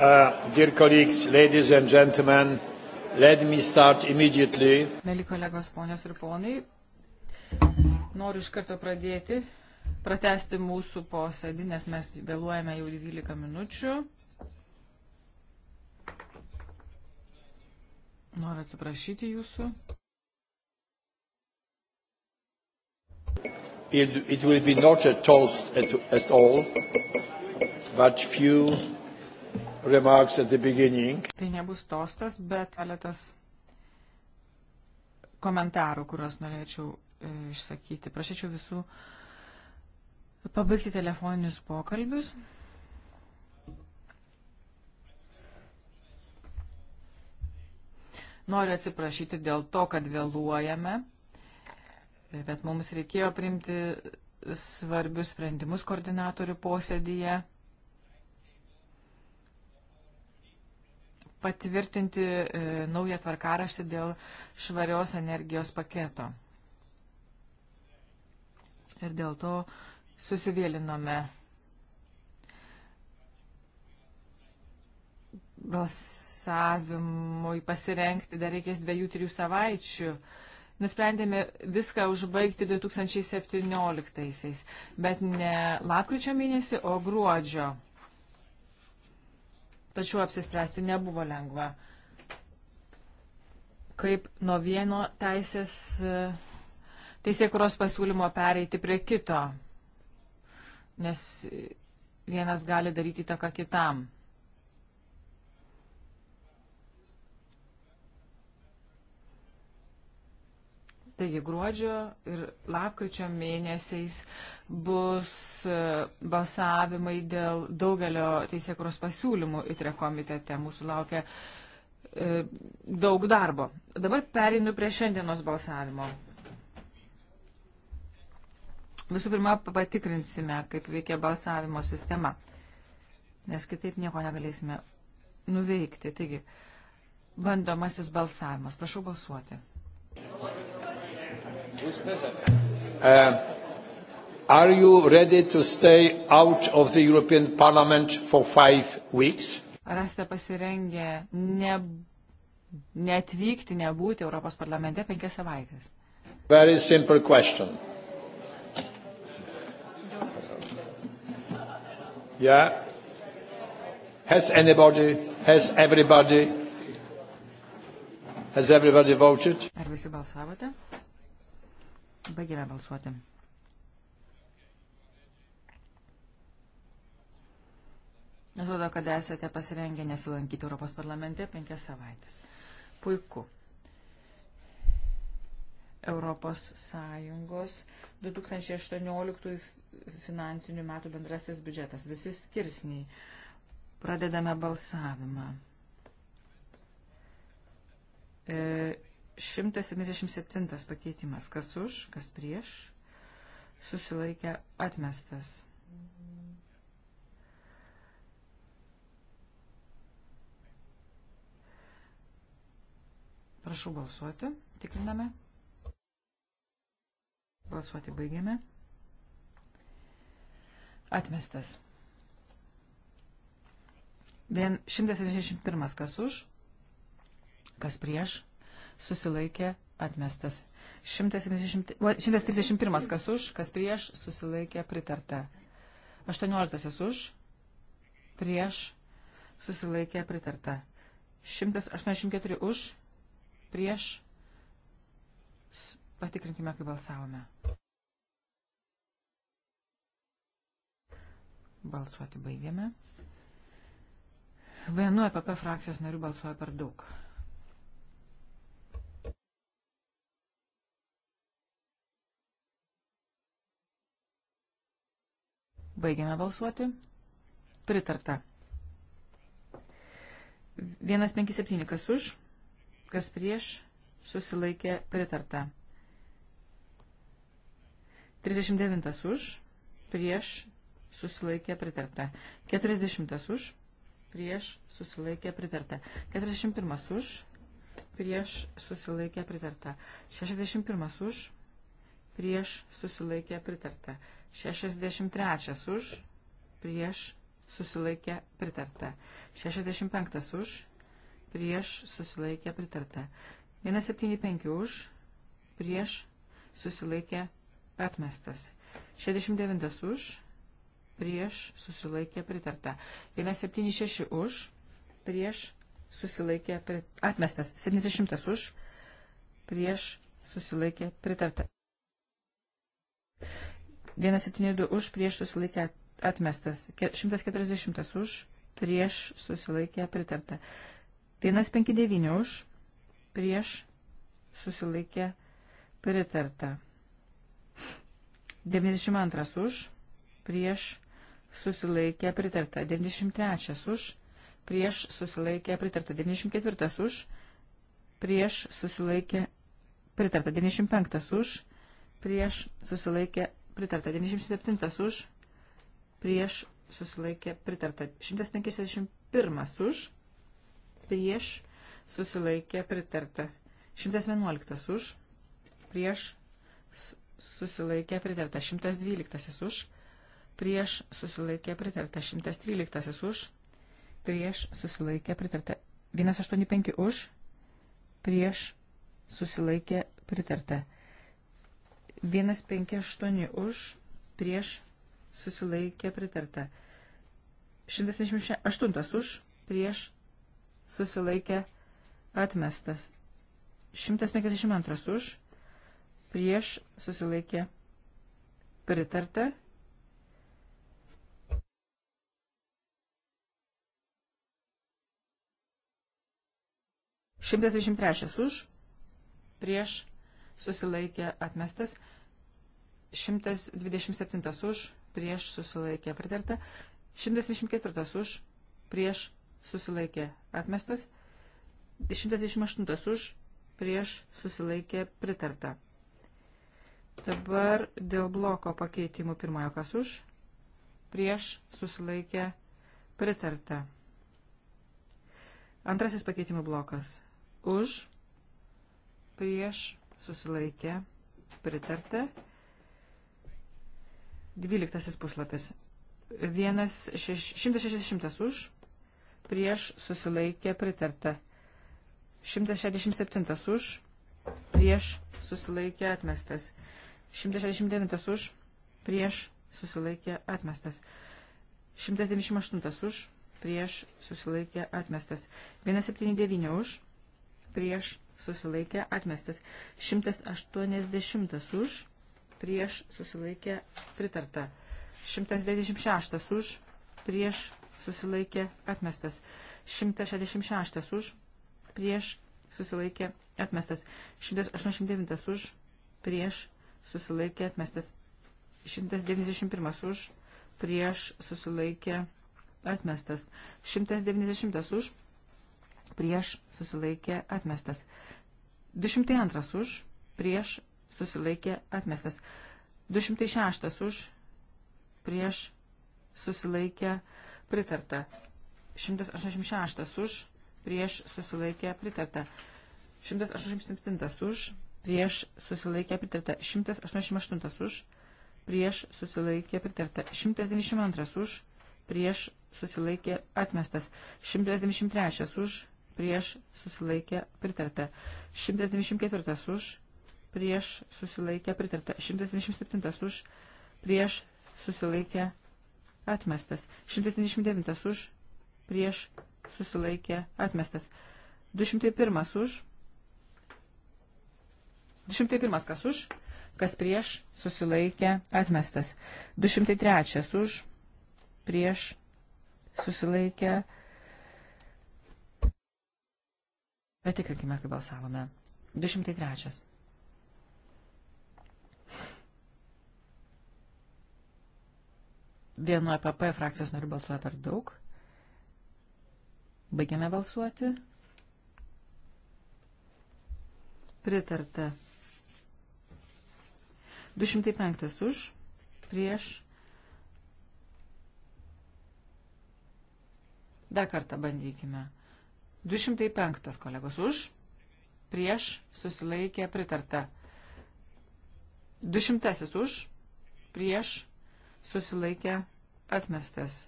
Uh, dear colleagues, ladies and gentlemen, let me start immediately. Mėly kolegos, ponios ir ponai, noriu iš karto pradėti, pratesti mūsų posėdį, nes mes vėluojame jau 12 minučių. Noriu atsiprašyti jūsų. it, it will be not a toast at, at all, but few remarks at the beginning. Tai nebus tostas, bet keletas komentarų, kuriuos norėčiau e, išsakyti. Prašyčiau visų pabaigti telefoninius pokalbius. Noriu atsiprašyti dėl to, kad vėluojame bet mums reikėjo priimti svarbius sprendimus koordinatorių posėdyje, patvirtinti e, naują tvarkaraštį dėl švarios energijos paketo. Ir dėl to susivėlinome. Balsavimui pasirengti dar reikės dviejų, trijų savaičių. Uh, nusprendėme viską užbaigti 2017, bet ne lapkričio mėnesį, o gruodžio. Tačiau apsispręsti nebuvo lengva. Kaip nuo vieno teisės, teisėkuros pasiūlymo pereiti prie kito, nes vienas gali daryti įtaką kitam. Taigi gruodžio ir lapkričio mėnesiais bus e, balsavimai dėl daugelio teisėkuros pasiūlymų įtre komitete. Mūsų laukia e, daug darbo. Dabar perinu prie šiandienos balsavimo. Visų pirma, patikrinsime, kaip veikia balsavimo sistema, nes kitaip nieko negalėsime nuveikti. Taigi, bandomasis balsavimas. Prašau balsuoti. Thank you. Uh, are you ready to stay out of the European Parliament for five weeks? Ar esate pasirengę ne, neatvykti, nebūti Europos parlamente penkias savaitės? Very simple question. Yeah. Has anybody, has everybody, has everybody voted? Ar visi balsavote? Baigėme balsuoti. Atrodo, kad esate pasirengę nesilankyti Europos parlamente penkias savaitės. Puiku. Europos Sąjungos 2018 finansinių metų bendrasis biudžetas. Visi skirsniai. Pradedame balsavimą. E, 177 pakeitimas. Kas už, kas prieš. Susilaikė atmestas. Prašau balsuoti. Tikriname. Balsuoti baigiame. Atmestas. Vien 171 kas už, kas prieš susilaikė atmestas. 170, 131 kas už, kas prieš, susilaikė pritarta. 18 už, prieš, susilaikė pritarta. 184 už, prieš, patikrinkime, kaip balsavome. Balsuoti baigėme. Vienu EPP frakcijos nariu balsuoja per daug. Baigiame balsuoti. Pritarta. 157 kas už, kas prieš, susilaikė pritarta. 39 už, prieš, susilaikė pritarta. 40 už, prieš, susilaikė pritarta. 41 už, prieš, susilaikė pritarta. 61 už, prieš, susilaikė pritarta. 63 už, prieš susilaikė pritarta. 65 už, prieš susilaikė pritarta. 175 už, prieš susilaikė atmestas. 69 už, prieš susilaikė pritarta. 176 už, prieš susilaikė pritarta. atmestas. 70 už, prieš susilaikė pritarta. 172 už prieš susilaikę atmestas. 140 už prieš susilaikę pritarta. 159 už prieš susilaikę pritarta. 92 už prieš susilaikę pritarta. 93 už prieš susilaikę pritarta. 94 už prieš susilaikę pritarta. 95 už prieš susilaikę pritarta. 97 už, prieš susilaikė pritarta. 151 už, prieš susilaikė pritarta. 111 už, prieš susilaikė pritarta. 112 už, prieš susilaikė pritarta. 113 už, prieš susilaikė pritarta. 185 už, prieš susilaikė pritarta. 158 už, prieš, susilaikė pritarta. 178 už, prieš, susilaikė atmestas. 152 už, prieš, susilaikė pritarta. Šimtas dvidešimt trečias už, prieš susilaikė atmestas, 127 už, prieš susilaikė pritarta, 124 už, prieš susilaikė atmestas, 128 už, prieš susilaikė pritarta. Dabar dėl bloko pakeitimų pirmojo kas už, prieš susilaikė pritarta. Antrasis pakeitimų blokas. Už, prieš, susilaikė, pritarta. Dvyliktasis puslapis. 160 už, prieš susilaikė, pritarta. 167 už, prieš susilaikė, atmestas. 169 už, prieš susilaikė, atmestas. 198 už, prieš susilaikė, atmestas. 179 už prieš susilaikė atmestas. 180 už, prieš susilaikė pritarta. 196 už, prieš susilaikė atmestas. 166 už, prieš susilaikė atmestas. 189 už, prieš susilaikė atmestas. 191 už, prieš susilaikė atmestas. 190 už, prieš susilaikė atmestas. 202 už, prieš susilaikė atmestas. 206 už, prieš susilaikė pritarta. 186 už, prieš susilaikė pritarta. 187 už, prieš susilaikė pritarta. 188 už, prieš susilaikė pritarta. 192 už, prieš susilaikė atmestas. 193 už, prieš susilaikė pritarta. 124 už, prieš susilaikė pritarta. 127 už, prieš susilaikė atmestas. 129 už, prieš susilaikė atmestas. 201 už, 201 kas už, kas prieš susilaikė atmestas. 203 už, prieš susilaikė atmestas susilaikė Patikrinkime, kaip balsavome. 203. Vienu EPP frakcijos nariu balsuoja per daug. Baigiame balsuoti. Pritarta. 205 už, prieš. Dar kartą bandykime. 205 kolegos už, prieš, susilaikė, pritarta. 200 už, prieš, susilaikė, atmestas.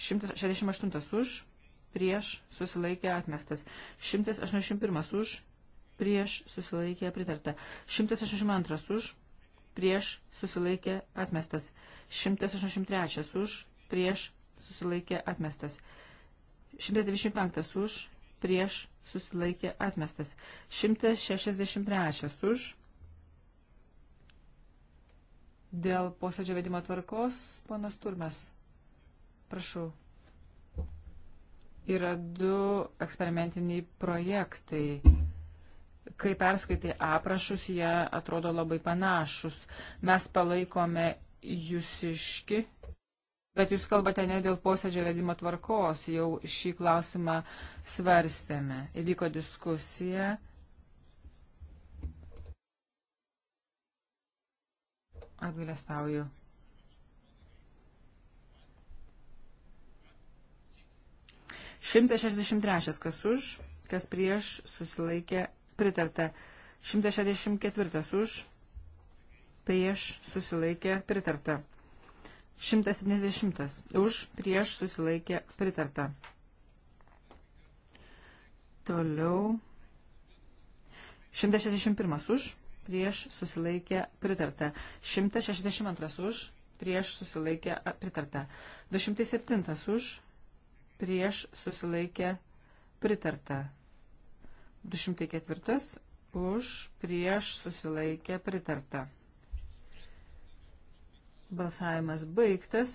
168 už, prieš, susilaikė, atmestas. 181 už, prieš, susilaikė, pritarta. 182 už, prieš, susilaikė, atmestas. 183 už, prieš, susilaikė, atmestas. 125 už, prieš susilaikė atmestas. 163 už. Dėl posėdžio vedimo tvarkos, ponas Turmas, prašau. Yra du eksperimentiniai projektai. Kai perskaitai aprašus, jie atrodo labai panašus. Mes palaikome jūsiški Bet jūs kalbate ne dėl posėdžio vedimo tvarkos, jau šį klausimą svarstėme. Įvyko diskusija. Atgailestauju. Šimtas šešdešimt trečias, kas už, kas prieš, susilaikė, pritarta. Šimtas šešdešimt ketvirtas už, prieš, susilaikė, pritarta. 170 už, prieš susilaikė pritarta. Toliau 161 už, prieš susilaikė pritarta. 162 už, prieš susilaikė pritarta. 207 už, prieš susilaikė pritarta. 204 už, prieš susilaikė pritarta. Balsavimas baigtas,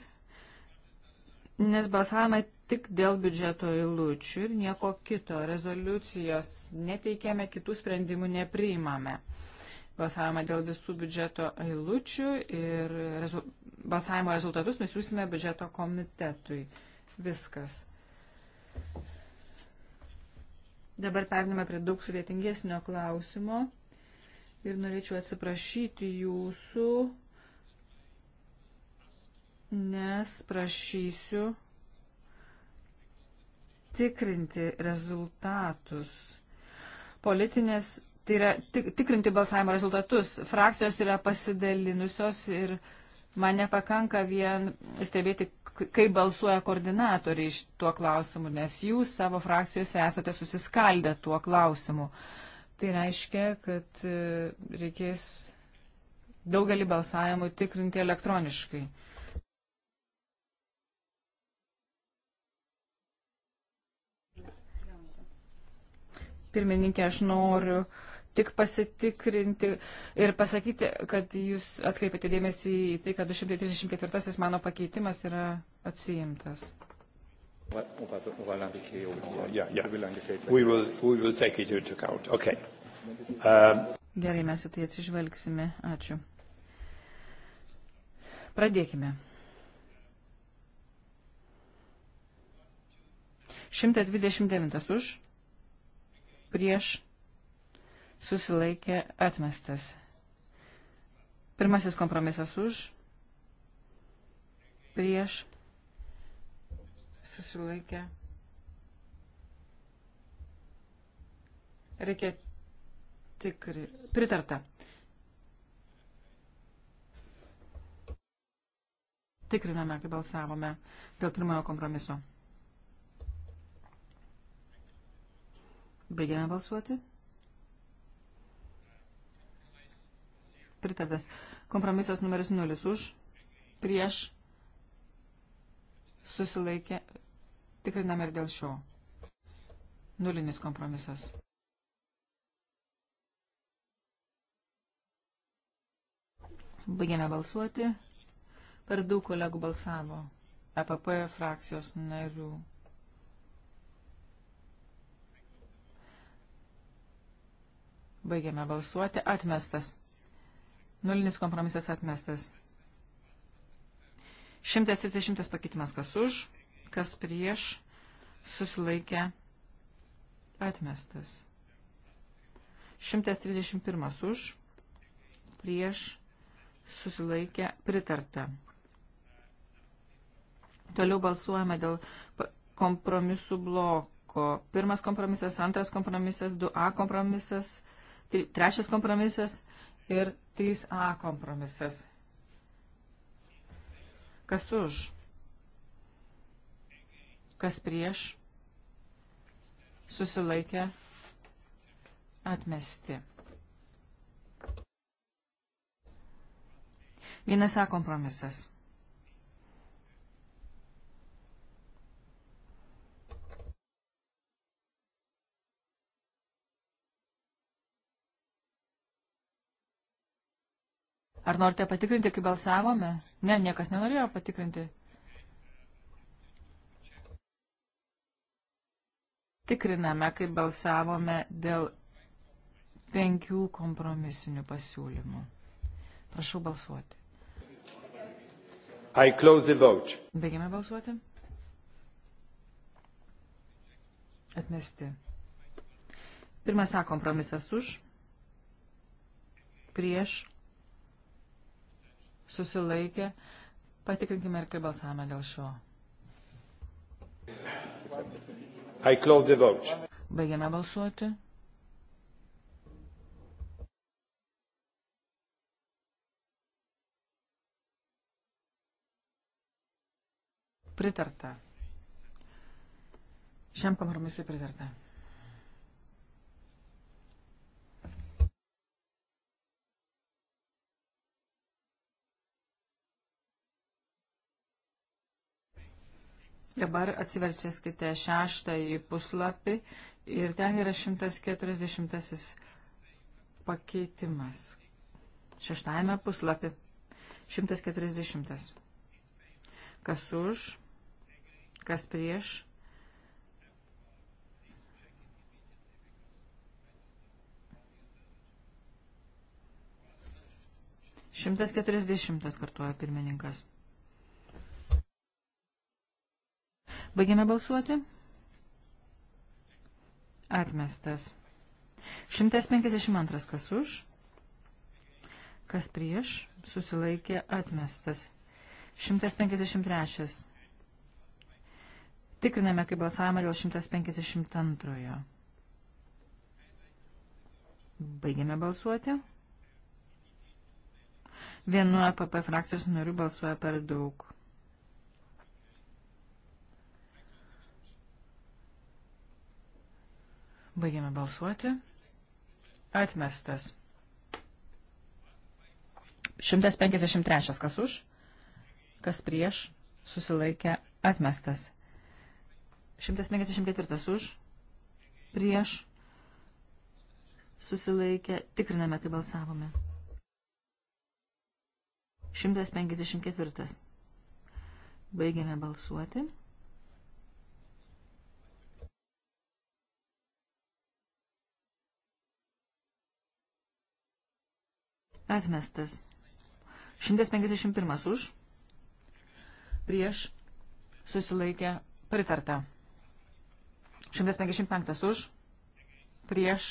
nes balsavimą tik dėl biudžeto eilučių ir nieko kito. Rezoliucijos neteikėme, kitų sprendimų nepriimame. Balsavimą dėl visų biudžeto eilučių ir rezu balsavimo rezultatus nusiųsime biudžeto komitetui. Viskas. Dabar periname prie daug sudėtingesnio klausimo ir norėčiau atsiprašyti jūsų nes prašysiu tikrinti rezultatus. Politinės, tai yra tik, tikrinti balsavimo rezultatus. Frakcijos yra pasidalinusios ir man nepakanka vien stebėti, kaip balsuoja koordinatoriai iš tuo klausimu, nes jūs savo frakcijose esate susiskaldę tuo klausimu. Tai reiškia, kad e, reikės daugelį balsavimų tikrinti elektroniškai. pirmininkė, aš noriu tik pasitikrinti ir pasakyti, kad jūs atkreipėte dėmesį į tai, kad 234 mano pakeitimas yra atsiimtas. Gerai, mes į tai atsižvelgsime. Ačiū. Pradėkime. 129 už prieš susilaikė atmestas. Pirmasis kompromisas už, prieš susilaikė. Reikia tikri. Pritarta. Tikriname, kaip balsavome dėl pirmojo kompromiso. Baigiame balsuoti. Pritartas. Kompromisas numeris 0 už. Prieš. Susilaikė. Tikriname ir dėl šio. Nulinis kompromisas. Baigiame balsuoti. Per daug kolegų balsavo. EPP frakcijos narių. Baigiame balsuoti. Atmestas. Nulinis kompromisas atmestas. 130 pakeitimas kas už, kas prieš, susilaikė, atmestas. 131 už, prieš, susilaikė, pritarta. Toliau balsuojame dėl kompromisų bloko. Pirmas kompromisas, antras kompromisas, 2A kompromisas, trečias kompromisas ir 3A kompromisas. Kas už? Kas prieš? Susilaikė atmesti. Vienas A kompromisas. Ar norite patikrinti, kaip balsavome? Ne, niekas nenorėjo patikrinti. Tikriname, kaip balsavome dėl penkių kompromisinių pasiūlymų. Prašau balsuoti. I close the vote. Baigiame balsuoti. Atmesti. Pirmas A kompromisas už, prieš, susilaikė. Patikrinkime ir kaip balsavome dėl šio. Baigiame balsuoti. Pritarta. Šiam kompromisui pritarta. Dabar atsiverčiaskite šeštąjį puslapį ir ten yra 140 pakeitimas. Šeštajame puslapį. 140. Kas už, kas prieš. Šimtas keturiasdešimtas kartuoja pirmininkas. Baigiame balsuoti. Atmestas. 152 kas už, kas prieš, susilaikė atmestas. 153. Tikriname, kaip balsavome dėl 152. Baigiame balsuoti. Vienu EPP frakcijos nariu balsuoja per daug. Baigiame balsuoti. Atmestas. 153. Kas už? Kas prieš? Susilaikė. Atmestas. 154. Už? Prieš? Susilaikė. Tikriname, kai balsavome. 154. Baigiame balsuoti. Atmestas. 151 už. Prieš. Susilaikė. Pritarta. 155 už. Prieš.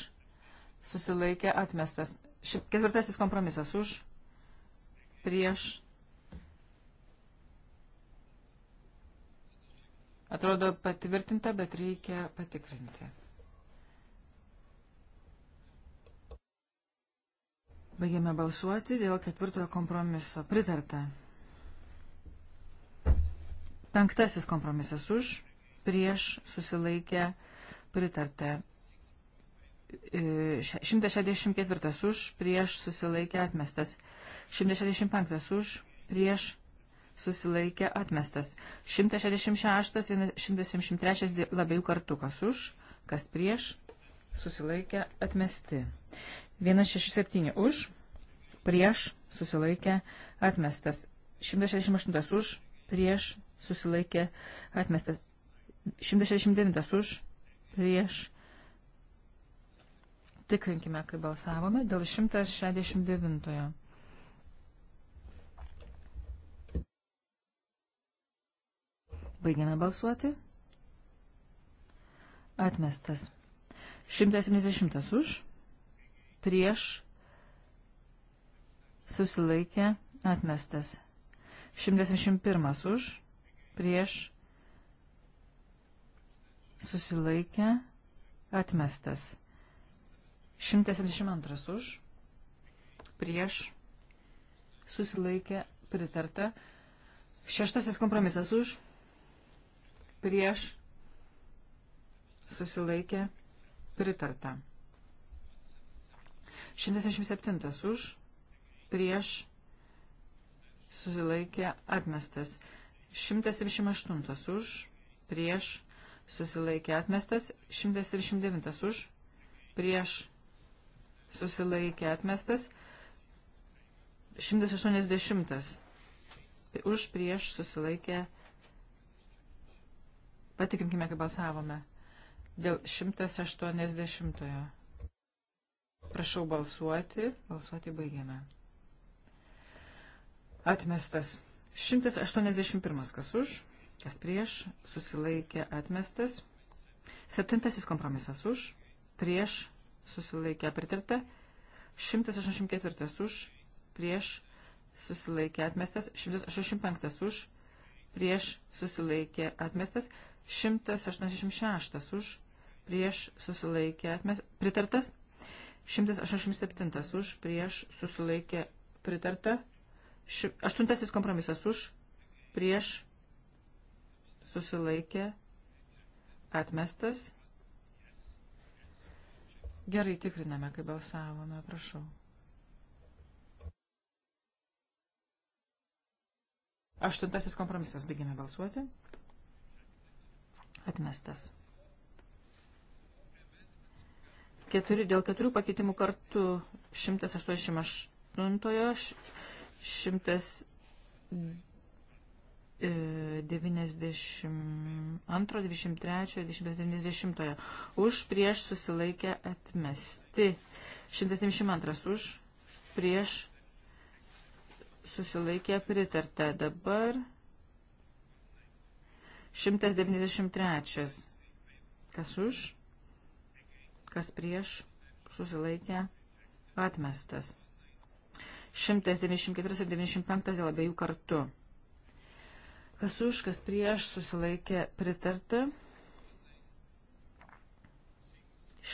Susilaikė. Atmestas. Ketvirtasis kompromisas už. Prieš. Atrodo patvirtinta, bet reikia patikrinti. Baigėme balsuoti dėl ketvirtojo kompromiso. Pritarta. Penktasis kompromisas už, prieš susilaikę pritarta. 164 už, prieš susilaikę atmestas. 165 už, prieš susilaikė atmestas. 166, 173 labiejų kartų kas už, kas prieš susilaikę atmesti. 167 už, prieš susilaikę atmestas. 168 už, prieš susilaikė atmestas. 169 už, prieš. Tikrinkime, kai balsavome dėl 169. -ojo. Baigiame balsuoti. Atmestas. 170 už, prieš, susilaikė, atmestas. 171 už, prieš, susilaikė, atmestas. 172 už, prieš, susilaikė, pritarta. Šeštasis kompromisas už, prieš, susilaikė, pritarta Pritarta. 177 už, prieš, susilaikė, atmestas. 178 už, prieš, susilaikė, atmestas. 179 už, prieš, susilaikė, atmestas. 180 už, prieš, susilaikė, atmestas. Patikrinkime, kaip balsavome dėl 180. Prašau balsuoti. Balsuoti baigiame. Atmestas. 181. Kas už? Kas prieš? Susilaikė atmestas. Septintasis kompromisas už. Prieš susilaikė pritarta. 184 už. Prieš susilaikė atmestas. 185 už. Prieš susilaikė atmestas. 186 už prieš susilaikė atmes, pritartas, 187 už, prieš susilaikė pritarta, 8 kompromisas už, prieš susilaikė atmestas. Gerai tikriname, kai balsavome, prašau. Aštuntasis kompromisas. Baigėme balsuoti. Atmestas. Keturi, dėl keturių pakeitimų kartų 188, 192, 23, 190. Už prieš susilaikę atmesti. 192 už prieš susilaikė pritarta. Dabar 193. Kas už? kas prieš, susilaikė, atmestas. 194 ir 95 dėl abiejų kartų. Kas už, kas prieš, susilaikė, pritarti.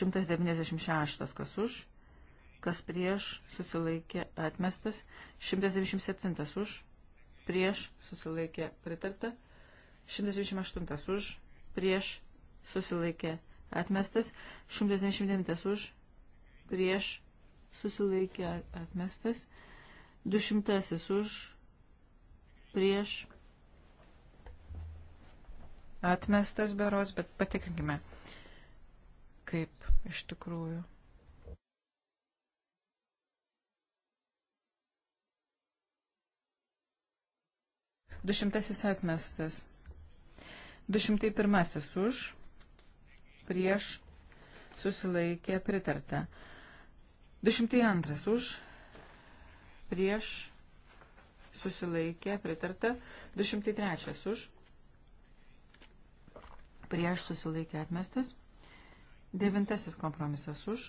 196 kas už, kas prieš, susilaikė, atmestas. 197 už, prieš, susilaikė, pritarta. 128 už, prieš, susilaikė, pritarta atmestas, 199 už, prieš, susilaikė, atmestas, 200 už, prieš, atmestas beros, bet patikrinkime, kaip iš tikrųjų. Dušimtasis atmestas. 201 už, prieš susilaikė pritarta. 202 už, prieš susilaikė pritarta. 203 už, prieš susilaikė atmestas. Devintasis kompromisas už,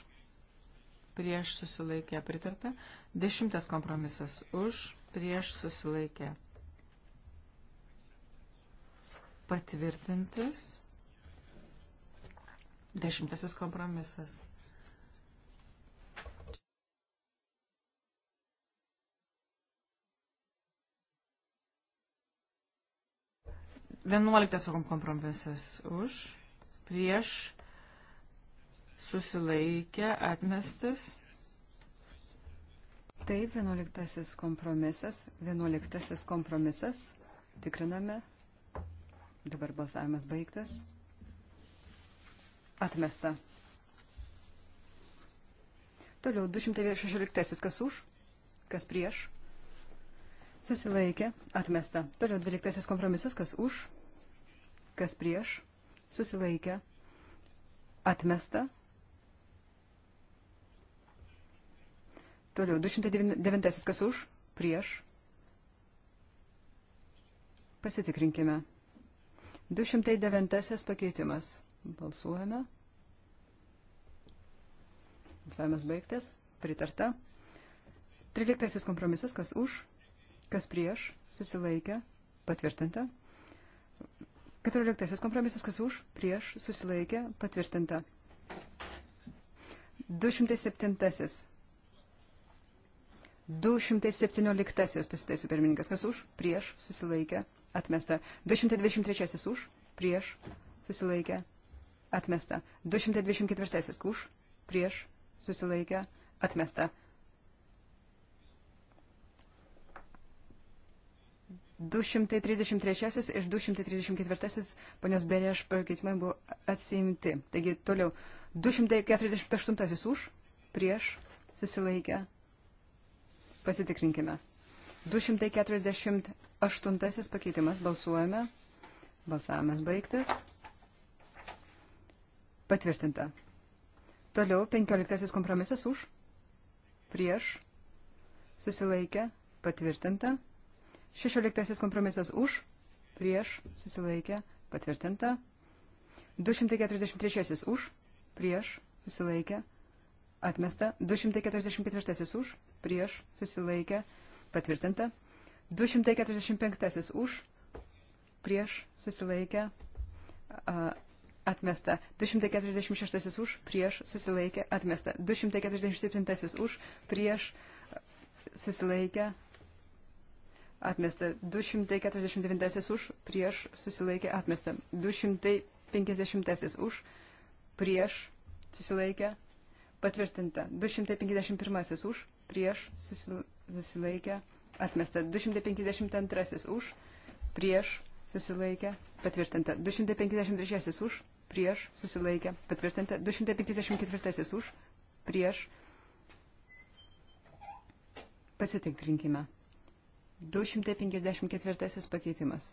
prieš susilaikė pritarta. Dešimtas kompromisas už, prieš susilaikė patvirtintas. Dešimtasis kompromisas. Vienuoliktas kompromisas už, prieš, susilaikė, atmestas. Taip, vienuoliktasis kompromisas, vienuoliktasis kompromisas, tikriname, dabar balsavimas baigtas. Atmesta. Toliau 216. Kas už? Kas prieš? Susilaikė. Atmesta. Toliau 12. Kompromisas. Kas už? Kas prieš? Susilaikė. Atmesta. Toliau 209. Kas už? Prieš? Pasitikrinkime. 209 pakeitimas. Balsuojame. Balsavimas baigtas. Pritarta. Tryliktasis kompromisas, kas už, kas prieš, susilaikė, patvirtinta. Keturioliktasis kompromisas, kas už, prieš, susilaikė, patvirtinta. 207. 217. Pasitaisiu pirmininkas, kas už, prieš, susilaikė, atmesta. 223. už, prieš, susilaikė, atmesta. 224. už, prieš, susilaikė, atmesta. Du šimtai trisdešimt trečiasis ir du šimtai trisdešimt ketvirtasis ponios Berėš pakeitimai buvo atsiimti. Taigi toliau, du šimtai keturiasdešimt aštuntasis už, prieš, susilaikę. Pasitikrinkime. 248 pakeitimas balsuojame. Balsavimas baigtas. Patvirtinta. Toliau 15 kompromisas už, prieš, susilaikę, patvirtinta. 16 kompromisas už, prieš, susilaikę, patvirtinta. 243 už, prieš, susilaikę, atmesta. 244 už, prieš, susilaikę, patvirtinta. 245 už, prieš, susilaikę, atmesta. 246 už, prieš susilaikė, atmesta. 247 už, prieš susilaikė, atmesta. 249 už, prieš susilaikė, atmesta. 250 už, prieš susilaikė, patvirtinta. 251 už, prieš susilaikė, atmesta. 252 už, prieš susilaikė, patvirtinta. 253 už, prieš, susilaikė, patvirtinta. 254 už, prieš. Pasitikrinkime. 254 pakeitimas.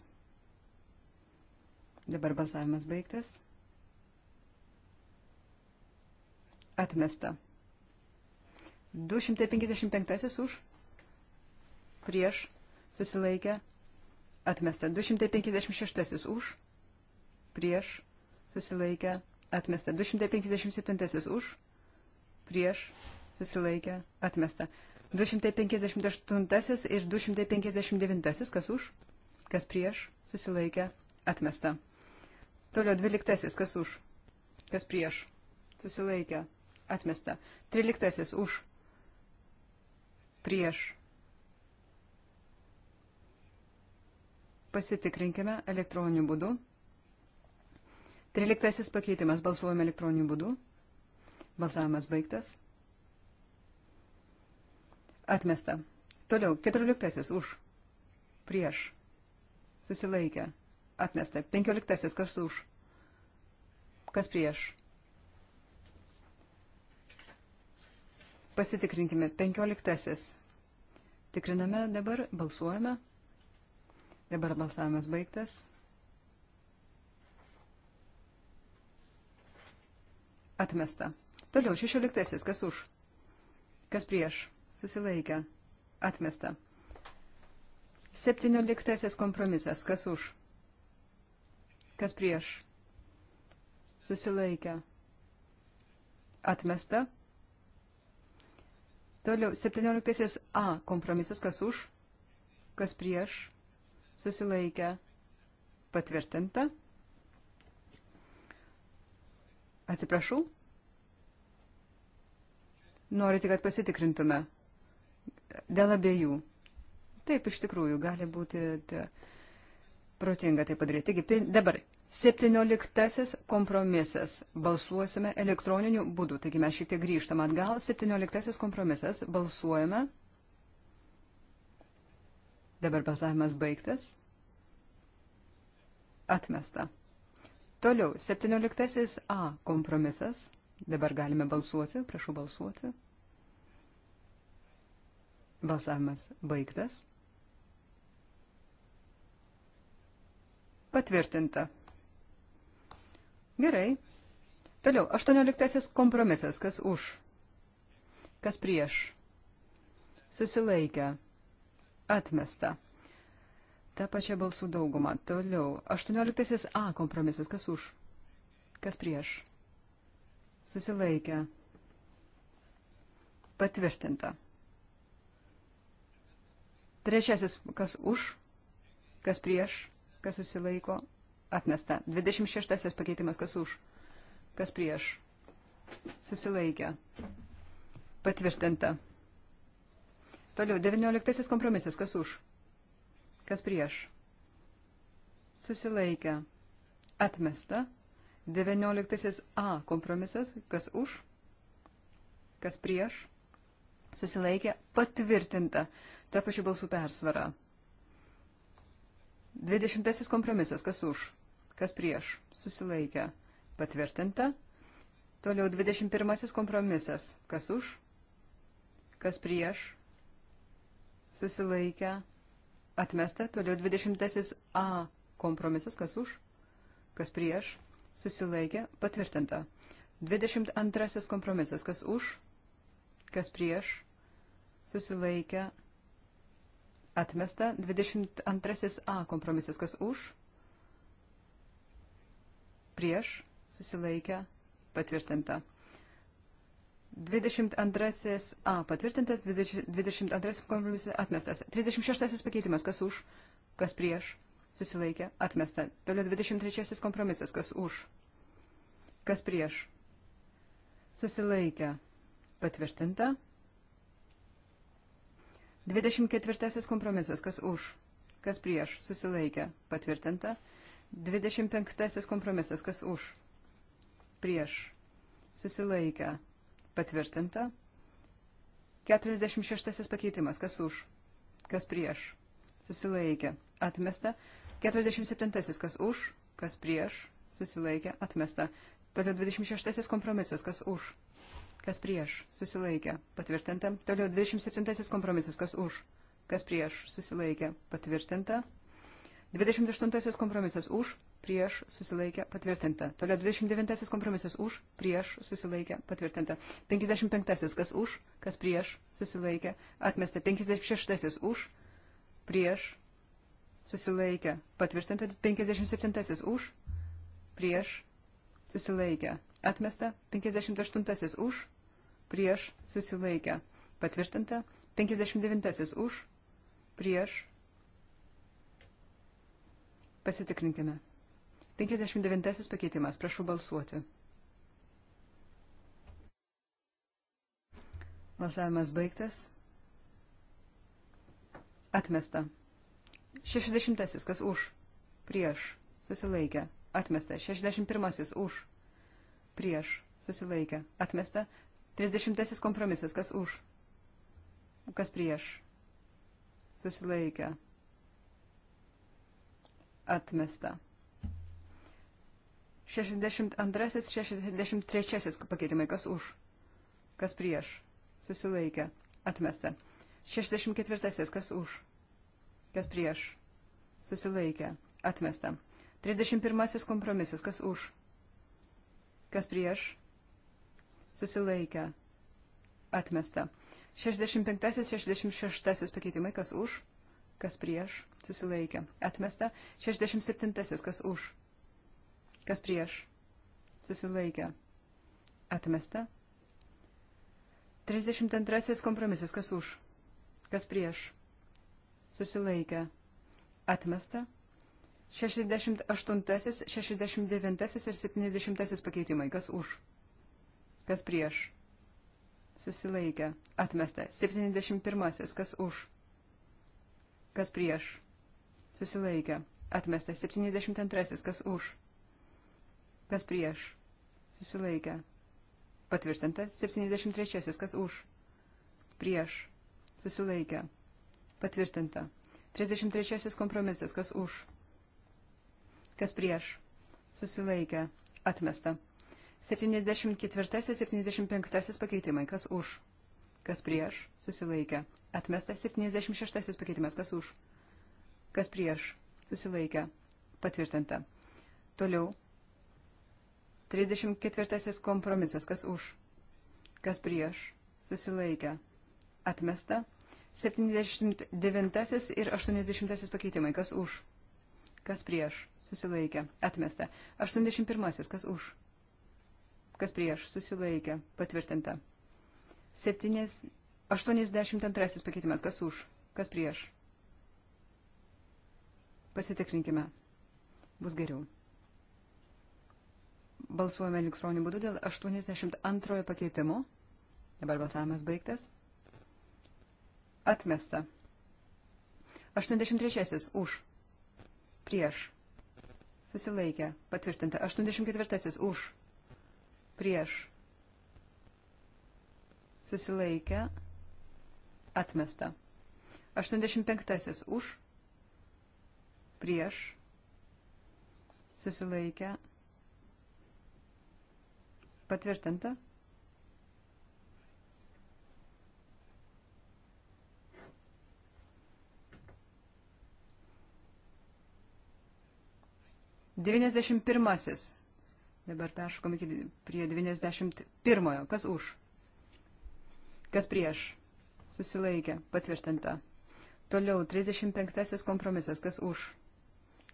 Dabar balsavimas baigtas. Atmesta. 255 už, prieš, susilaikė, atmesta. 256 už, prieš, susilaikė, atmesta. 257 už, prieš, susilaikė, atmesta. 258 ir 259, kas už, kas prieš, susilaikė, atmesta. Toliau 12, kas už, kas prieš, susilaikė, atmesta. 13 už, prieš. Pasitikrinkime elektroniniu būdu. Tryliktasis pakeitimas. Balsuojame elektroniniu būdu. Balsavimas baigtas. Atmesta. Toliau. Keturioliktasis. Už. Prieš. Susilaikę. Atmesta. Penkioliktasis. Kas už? Kas prieš? Pasitikrinkime. Penkioliktasis. Tikriname dabar. Balsuojame. Dabar balsavimas baigtas. Atmesta. Toliau, šešioliktasis, kas už? Kas prieš? Susilaikę. Atmesta. Septynioliktasis kompromisas, kas už? Kas prieš? Susilaikę. Atmesta. Toliau, 17 A kompromisas, kas už, kas prieš, susilaikę, patvirtinta. Atsiprašau? Norite, kad pasitikrintume? Dėl abiejų. Taip, iš tikrųjų, gali būti tė, protinga tai padaryti. Taigi, dabar 17 kompromisas. Balsuosime elektroniniu būdu. Taigi mes šiek tiek grįžtam atgal. 17 kompromisas. Balsuojame. Dabar balsavimas baigtas. Atmesta. Toliau, 17 A kompromisas. Dabar galime balsuoti, prašau balsuoti. Balsavimas baigtas. Patvirtinta. Gerai. Toliau, 18 kompromisas. Kas už? Kas prieš? Susilaikę. Atmesta. Ta pačia balsų dauguma. Toliau. 18 A kompromisas. Kas už? Kas prieš? Susilaikę. Patvirtinta. Trečiasis. Kas už? Kas prieš? Kas susilaiko? Atmesta. 26 pakeitimas. Kas už? Kas prieš? Susilaikę. Patvirtinta. Toliau. 19 kompromisas. Kas už? Kas prieš? Susilaikę. Atmesta. 19 A kompromisas. Kas už? Kas prieš? Susilaikė. Patvirtinta. Ta pačių balsų persvara. 20 kompromisas. Kas už? Kas prieš? Susilaikė. Patvirtinta. Toliau 21 kompromisas. Kas už? Kas prieš? Susilaikę Atmesta toliau 20 A kompromisas, kas už, kas prieš, susilaikė, patvirtinta. 22 kompromisas, kas už, kas prieš, susilaikė, atmesta. 22 A kompromisas, kas už, prieš, susilaikė, patvirtinta. 22 A patvirtintas, 22 kompromisas atmestas, 36 pakeitimas, kas už, kas prieš, susilaikė, atmesta. Toliau 23 kompromisas, kas už, kas prieš, susilaikė, patvirtinta. 24 kompromisas, kas už, kas prieš, susilaikė, patvirtinta. 25 kompromisas, kas už, prieš, susilaikė, patvirtinta Patvirtinta. 46 pakeitimas. Kas už? Kas prieš? Susilaikė. Atmesta. 47 kas už? Kas prieš? Susilaikė. Atmesta. Toliau 26 kompromisas. Kas už? Kas prieš? Susilaikė. Patvirtinta. Toliau 27 kompromisas. Kas už? Kas prieš? Susilaikė. Patvirtinta. 28 kompromisas už? prieš susilaikę patvirtinta. Toliau 29 kompromisas už, prieš susilaikę patvirtinta. 55 kas už, kas prieš susilaikę atmesta. 56 už, prieš susilaikę patvirtinta. 57 už, prieš susilaikę atmesta. 58 už, prieš susilaikę patvirtinta. 59 už, prieš. Pasitikrinkime. 59 pakeitimas. Prašau balsuoti. Balsavimas baigtas. Atmesta. 60. Kas už? Prieš. Susilaikė. Atmesta. 61. Už. Prieš. Susilaikė. Atmesta. 30. Kompromisas. Kas už? Kas prieš? Susilaikė. Atmesta. 62-63 pakeitimai, kas už, kas prieš, susilaikė, atmesta. 64, kas už, kas prieš, susilaikė, atmesta. 31 kompromisas, kas už, kas prieš, susilaikė, atmesta. 65-66 pakeitimai, kas už, kas prieš, susilaikė, atmesta. 67, kas už, Kas prieš? Susilaikė. Atmesta. 32 kompromisas. Kas už? Kas prieš? Susilaikė. Atmesta. 68, 69 ir 70 pakeitimai. Kas už? Kas prieš? Susilaikė. Atmesta. 71. Kas už? Kas prieš? Susilaikė. Atmesta. 72. Kas už? Kas prieš? Susilaikę. Patvirtinta. 73. Kas už? Prieš. Susilaikę. Patvirtinta. 33. Kompromisas. Kas už? Kas prieš? Susilaikę. Atmesta. 74. 75. pakeitimai. Kas už? Kas prieš? Susilaikę. Atmesta. 76. pakeitimas. Kas už? Kas prieš? Susilaikę. Patvirtinta. Toliau 34 kompromisas. Kas už? Kas prieš? Susilaikę. Atmesta. 79 ir 80 pakeitimai. Kas už? Kas prieš? Susilaikę. Atmesta. 81. Kas už? Kas prieš? Susilaikę. Patvirtinta. 7, 82 pakeitimas. Kas už? Kas prieš? Pasitikrinkime. Bus geriau. Balsuojame elektroniniu būdu dėl 82 pakeitimo. Dabar balsavimas baigtas. Atmesta. 83 už. Prieš. Susilaikė. Patvirtinta. 84 už. Prieš. Susilaikė. Atmesta. 85 už. Prieš. Susilaikė. Patvirtinta. Devyniasdešimt pirmasis. Dabar perškom iki prie 91. Kas už? Kas prieš? Susilaikė. Patvirtinta. Toliau 35 kompromisas. Kas už?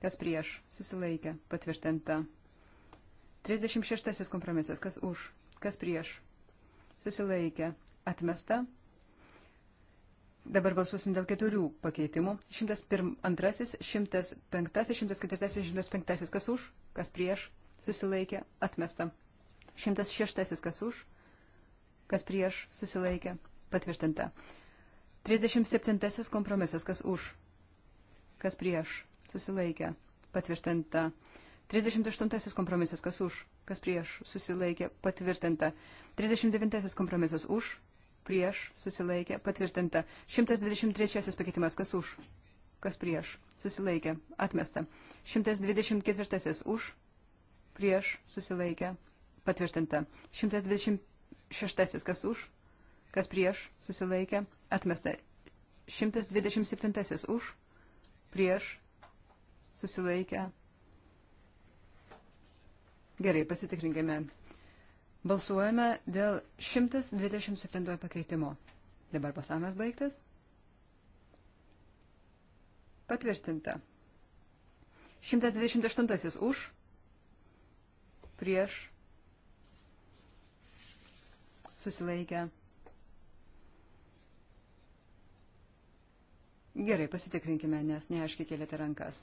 Kas prieš? Susilaikė. Patvirtinta. 36 kompromisas. Kas už? Kas prieš? Susilaikė. Atmesta. Dabar balsuosim dėl keturių pakeitimų. 102, 105, 104, 105. Kas už? Kas prieš? Susilaikė. Atmesta. 106. Kas už? Kas prieš? Susilaikė. Patvirtinta. 37. Kompromisas. Kas už? Kas prieš? Susilaikė. Patvirtinta. 38 kompromisas, kas už, kas prieš, susilaikė, patvirtinta. 39 kompromisas už, prieš, susilaikė, patvirtinta. 123 pakeitimas, kas už, kas prieš, susilaikė, atmesta. 124 už, prieš, susilaikė, patvirtinta. 126 kas už, kas prieš, susilaikė, atmesta. 127 už, prieš, susilaikė, Gerai, pasitikrinkime. Balsuojame dėl 127 pakeitimo. Dabar pasamas baigtas. Patvirtinta. 128 už. Prieš. Susilaikę. Gerai, pasitikrinkime, nes neaiškiai kėlėte rankas.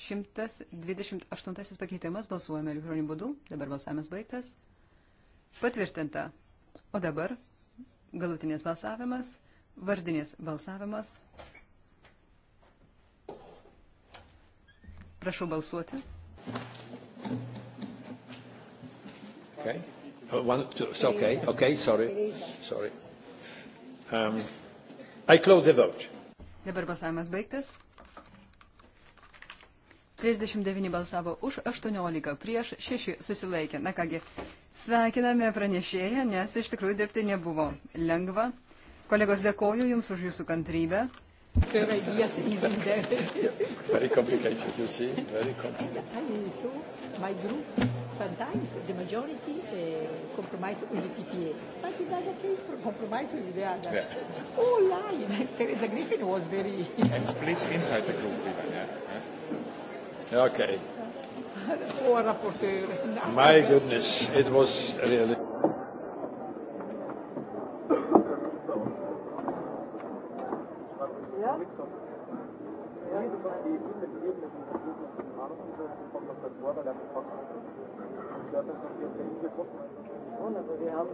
128 pakeitimas balsuojame elektroniniu būdu. Dabar balsavimas baigtas. Patvirtinta. O dabar galutinės balsavimas, vardinės balsavimas. Prašau balsuoti. Okay. Uh, one, two, okay, okay, sorry. sorry. Um, I close the vote. Dabar balsavimas baigtas. 39 balsavo už, 18 prieš, 6 susilaikė. Na kągi, sveikiname pranešėją, nes iš tikrųjų dirbti nebuvo lengva. Kolegos, dėkoju Jums už Jūsų kantrybę. Yes, very complicated, you see, very complicated. And so my group, sometimes the majority uh, compromise with the PPA, but in other case compromise with the other. Yeah. Oh, lie! Teresa Griffin was very... and split inside the group even, yeah? Okay. Poor rapporteur. My goodness, it was really. Ja? Schon, aber wir haben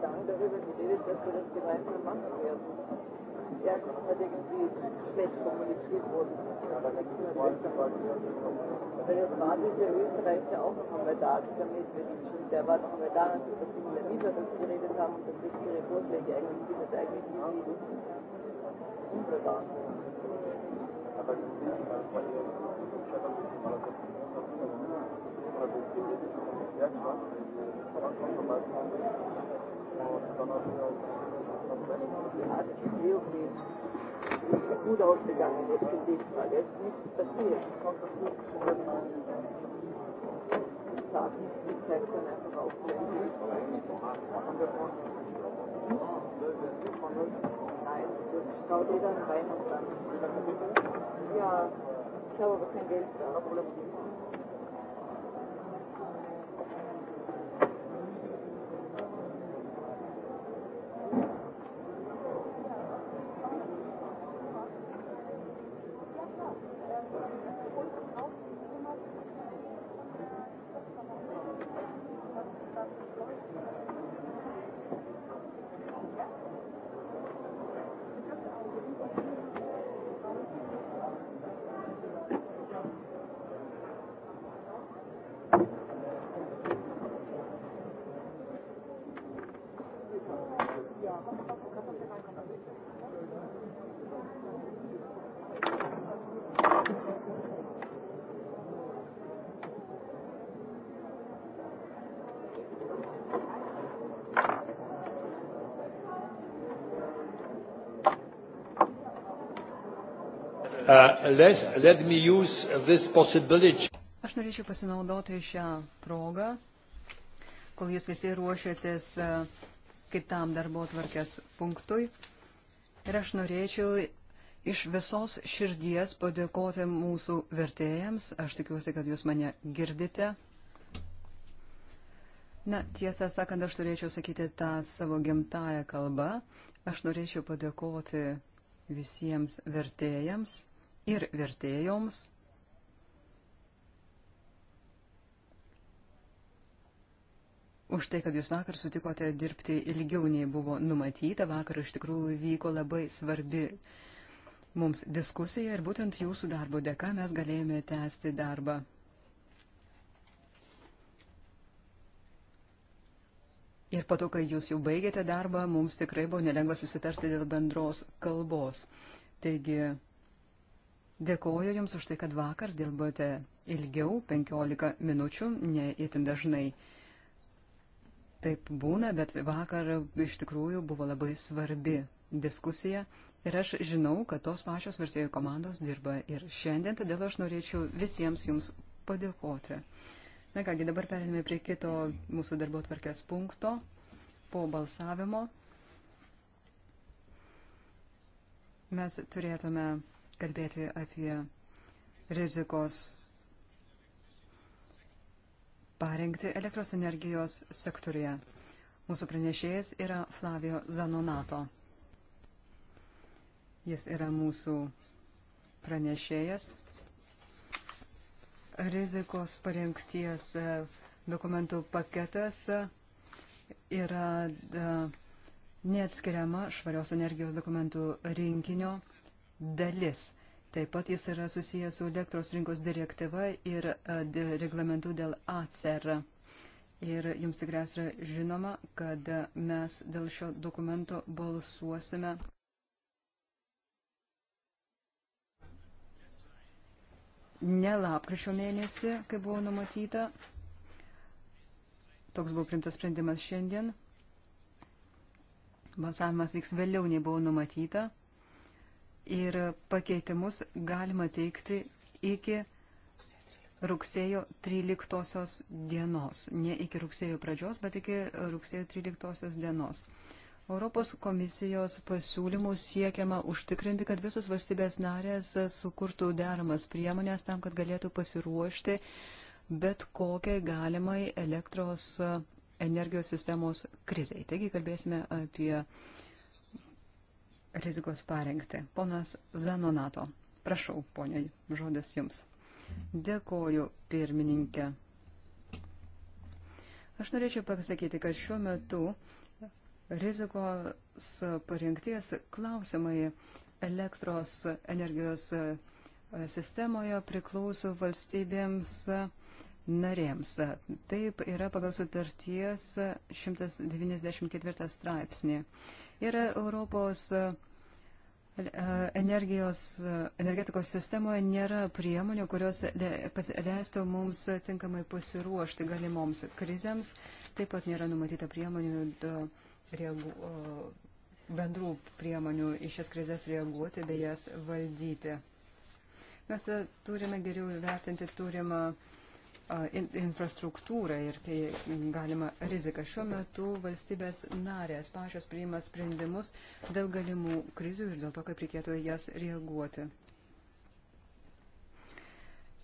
lange darüber geredet, dass wir das gemeinsam machen werden. Ja, das ist halt irgendwie schlecht kommuniziert worden aber wenn ich das wollte, wollte ich das nicht. Aber das war diese Österreicher auch noch einmal da, dieser Medvedin, der war noch einmal da, als wir das in der Visa das geredet haben und das ihre Vorschläge eigentlich sind, das eigentlich nicht wunderbar. Aber ich denke, dass man hier Acho que viu que gut ausgegangen ist in dem Fall. Da ist nichts passiert. Es kommt auf nichts zu Ich sage nichts, die Zeit kann einfach aufhören. Nein, das schaut jeder rein und dann. Ja, ich habe aber kein Geld da. Uh, let, let me use this possibility. Aš norėčiau pasinaudoti šią progą, kol jūs visi ruošiatės uh, kitam darbo tvarkės punktui. Ir aš norėčiau iš visos širdies padėkoti mūsų vertėjams. Aš tikiuosi, kad jūs mane girdite. Na, tiesą sakant, aš turėčiau sakyti tą savo gimtają kalbą. Aš norėčiau padėkoti visiems vertėjams ir vertėjoms. Už tai, kad jūs vakar sutikote dirbti ilgiau nei buvo numatyta, vakar iš tikrųjų vyko labai svarbi mums diskusija ir būtent jūsų darbo dėka mes galėjome tęsti darbą. Ir po to, kai jūs jau baigėte darbą, mums tikrai buvo nelengva susitarti dėl bendros kalbos. Taigi, Dėkoju Jums už tai, kad vakar dirbote ilgiau, 15 minučių, ne itin dažnai. Taip būna, bet vakar iš tikrųjų buvo labai svarbi diskusija ir aš žinau, kad tos pačios vertėjų komandos dirba ir šiandien, todėl aš norėčiau visiems Jums padėkoti. Na kągi, dabar perėmėme prie kito mūsų darbo tvarkės punkto po balsavimo. Mes turėtume kalbėti apie rizikos parengti elektros energijos sektorija. Mūsų pranešėjas yra Flavio Zanonato. Jis yra mūsų pranešėjas rizikos parengties e, dokumentų paketas e, yra e, neatskiriama švarios energijos dokumentų rinkinio dalis. Taip pat jis yra susijęs su elektros rinkos direktyva ir e, reglamentu dėl ACER. Ir jums tikriausiai yra žinoma, kad mes dėl šio dokumento balsuosime. Ne lapkričio mėnesį, kai buvo numatyta. Toks buvo primtas sprendimas šiandien. Balsavimas vyks vėliau, nei buvo numatyta ir pakeitimus galima teikti iki rugsėjo 13 dienos. Ne iki rugsėjo pradžios, bet iki rugsėjo 13 dienos. Europos komisijos pasiūlymų siekiama užtikrinti, kad visos valstybės narės sukurtų deramas priemonės tam, kad galėtų pasiruošti bet kokiai galimai elektros energijos sistemos kriziai. Taigi kalbėsime apie uh, rizikos parengti. Ponas Zanonato, prašau, poniai, žodis jums. Dėkoju, pirmininkė. Aš norėčiau pasakyti, kad šiuo metu rizikos parinkties klausimai elektros energijos sistemoje priklauso valstybėms narėms. Taip yra pagal sutarties 194 straipsnį. Yra Europos e, energijos, energetikos sistemoje nėra priemonių, kurios leistų mums tinkamai pasiruošti galimoms krizėms. Taip pat nėra numatyta priemonių e, reagu, bendrų priemonių į šias krizės reaguoti bei jas valdyti. Mes e, turime geriau įvertinti turimą uh, infrastruktūrą ir galima riziką. Šiuo metu valstybės narės pačios priima sprendimus dėl galimų krizių ir dėl to, kaip reikėtų jas reaguoti.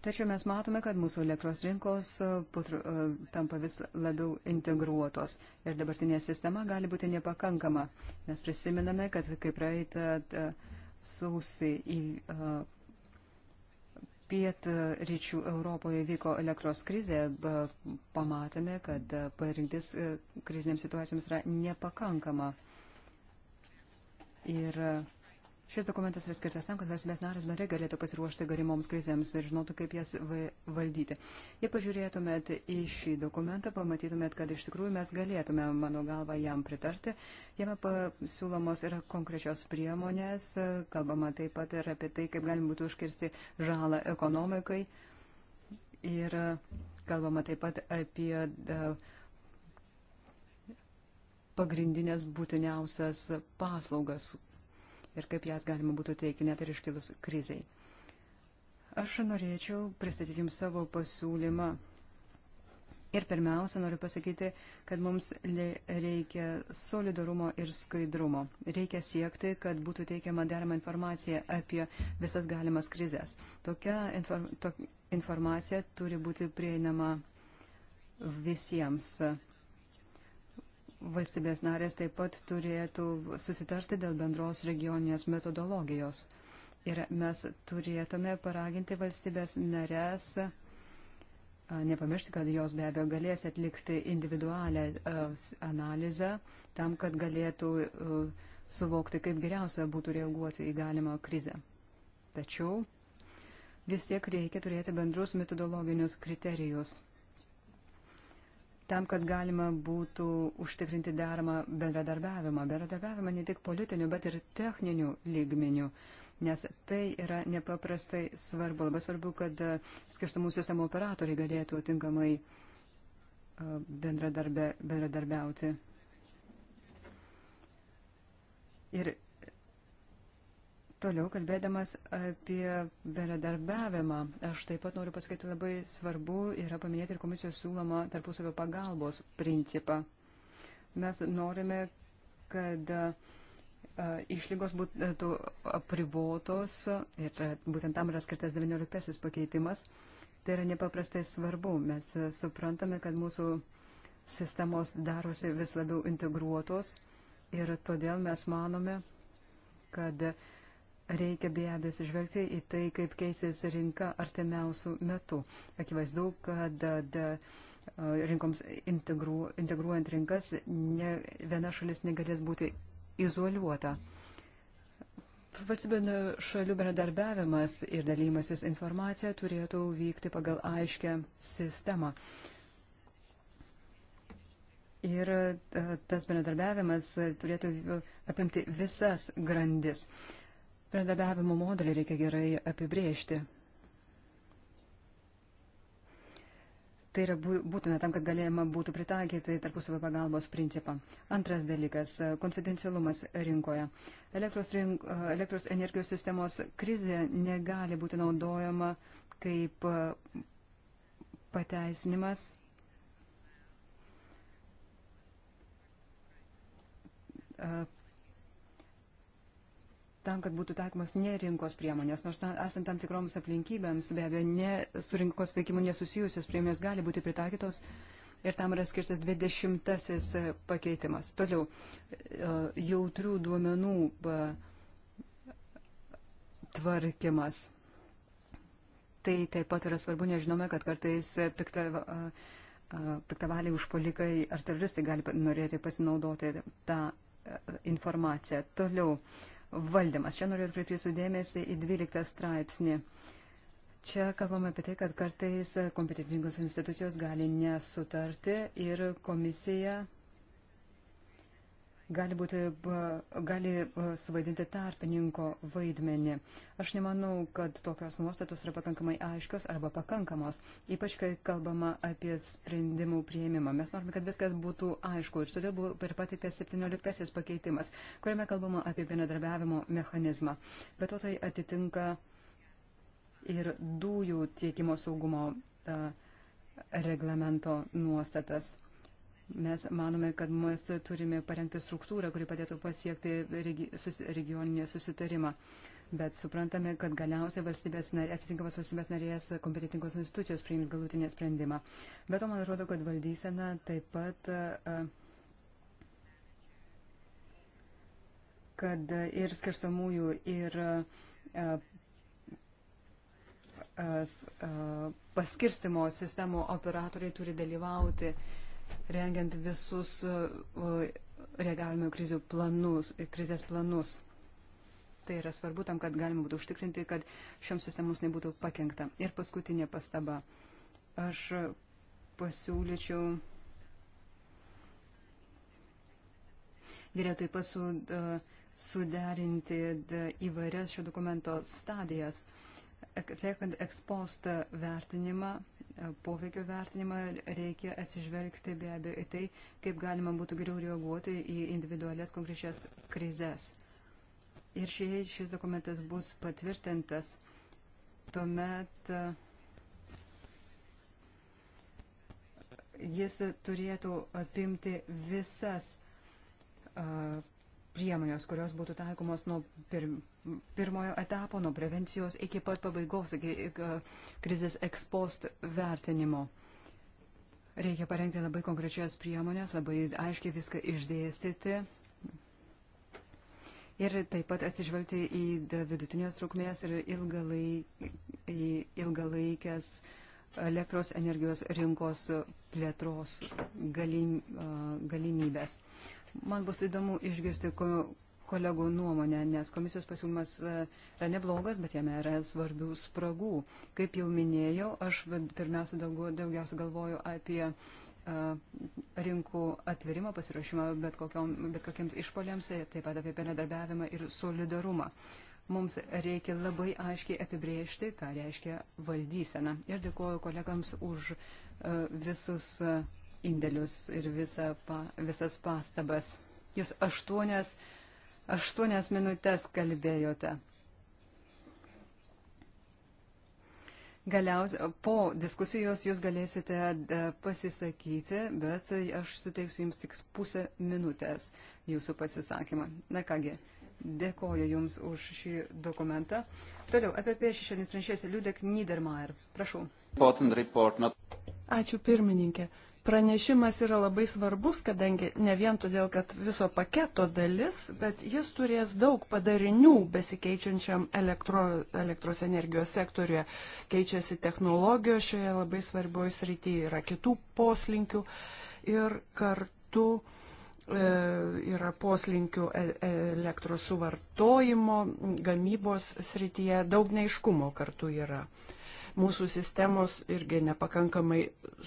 Tačiau mes matome, kad mūsų elektros rinkos putru, tampa vis labiau integruotos ir dabartinė sistema gali būti nepakankama. Mes prisiminame, kad kai praeitą sausį į, pietryčių Europoje vyko elektros krizė, pamatėme, kad e, parinktis e, krizinėms situacijoms yra nepakankama. Ir Šis dokumentas yra skirtas tam, kad valstybės narės bendrai galėtų pasiruošti galimoms krizėms ir žinotų, kaip jas valdyti. Jei pažiūrėtumėt į šį dokumentą, pamatytumėt, kad iš tikrųjų mes galėtume, mano galva, jam pritarti. Jame pasiūlomos yra konkrečios priemonės, kalbama taip pat ir apie tai, kaip galima būtų užkirsti žalą ekonomikai. Ir kalbama taip pat apie pagrindinės būtiniausias paslaugas, ir kaip jas galima būtų teikti net ir iškilus kriziai. Aš norėčiau pristatyti Jums savo pasiūlymą. Ir pirmiausia, noriu pasakyti, kad mums reikia solidarumo ir skaidrumo. Reikia siekti, kad būtų teikiama derama informacija apie visas galimas krizės. Tokia inform, to, informacija turi būti prieinama visiems valstybės narės taip pat turėtų susitarti dėl bendros regioninės metodologijos. Ir mes turėtume paraginti valstybės narės, nepamiršti, kad jos be abejo galės atlikti individualią analizę tam, kad galėtų suvokti, kaip geriausia būtų reaguoti į galimą krizę. Tačiau vis tiek reikia turėti bendrus metodologinius kriterijus tam, kad galima būtų užtikrinti deramą bendradarbiavimą. Bendradarbiavimą ne tik politiniu, bet ir techniniu lygmeniu. Nes tai yra nepaprastai svarbu. Labai svarbu, kad skirstamų sistemų operatoriai galėtų tinkamai bendradarbia, bendradarbiauti. Ir Toliau, kalbėdamas apie bendradarbiavimą, aš taip pat noriu pasakyti labai svarbu yra paminėti ir komisijos siūlomą tarpusavio pagalbos principą. Mes norime, kad išlygos būtų apribotos ir būtent tam yra skirtas 19 pakeitimas. Tai yra nepaprastai svarbu. Mes suprantame, kad mūsų sistemos darosi vis labiau integruotos ir todėl mes manome, kad uh, Reikia be abejo sužvelgti į tai, kaip keisės rinka artimiausių metų. Akivaizdu, kad da, rinkoms integru, integruojant rinkas ne, viena šalis negalės būti izoliuota. Valstybinio šalių bendradarbiavimas ir dalymasis informacija turėtų vykti pagal aiškę sistemą. Ir tas bendradarbiavimas turėtų apimti visas grandis. Bendradarbiavimo modelį reikia gerai apibrėžti. Tai yra būtina tam, kad galėjama būtų pritaikyti tarpusavio pagalbos principą. Antras dalykas - konfidencialumas rinkoje. Elektros, rink, elektros energijos sistemos krizė negali būti naudojama kaip uh, pateisinimas. Uh, tam, kad būtų taikomas ne rinkos priemonės, nors esant tam tikroms aplinkybėms, be abejo, ne, su rinkos veikimu nesusijusios priemonės gali būti pritaikytos ir tam yra skirtas 20 e, pakeitimas. Toliau, e, jautrių duomenų e, tvarkymas. Tai taip pat yra svarbu, nežinome, kad kartais piktava, piktavaliai užpolikai ar teroristai gali norėti pasinaudoti tą informaciją. Toliau, uh, valdymas. Čia noriu atkreipti jūsų dėmesį į 12 straipsnį. Čia kalbame apie tai, kad kartais kompetitingos institucijos gali nesutarti ir komisija gali, būti, gali suvaidinti tarpininko vaidmenį. Aš nemanau, kad tokios nuostatos yra pakankamai aiškios arba pakankamos, ypač kai kalbama apie sprendimų prieimimą. Mes norime, kad viskas būtų aišku ir todėl buvo ir pateiktas 17 pakeitimas, kuriame kalbama apie bendradarbiavimo mechanizmą. Bet to tai atitinka ir dujų tiekimo saugumo reglamento nuostatas. Mes manome, kad mes turime parengti struktūrą, kuri padėtų pasiekti regi sus regioninį susitarimą. Bet suprantame, kad galiausiai valstybės narė, atitinkamas valstybės narės kompetitingos institucijos priims galutinį sprendimą. Bet to man atrodo, kad valdysena taip pat, kad ir skirstamųjų, ir paskirstimo sistemų operatoriai turi dalyvauti rengiant visus e, reagavimo krizių planus, krizės planus. Tai yra svarbu tam, kad galima būtų užtikrinti, kad šioms sistemus nebūtų pakengta. Ir paskutinė pastaba. Aš pasiūlyčiau geriau taip pat su, e, suderinti įvairias šio dokumento stadijas. Uh, atliekant ekspostą vertinimą, poveikio vertinimą, reikia atsižvelgti be abejo į tai, kaip galima būtų geriau reaguoti į individualias konkrečias krizės. Ir šiai, šis dokumentas bus patvirtintas, tuomet jis turėtų apimti visas priemonės, kurios būtų taikomos nuo pirmų pirmojo etapo, nuo prevencijos iki pat pabaigos, iki e, krizės ekspost vertinimo. Reikia parengti labai konkrečias priemonės, labai aiškiai viską išdėstyti. Ir taip pat atsižvelgti į vidutinės trukmės ir ilgalaikės elektros energijos rinkos plėtros galim, e, galimybės. Man bus įdomu išgirsti kolegų nuomonę, nes komisijos pasiūlymas e, yra neblogas, bet jame yra svarbių spragų. Kaip jau minėjau, aš pirmiausia daugiausia galvoju apie e, rinkų atvirimą, pasirašymą bet, kokiom, bet kokiems išpoliams, e, taip pat apie bendradarbiavimą ir solidarumą. Mums reikia labai aiškiai apibriežti, ką reiškia valdysena. Ir dėkuoju kolegams už visus indėlius ir visa, pa, visas pastabas. Jūs aštuonias uh, aštuonias minutės kalbėjote. Galiausiai po diskusijos jūs galėsite e, pasisakyti, bet aš suteiksiu jums tik pusę minutės jūsų pasisakymą. Na kągi, dėkoju jums už šį dokumentą. Toliau apie P6 pranšėsi Liudek Niedermayer. Prašau. Ačiū pirmininkė pranešimas yra labai svarbus, kadangi ne vien todėl, kad viso paketo dalis, bet jis turės daug padarinių besikeičiančiam elektro, elektros energijos sektoriuje. Keičiasi technologijos šioje labai svarbioje srityje, yra kitų poslinkių ir kartu e, yra poslinkių e, elektros suvartojimo, gamybos srityje, daug neiškumo kartu yra. E, mūsų sistemos irgi nepakankamai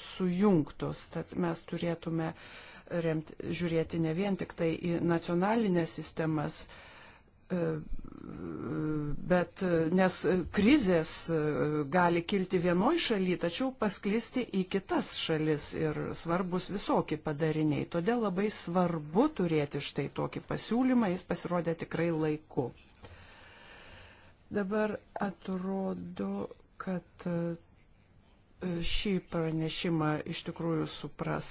sujungtos, tad mes turėtume remti, žiūrėti ne vien tik tai į nacionalinės sistemas, e, bet nes krizės e, gali kilti vienoj šaly, tačiau pasklisti į kitas šalis ir svarbus visokie padariniai. Todėl labai svarbu turėti štai tokį pasiūlymą, jis pasirodė tikrai laiku. Dabar atrodo, kad e, šį pranešimą iš tikrųjų supras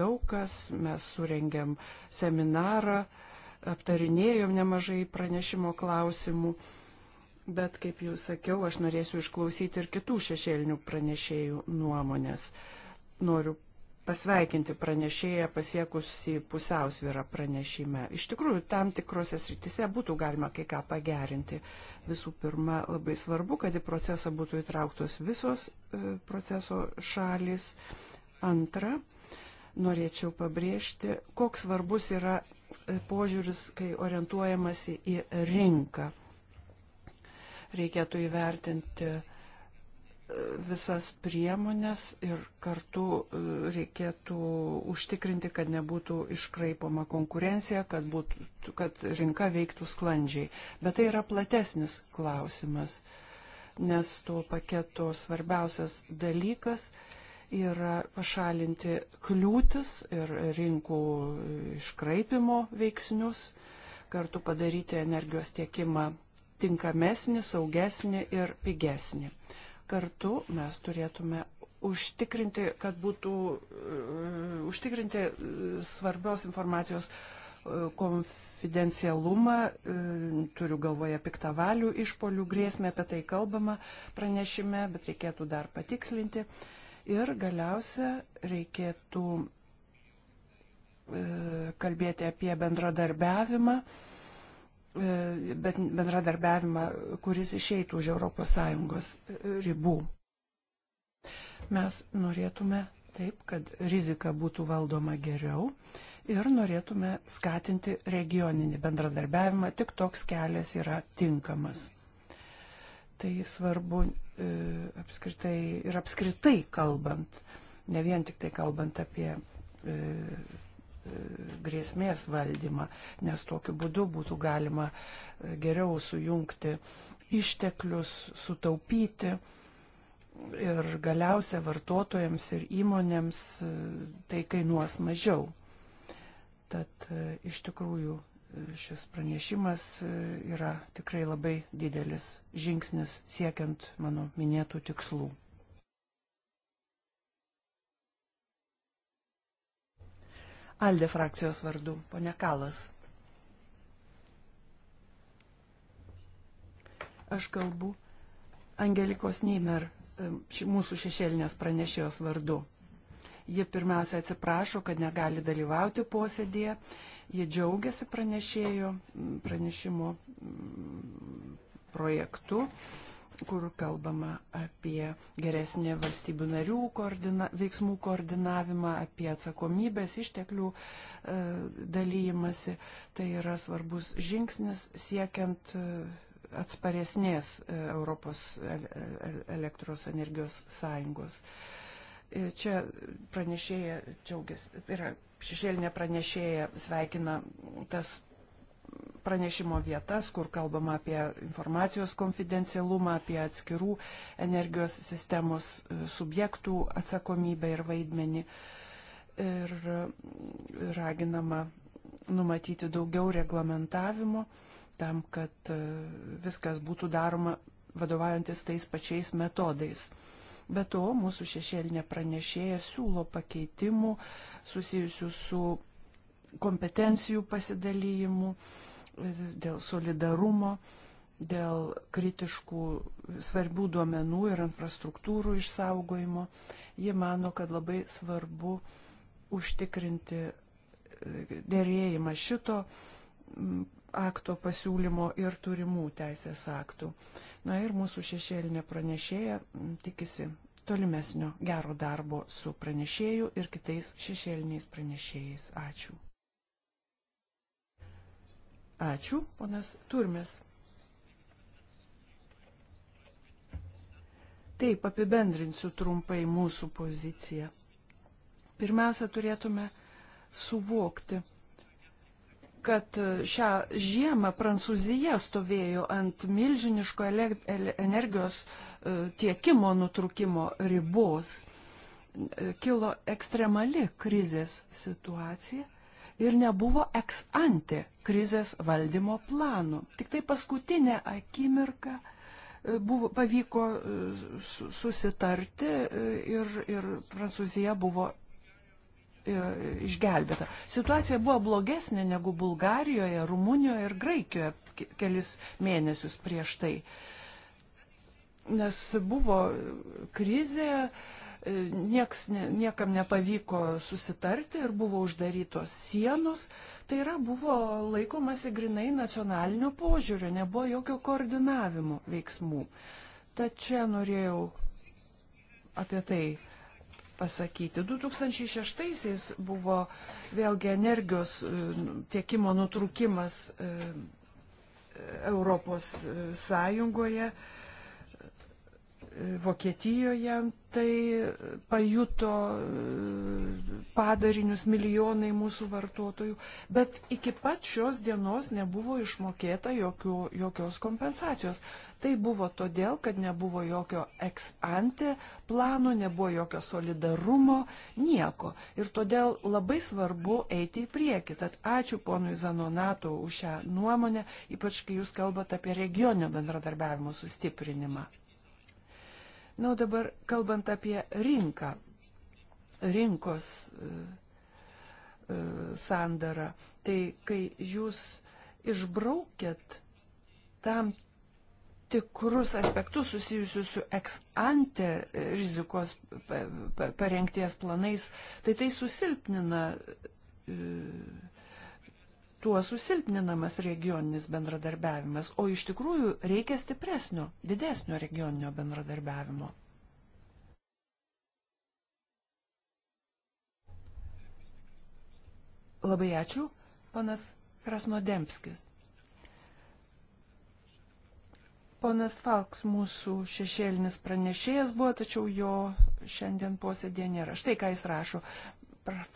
daug kas. Mes surengėm seminarą, aptarinėjom nemažai pranešimo klausimų. Bet, kaip jau sakiau, aš norėsiu išklausyti ir kitų šešėlinių pranešėjų nuomonės. Noriu pasveikinti pranešėją pasiekusi pusiausvyrą pranešime. Iš tikrųjų, tam tikrose srityse būtų galima kai ką pagerinti. Visų pirma, labai svarbu, kad į procesą būtų įtrauktos visos e, proceso šalis. Antra, norėčiau pabrėžti, koks svarbus yra e, požiūris, kai orientuojamasi į rinką. Reikėtų įvertinti visas priemonės ir kartu e, reikėtų užtikrinti, kad nebūtų iškraipoma konkurencija, kad, būtų, kad rinka veiktų sklandžiai. Bet tai yra platesnis klausimas, nes to paketo svarbiausias dalykas yra pašalinti kliūtis ir rinkų iškraipimo veiksnius, kartu padaryti energijos tiekimą tinkamesnį, saugesnį ir pigesnį. Kartu mes turėtume užtikrinti, kad būtų e, užtikrinti e, svarbios informacijos e, konfidencialumą, turiu galvoje piktavalių išpolių grėsmę, apie tai kalbama pranešime, bet reikėtų dar patikslinti. Ir galiausia reikėtų kalbėti apie bendradarbiavimą E, bendradarbiavimą, kuris išeitų už ES ribų. Mes norėtume taip, kad rizika būtų valdoma geriau ir norėtume skatinti regioninį bendradarbiavimą, tik toks kelias yra tinkamas. Tai svarbu e, apskritai ir apskritai kalbant, ne vien tik tai kalbant apie e, E, grėsmės valdymą, nes tokiu būdu būtų galima e, geriau sujungti išteklius, sutaupyti ir galiausia vartotojams ir įmonėms e, tai kainuos mažiau. Tad iš tikrųjų šis pranešimas yra tikrai labai didelis žingsnis siekiant mano minėtų tikslų. Alde frakcijos vardu, ponia Kalas. Aš kalbu Angelikos Neimer, mūsų šešėlinės pranešėjos vardu. Ji pirmiausia atsiprašo, kad negali dalyvauti posėdėje. Ji džiaugiasi pranešėjo pranešimo projektu kur kalbama apie geresnį valstybių narių koordina, veiksmų koordinavimą, apie atsakomybės išteklių e, dalyjimasi. Tai yra svarbus žingsnis siekiant e, atsparesnės e, Europos elektros energijos sąjungos. E, čia pranešėja džiaugiasi, yra šešėlinė pranešėja sveikina tas pranešimo vietas, kur kalbama apie informacijos konfidencialumą, apie atskirų energijos sistemos e, subjektų atsakomybę ir vaidmenį. Ir e, raginama numatyti daugiau reglamentavimo tam, kad e, viskas būtų daroma vadovaujantis tais pačiais metodais. Be to, mūsų šešėlinė pranešėja siūlo pakeitimų susijusių su kompetencijų pasidalymų, dėl solidarumo, dėl kritiškų svarbių duomenų ir infrastruktūrų išsaugojimo. Ji mano, kad labai svarbu užtikrinti e, dėrėjimą šito akto pasiūlymo ir turimų teisės aktų. Na ir mūsų šešėlinė pranešėja tikisi tolimesnio gero darbo su pranešėju ir kitais šešėliniais pranešėjais. Ačiū. Ačiū, ponas Turmes. Taip, apibendrinsiu trumpai mūsų poziciją. Pirmiausia, turėtume suvokti, kad šią žiemą Prancūzija stovėjo ant milžiniško energijos e, tiekimo nutrukimo ribos. Kilo ekstremali krizės situacija ir nebuvo ex ante krizės valdymo planų. Tik tai paskutinę akimirką e, buvo, pavyko e, susitarti e, ir, ir Prancūzija buvo išgelbėta. Situacija buvo blogesnė negu Bulgarijoje, Rumunijoje ir Graikijoje kelis mėnesius prieš tai. Nes buvo krizė, E, nieks, niekam nepavyko susitarti ir buvo uždarytos sienos. Tai yra, buvo laikomasi grinai nacionalinio požiūrio, nebuvo jokio koordinavimo veiksmų. Tad čia norėjau apie tai pasakyti. 2006-aisiais buvo vėlgi energijos e, tiekimo nutrūkimas e, Europos Sąjungoje. E, Vokietijoje tai pajuto e, padarinius milijonai mūsų vartotojų, bet iki pat šios dienos nebuvo išmokėta jokių, jokios kompensacijos. Tai buvo todėl, kad nebuvo jokio ex ante plano, nebuvo jokio solidarumo, nieko. Ir todėl labai svarbu eiti į priekį. Tad ačiū ponui Zanonato už šią nuomonę, ypač kai jūs kalbate apie regioninio bendradarbiavimo sustiprinimą. Na, o dabar kalbant apie rinką, rinkos e, e, sandarą, tai kai jūs išbraukėt tam tikrus aspektus susijusius su ex ante rizikos parengties planais, tai tai susilpnina e, tuo susilpninamas regioninis bendradarbiavimas, o iš tikrųjų reikia stipresnio, didesnio regioninio bendradarbiavimo. Labai ačiū, panas Krasnodemskis. Ponas Falks, mūsų šešėlinis pranešėjas buvo, tačiau jo šiandien posėdė nėra. Štai ką jis rašo.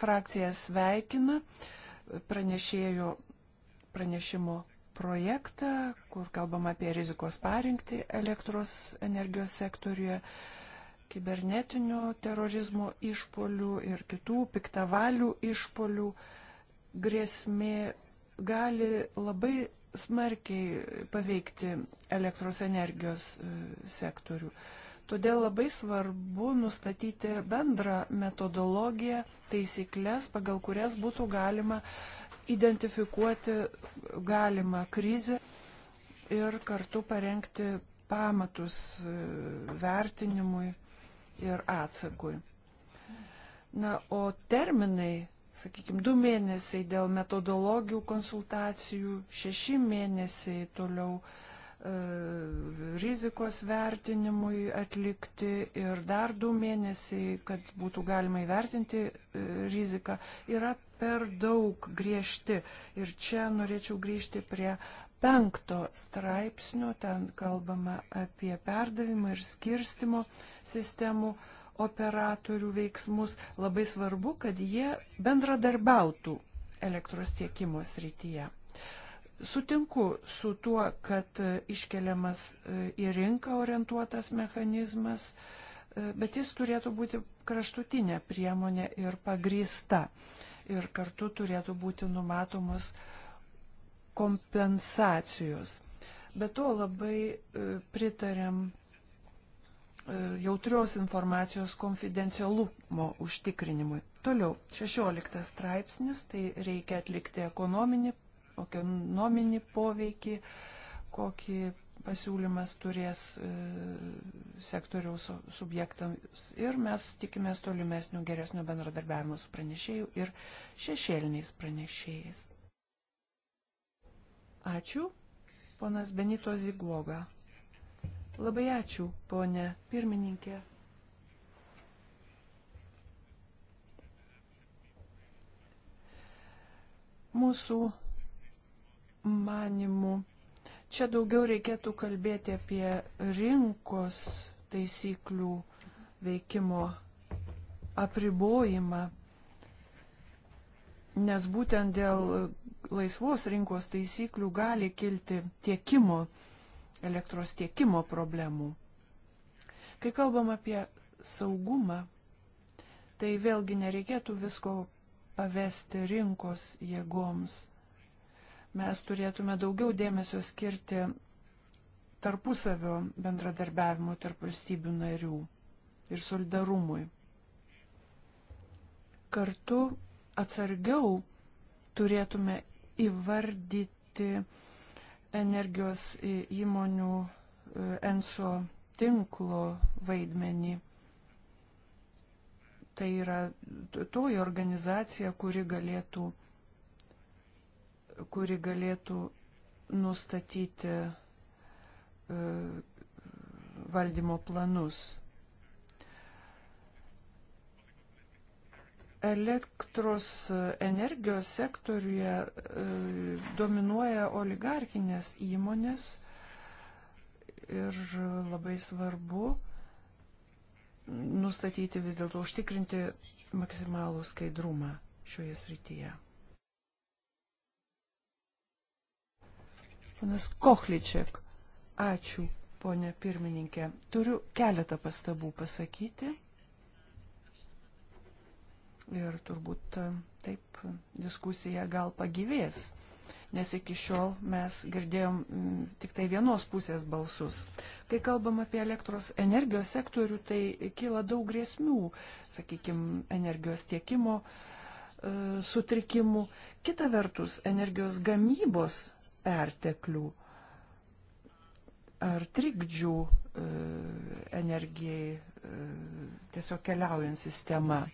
Frakcija sveikina. Uh, pranešėjo pranešimo projektą, kur kalbam apie rizikos parinkti elektros energijos sektoriuje, kibernetinio terorizmo išpolių ir kitų piktavalių išpolių grėsmė gali labai smarkiai paveikti elektros energijos e, sektorių. E, Todėl labai svarbu nustatyti bendrą metodologiją, taisyklės, pagal kurias būtų galima identifikuoti galimą krizę ir kartu parengti pamatus e, vertinimui ir atsakui. Na, o terminai, sakykime, du mėnesiai dėl metodologijų konsultacijų, šeši mėnesiai toliau uh, E, rizikos vertinimui atlikti ir dar du mėnesiai, kad būtų galima įvertinti e, riziką, yra per daug griežti. Ir čia norėčiau grįžti prie penkto straipsnio, ten kalbama apie perdavimą ir skirstimo sistemų operatorių veiksmus. Labai svarbu, kad jie bendradarbiautų elektros tiekimo srityje. Sutinku su tuo, kad e, iškeliamas e, į rinką orientuotas mechanizmas, e, bet jis turėtų būti kraštutinė priemonė ir pagrįsta. Ir kartu turėtų būti numatomos kompensacijos. Be to labai pritarėm jautrios informacijos konfidencialumo užtikrinimui. Toliau, 16 straipsnis, tai reikia atlikti ekonominį ekonominį poveikį, kokį pasiūlymas turės e, sektoriaus subjektams ir mes tikimės tolimesnių geresnių bendradarbiavimų su pranešėjų ir šešėliniais pranešėjais. Ačiū, ponas Benito Zigloga. Labai ačiū, ponė pirmininkė. Mūsų manimu, čia daugiau reikėtų kalbėti apie rinkos taisyklių veikimo apribojimą, nes būtent dėl laisvos rinkos taisyklių gali kilti tiekimo, elektros tiekimo problemų. Kai kalbam apie saugumą, tai vėlgi nereikėtų visko pavesti rinkos jėgoms mes turėtume daugiau dėmesio skirti tarpusavio bendradarbiavimo tarp valstybių narių ir solidarumui. Kartu atsargiau turėtume įvardyti energijos įmonių e, ENSO tinklo vaidmenį. Tai yra toji organizacija, kuri galėtų kuri galėtų nustatyti e, valdymo planus. Elektros energijos sektoriuje e, dominuoja oligarkinės įmonės ir labai svarbu nustatyti vis dėlto užtikrinti maksimalų skaidrumą šioje srityje. Panas Kohličiak. Ačiū, ponė pirmininkė. Turiu keletą pastabų pasakyti. Ir turbūt e, taip diskusija gal pagyvės, nes iki šiol mes girdėjom tik tai vienos pusės balsus. Kai kalbam apie elektros energijos sektorių, tai kyla daug grėsmių, sakykime, energijos tiekimo e, sutrikimų. Kita vertus, energijos gamybos perteklių ar trikdžių e, energijai e, tiesiog keliaujant sistema. E,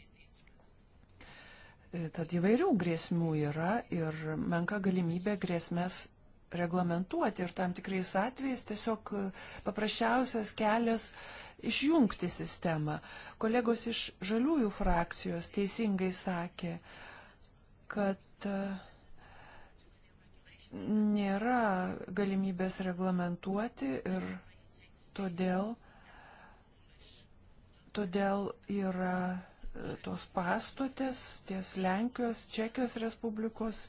tad įvairių grėsmių yra ir menka galimybė grėsmės reglamentuoti ir tam tikrais atvejais tiesiog paprasčiausias kelias išjungti sistemą. Kolegos iš žaliųjų frakcijos teisingai sakė, kad uh, nėra galimybės reglamentuoti ir todėl, todėl yra e, tos pastotės ties Lenkijos, Čekijos Respublikos e,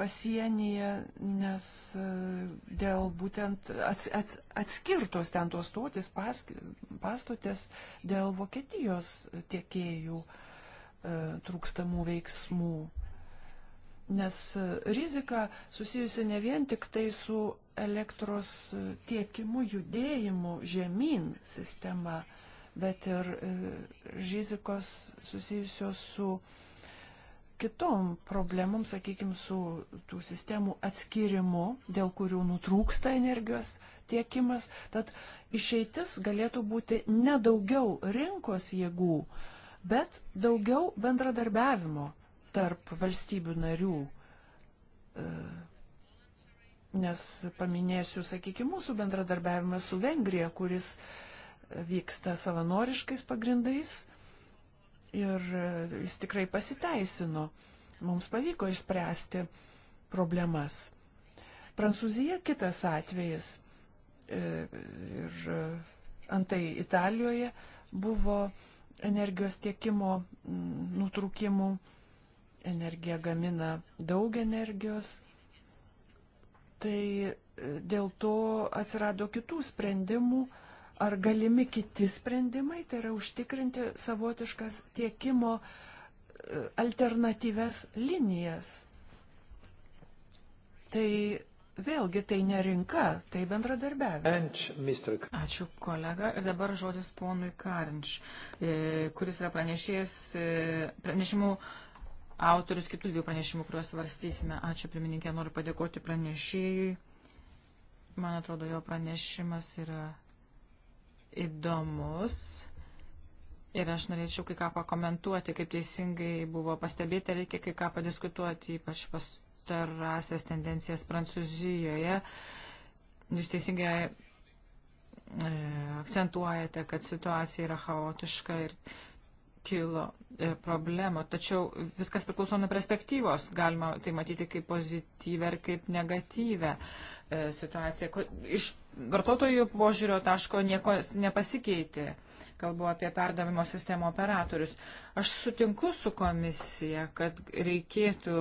pasienyje, nes e, dėl būtent ats, ats, atskirtos ten tos stotis, pastotės dėl Vokietijos tiekėjų trūkstamų veiksmų nes e, rizika susijusi ne vien tik tai su elektros e, tiekimu judėjimu žemyn sistema, bet ir e, rizikos susijusios su kitom problemom, sakykime, su tų sistemų atskirimu, dėl kurių nutrūksta energijos tiekimas. Tad išeitis galėtų būti ne daugiau rinkos jėgų, bet daugiau bendradarbiavimo tarp valstybių narių, e, nes paminėsiu, sakykime, mūsų bendradarbiavimą su Vengrija, kuris vyksta savanoriškais pagrindais ir jis tikrai pasiteisino. Mums pavyko išspręsti problemas. Prancūzija kitas atvejis e, ir antai Italijoje buvo energijos tiekimo nutrūkimų energija gamina daug energijos, tai e, dėl to atsirado kitų sprendimų ar galimi kiti sprendimai, tai yra užtikrinti savotiškas tiekimo e, alternatyves linijas. Tai vėlgi tai ne rinka, tai bendradarbiavimas. Ačiū kolega. Ir dabar žodis ponui Karinč, e, kuris yra pranešėjęs pranešimų autorius kitų dviejų pranešimų, kuriuos svarstysime. Ačiū, pirmininkė, noriu padėkoti pranešėjui. Man atrodo, jo pranešimas yra įdomus. Ir aš norėčiau kai ką pakomentuoti, kaip teisingai buvo pastebėta, reikia kai ką padiskutuoti, ypač pastarąsias tendencijas Prancūzijoje. Jūs teisingai e, akcentuojate, kad situacija yra chaotiška ir kilo e, problemų. Tačiau viskas priklauso nuo perspektyvos. Galima tai matyti kaip pozityvę ar kaip negatyvę e, situaciją. Iš vartotojų požiūrio taško nieko nepasikeitė. Kalbu apie perdavimo sistemo operatorius. Aš sutinku su komisija, kad reikėtų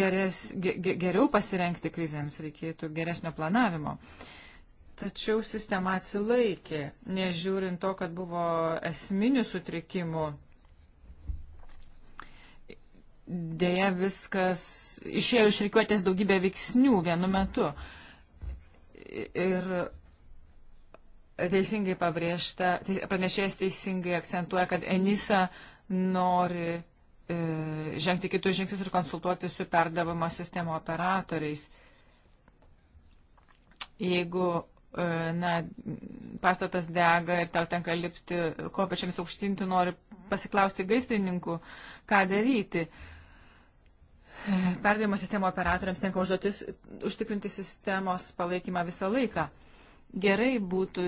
geres, ge, geriau pasirenkti krizėms, reikėtų geresnio planavimo. Uh, Tačiau sistema atsilaikė, nežiūrint to, kad buvo esminių sutrikimų. Deja, viskas išėjo iš rikiuotės daugybė veiksnių vienu metu. Ir teisingai pabrėžta, pranešėjas teisingai akcentuoja, kad Enisa nori e, žengti kitus žingsnius ir konsultuoti su perdavimo sistemo operatoriais. Jeigu E, na, pastatas dega ir tau tenka lipti kopečiams aukštinti, nori pasiklausti gaisrininkų, ką daryti. E, perdavimo sistemo operatoriams tenka užduotis užtikrinti sistemos palaikymą visą laiką. Gerai būtų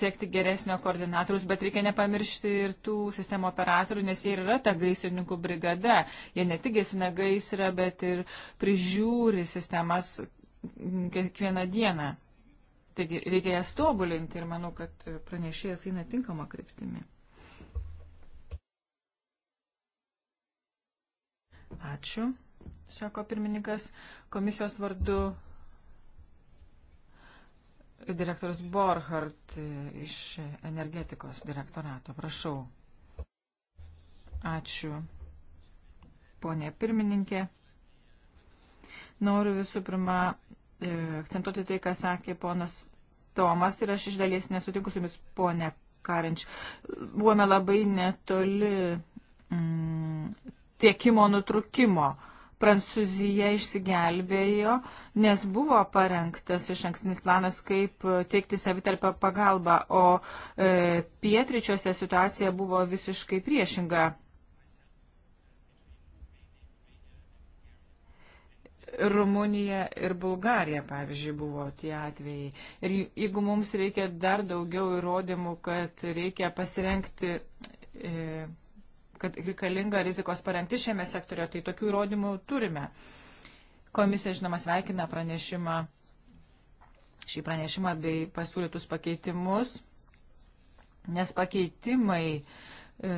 siekti geresnio koordinatorius, bet reikia nepamiršti ir tų sistemo operatorių, nes jie yra ta gaisrininkų brigada. Jie ne tik gesina gaisrą, bet ir prižiūri sistemas kiekvieną dieną. Taigi reikia jas tobulinti ir manau, kad pranešėjas eina tinkama kryptimi. Ačiū, sako pirmininkas. Komisijos vardu direktorius Borhardt iš energetikos direktorato. Prašau. Ačiū, ponė pirmininkė. Noriu visų pirma E, akcentuoti tai, ką sakė ponas Tomas ir aš iš dalies nesutinku su jumis, ponė Karinč. Buvome labai netoli mm, tiekimo nutrukimo. Prancūzija išsigelbėjo, nes buvo parengtas iš ankstinis planas, kaip e, teikti savitarpio pagalbą, o e, pietričiuose situacija buvo visiškai priešinga. Rumunija ir Bulgarija, pavyzdžiui, buvo tie atvejai. Ir jeigu mums reikia dar daugiau įrodymų, kad reikia pasirenkti, e, kad reikalinga rizikos parengti šiame sektorio, tai tokių įrodymų turime. Komisija, žinoma, sveikina pranešimą, šį pranešimą bei pasiūlytus pakeitimus, nes pakeitimai e,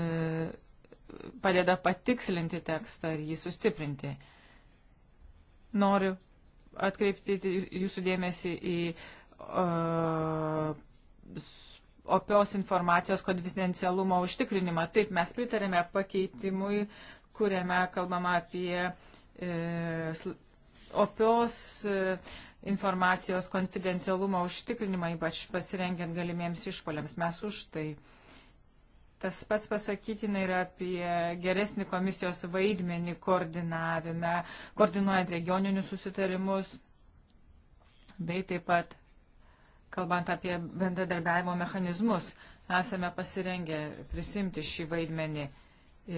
padeda patikslinti tekstą ir jį sustiprinti. E, Noriu atkreipti jūsų dėmesį į uh, opios informacijos konfidencialumo užtikrinimą. Taip, mes pritarėme pakeitimui, kuriame kalbama apie uh, opios uh, informacijos konfidencialumo užtikrinimą, ypač pasirengiant galimiems išpoliams. Mes už tai. Uh, Tas pats pasakytina ir apie geresnį komisijos vaidmenį koordinavime, koordinuojant regioninius susitarimus, bei taip pat, kalbant apie bendradarbiavimo mechanizmus, esame pasirengę prisimti šį vaidmenį.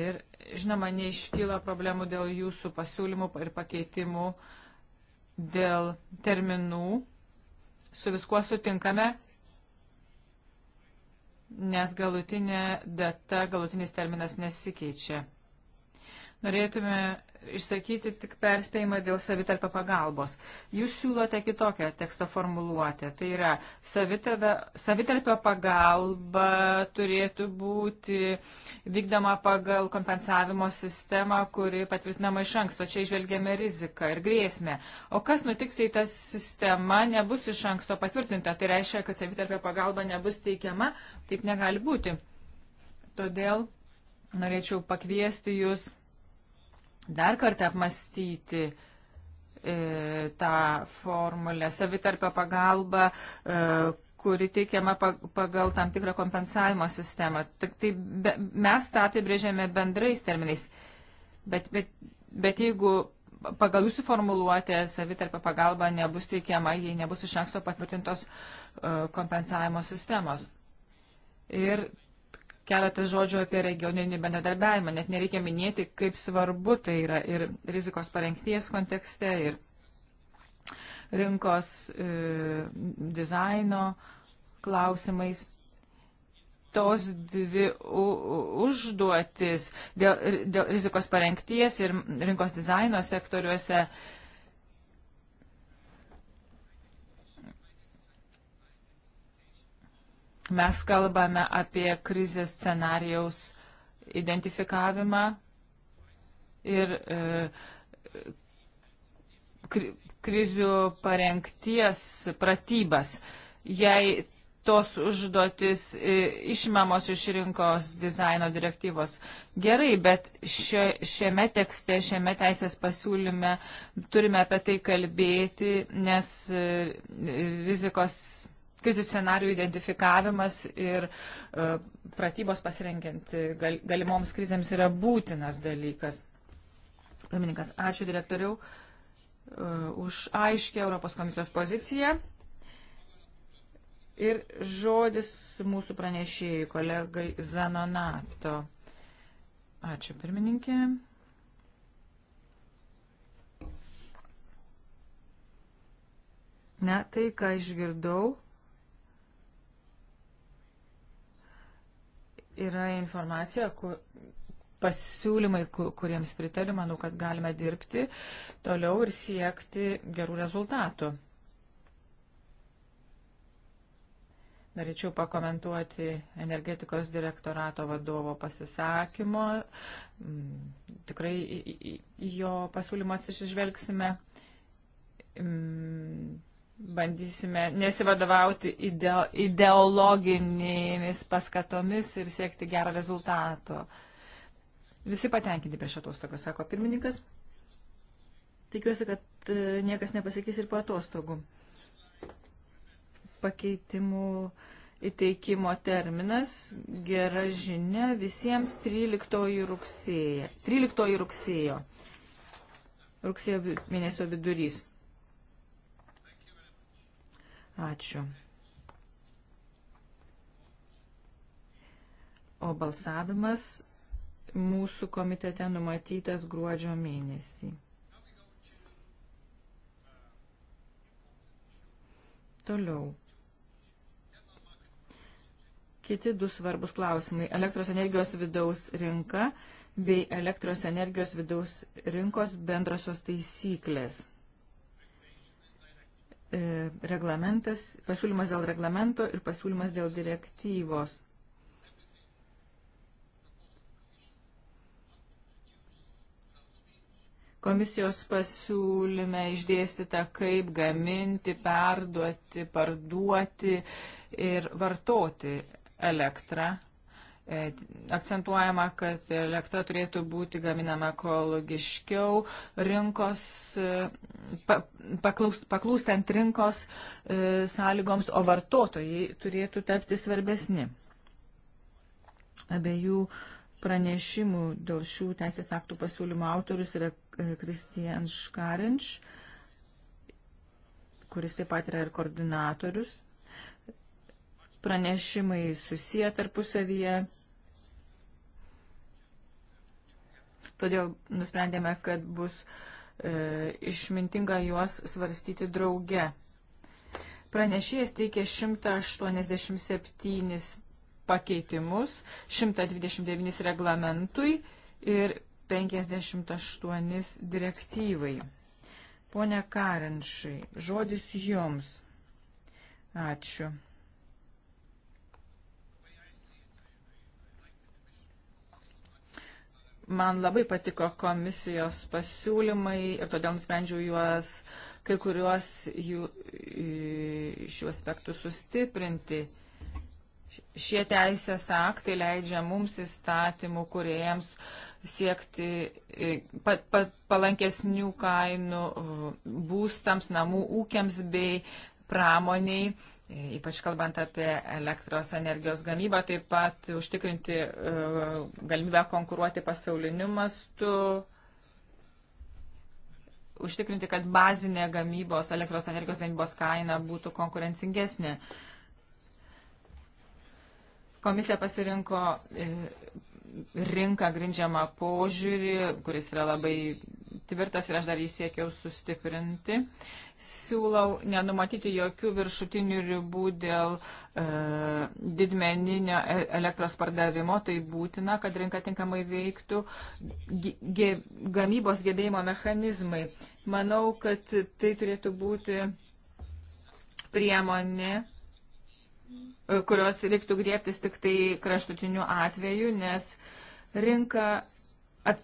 Ir, žinoma, neiškyla problemų dėl jūsų pasiūlymų ir pakeitimų, dėl terminų. Su viskuo sutinkame, nes galutinė data, galutinis terminas nesikeičia. Norėtume išsakyti tik perspėjimą dėl savitarpio pagalbos. Jūs siūlote kitokią teksto formuluotę. Tai yra, savitarpio pagalba turėtų būti vykdoma pagal kompensavimo sistemą, kuri patvirtinama iš anksto. Čia išvelgiame riziką ir grėsmę. O kas nutiks, jei ta sistema nebus iš anksto patvirtinta? Tai reiškia, kad savitarpio pagalba nebus teikiama. Taip negali būti. Todėl norėčiau pakviesti jūs dar kartą apmastyti e, tą formulę savitarpio pagalbą, e, kuri teikiama pagal tam tikrą kompensavimo sistemą. Tik tai be, mes tą apibrėžėme bendrais terminais. Bet, bet, bet jeigu pagal jūsų formuluotę savitarpio pagalba nebus teikiama, jei nebus iš anksto patvirtintos e, kompensavimo sistemos. Ir Keletas žodžių apie regioninį bendradarbiavimą, net nereikia minėti, kaip svarbu tai yra ir rizikos parengties kontekste, ir rinkos e, dizaino klausimais tos dvi užduotis dėl, dėl rizikos parengties ir rinkos dizaino sektoriuose Mes kalbame apie krizės scenarijaus identifikavimą ir e, kri, krizių parengties pratybas. Jei tos užduotis e, išimamos iš rinkos dizaino direktyvos. Gerai, bet šio, šiame tekste, šiame teisės pasiūlyme turime apie tai kalbėti, nes e, rizikos krizių scenarių identifikavimas ir e, pratybos pasirenkiant galimoms krizėms yra būtinas dalykas. Pirmininkas, ačiū direktoriau e, už aiškę Europos komisijos poziciją. Ir žodis mūsų pranešėjai kolegai Zanonato. Ačiū pirmininkė. Ne, tai, ką išgirdau, yra informacija, kur, pasiūlymai, kuriems pritariu, manau, kad galime dirbti toliau ir siekti gerų rezultatų. Norėčiau pakomentuoti energetikos direktorato vadovo pasisakymo. Mm, tikrai jo pasiūlymas išžvelgsime. Mm, bandysime nesivadovauti ideo, ideologinėmis paskatomis ir siekti gerą rezultato. Visi patenkinti prieš atostogas, sako pirmininkas. Tikiuosi, kad e, niekas nepasakys ir po atostogų. Pakeitimų įteikimo terminas, gera žinia, visiems 13 rugsėjo. 13 rugsėjo. Rugsėjo mėnesio vidurys. Ačiū. O balsavimas mūsų komitete numatytas gruodžio mėnesį. Toliau. Kiti du svarbus klausimai. Elektros energijos vidaus rinka bei elektros energijos vidaus rinkos bendrosios taisyklės. E, reglamentas, pasiūlymas dėl reglamento ir pasiūlymas dėl direktyvos. Komisijos pasiūlyme išdėstyta, kaip gaminti, perduoti, parduoti ir vartoti elektrą E, akcentuojama, kad elektra turėtų būti gaminama ekologiškiau, rinkos, e, paklūstant rinkos e, sąlygoms, o vartotojai turėtų tapti svarbesni. Abiejų pranešimų dėl šių teisės aktų pasiūlymo autorius yra Kristijan Škarinč, kuris taip pat yra ir koordinatorius. Pranešimai susiję tarpusavyje Todėl nusprendėme, kad bus e, išmintinga juos svarstyti drauge. Pranešėjas teikė 187 pakeitimus, 129 reglamentui ir 58 direktyvai. Pone Karinšai, žodis jums. Ačiū. Man labai patiko komisijos pasiūlymai ir todėl nusprendžiau juos, kai kuriuos jų, šių aspektų sustiprinti. Šie teisės aktai leidžia mums įstatymų kuriejams siekti pa, pa, palankesnių kainų būstams, namų ūkiams bei pramoniai ypač kalbant apie elektros energijos gamybą, taip pat užtikrinti e, galimybę konkuruoti pasauliniu mastu, užtikrinti, kad bazinė gamybos, elektros energijos gamybos kaina būtų konkurencingesnė. Komisija pasirinko e, rinką grindžiamą požiūrį, kuris yra labai tvirtas ir aš dar jį siekiau sustiprinti. Siūlau nenumatyti jokių viršutinių ribų dėl e, didmeninio e, elektros pardavimo. Tai būtina, kad rinka tinkamai veiktų ge, gamybos gebėjimo mechanizmai. Manau, kad tai turėtų būti priemonė e, kurios reiktų griebtis tik tai kraštutiniu atveju, nes rinka at,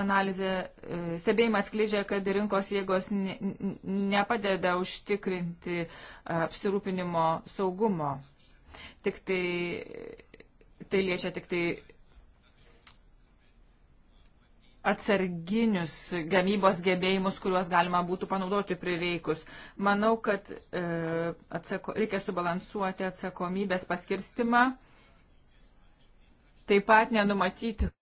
analizė, e, stebėjimai atskleidžia, kad rinkos jėgos ne, nepadeda užtikrinti e, apsirūpinimo saugumo. Tik tai, e, tai liečia tik tai atsarginius gamybos gebėjimus, kuriuos galima būtų panaudoti prireikus. Manau, kad e, atsako, reikia subalansuoti atsakomybės paskirstimą, taip pat nenumatyti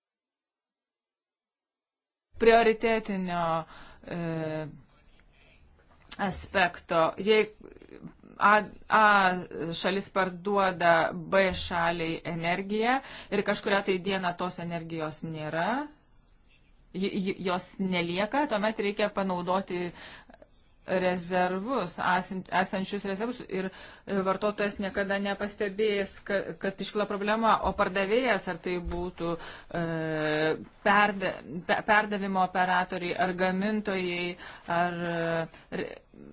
prioritetinio e, aspekto. Jei A, A šalis parduoda B šaliai energiją ir kažkuria tai diena tos energijos nėra, jos nelieka, tuomet reikia panaudoti rezervus, esančius rezervus ir e, vartotojas niekada nepastebėjęs, kad, kad iškila problema, o pardavėjas, ar tai būtų e, perda, pe, perdavimo operatoriai, ar gamintojai, ar re,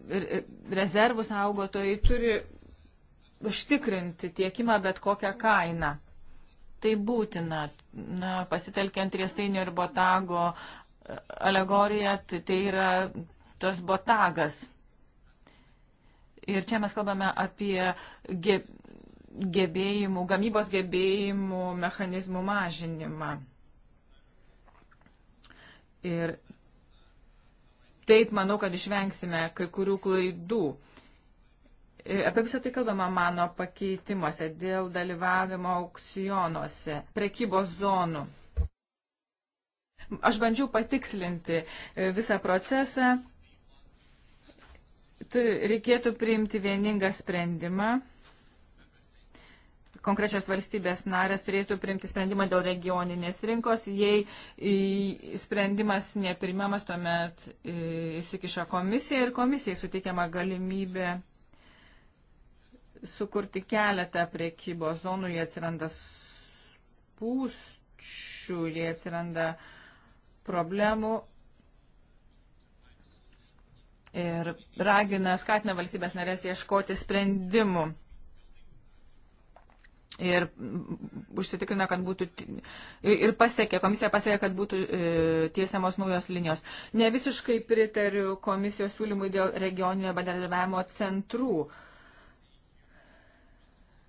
re, rezervų saugotojai, turi užtikrinti tiekimą bet kokią kainą. Tai būtina, na, pasitelkiant riestainio ir botago e, alegoriją, tai, tai yra tos botagas. Ir čia mes kalbame apie ge, gebėjimų, gamybos gebėjimų mechanizmų mažinimą. Ir taip manau, kad išvengsime kai kurių klaidų. Apie visą tai kalbama mano pakeitimuose dėl dalyvavimo aukcionuose, prekybos zonų. Aš bandžiau patikslinti visą procesą reikėtų priimti vieningą sprendimą. Konkrečios valstybės narės turėtų priimti sprendimą dėl regioninės rinkos. Jei sprendimas nepirmamas, tuomet e, įsikiša komisija ir komisijai suteikiama galimybė sukurti keletą priekybos zonų, jie atsiranda spūsčių, jie atsiranda problemų ir ragina, skatina valstybės narės ieškoti sprendimų. Ir užsitikrina, kad būtų, ir pasiekė, komisija pasiekė, kad būtų e, tiesiamos naujos linijos. Ne visiškai pritariu komisijos siūlymui dėl regioninio bendradarbiavimo centrų.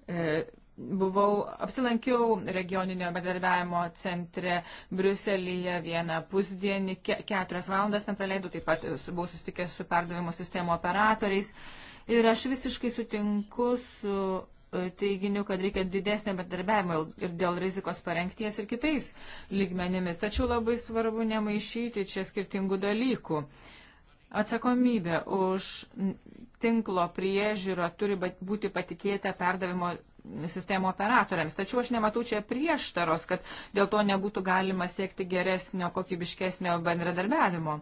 E, buvau, apsilankiau regioninio bedarbiavimo centre Briuselyje vieną pusdienį, ke, keturias valandas ten praleidau, taip pat buvau susitikęs su perdavimo sistemo operatoriais. Ir aš visiškai sutinku su e, teiginiu, kad reikia didesnio bendarbiavimo ir dėl rizikos parengties ir kitais lygmenimis. Tačiau labai svarbu nemaišyti čia skirtingų dalykų. Atsakomybė už tinklo priežiūrą turi būti patikėta perdavimo sistemų operatoriams. Tačiau aš nematau čia prieštaros, kad dėl to nebūtų galima siekti geresnio, kokybiškesnio bendradarbiavimo.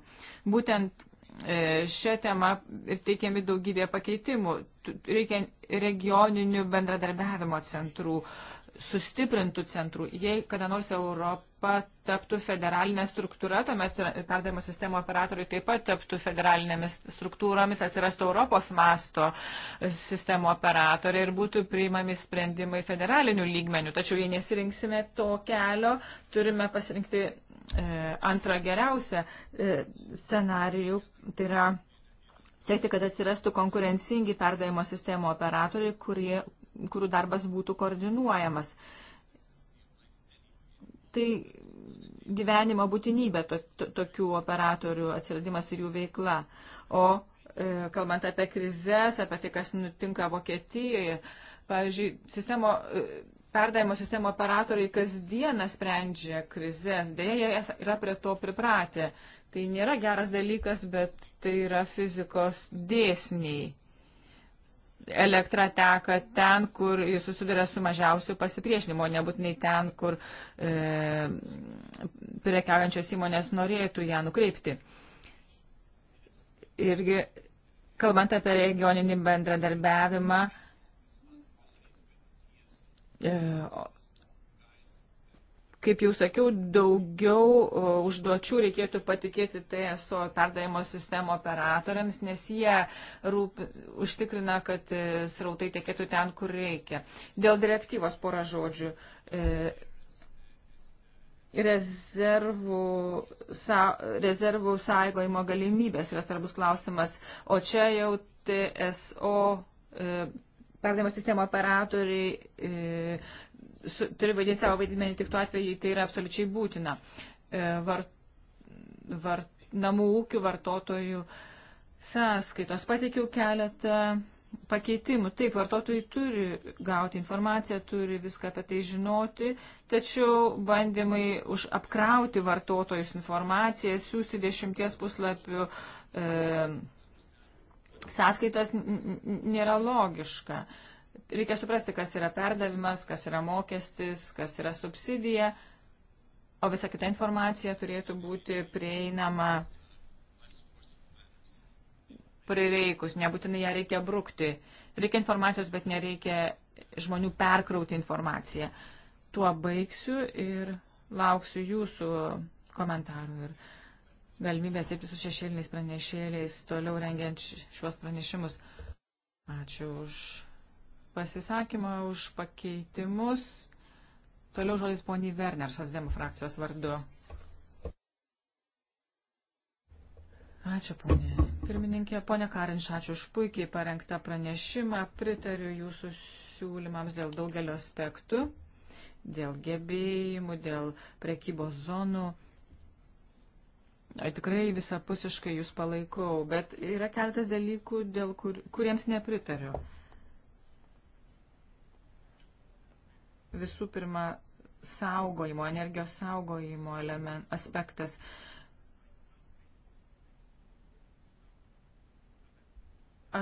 Būtent e, šią temą ir teikiami daugybė pakeitimų. Reikia regioninių bendradarbiavimo centrų, sustiprintų centrų. Jei kada nors Europa taptų federalinė struktūra, tuomet perdavimo sistemo operatoriai taip pat taptų federalinėmis struktūromis, atsirastų Europos masto sistemo operatoriai ir būtų priimami sprendimai federalinių lygmenių. Tačiau jei nesirinksime to kelio, turime pasirinkti e, antrą geriausią e, scenarijų. Tai yra siekti, kad atsirastų konkurencingi perdavimo sistemo operatoriai, kurie kurių darbas būtų koordinuojamas. Tai gyvenimo būtinybė to, to, tokių operatorių atsiradimas ir jų veikla. O e, kalbant apie krizės, apie tai, kas nutinka Vokietijoje, pavyzdžiui, sistemo, e, perdavimo sistemo operatoriai kasdieną sprendžia krizės, dėja jie yra prie to pripratę. Tai nėra geras dalykas, bet tai yra fizikos dėsniai elektra teka ten, kur jis susiduria su mažiausiu pasipriešinimo, nebūtinai ten, kur e, prekiaujančios įmonės norėtų ją nukreipti. Irgi, kalbant apie regioninį bendradarbiavimą, e, Kaip jau sakiau, daugiau užduočių reikėtų patikėti TSO perdavimo sistemo operatoriams, nes jie rūp, užtikrina, kad e, srautai tekėtų ten, kur reikia. Dėl direktyvos porą žodžių. E, rezervų, sa, rezervų saigojimo galimybės yra svarbus klausimas, o čia jau TSO e, perdavimo sistemo operatoriai su, turi vaidinti savo vaidmenį tik tuo atveju, jei tai yra absoliučiai būtina. E, vart, vart, namų ūkių vartotojų sąskaitos. Pateikiau keletą pakeitimų. Taip, vartotojai turi gauti informaciją, turi viską apie tai žinoti, tačiau bandymai už apkrauti vartotojus informaciją, siūsti dešimties puslapių e, sąskaitas nėra logiška. E, Reikia suprasti, kas yra perdavimas, kas yra mokestis, kas yra subsidija, o visa kita informacija turėtų būti prieinama prireikus, nebūtinai ją reikia brukti. Reikia informacijos, bet nereikia žmonių perkrauti informaciją. Tuo baigsiu ir lauksiu jūsų komentarų ir galimybės dirbti su šešėliniais pranešėliais, toliau rengiant šiuos pranešimus. Ačiū už pasisakymą, už pakeitimus. Toliau žodis poniai Werner, Sosdemų frakcijos vardu. Ačiū, ponė. Pirmininkė, ponė Karinš, ačiū už puikiai parengtą pranešimą. Pritariu jūsų siūlymams dėl daugelio aspektų, dėl gebėjimų, dėl prekybos zonų. Tikrai visapusiškai jūs palaikau, bet yra keletas dalykų, kur, kuriems nepritariu. visų pirma saugojimo, energijos saugojimo element, aspektas.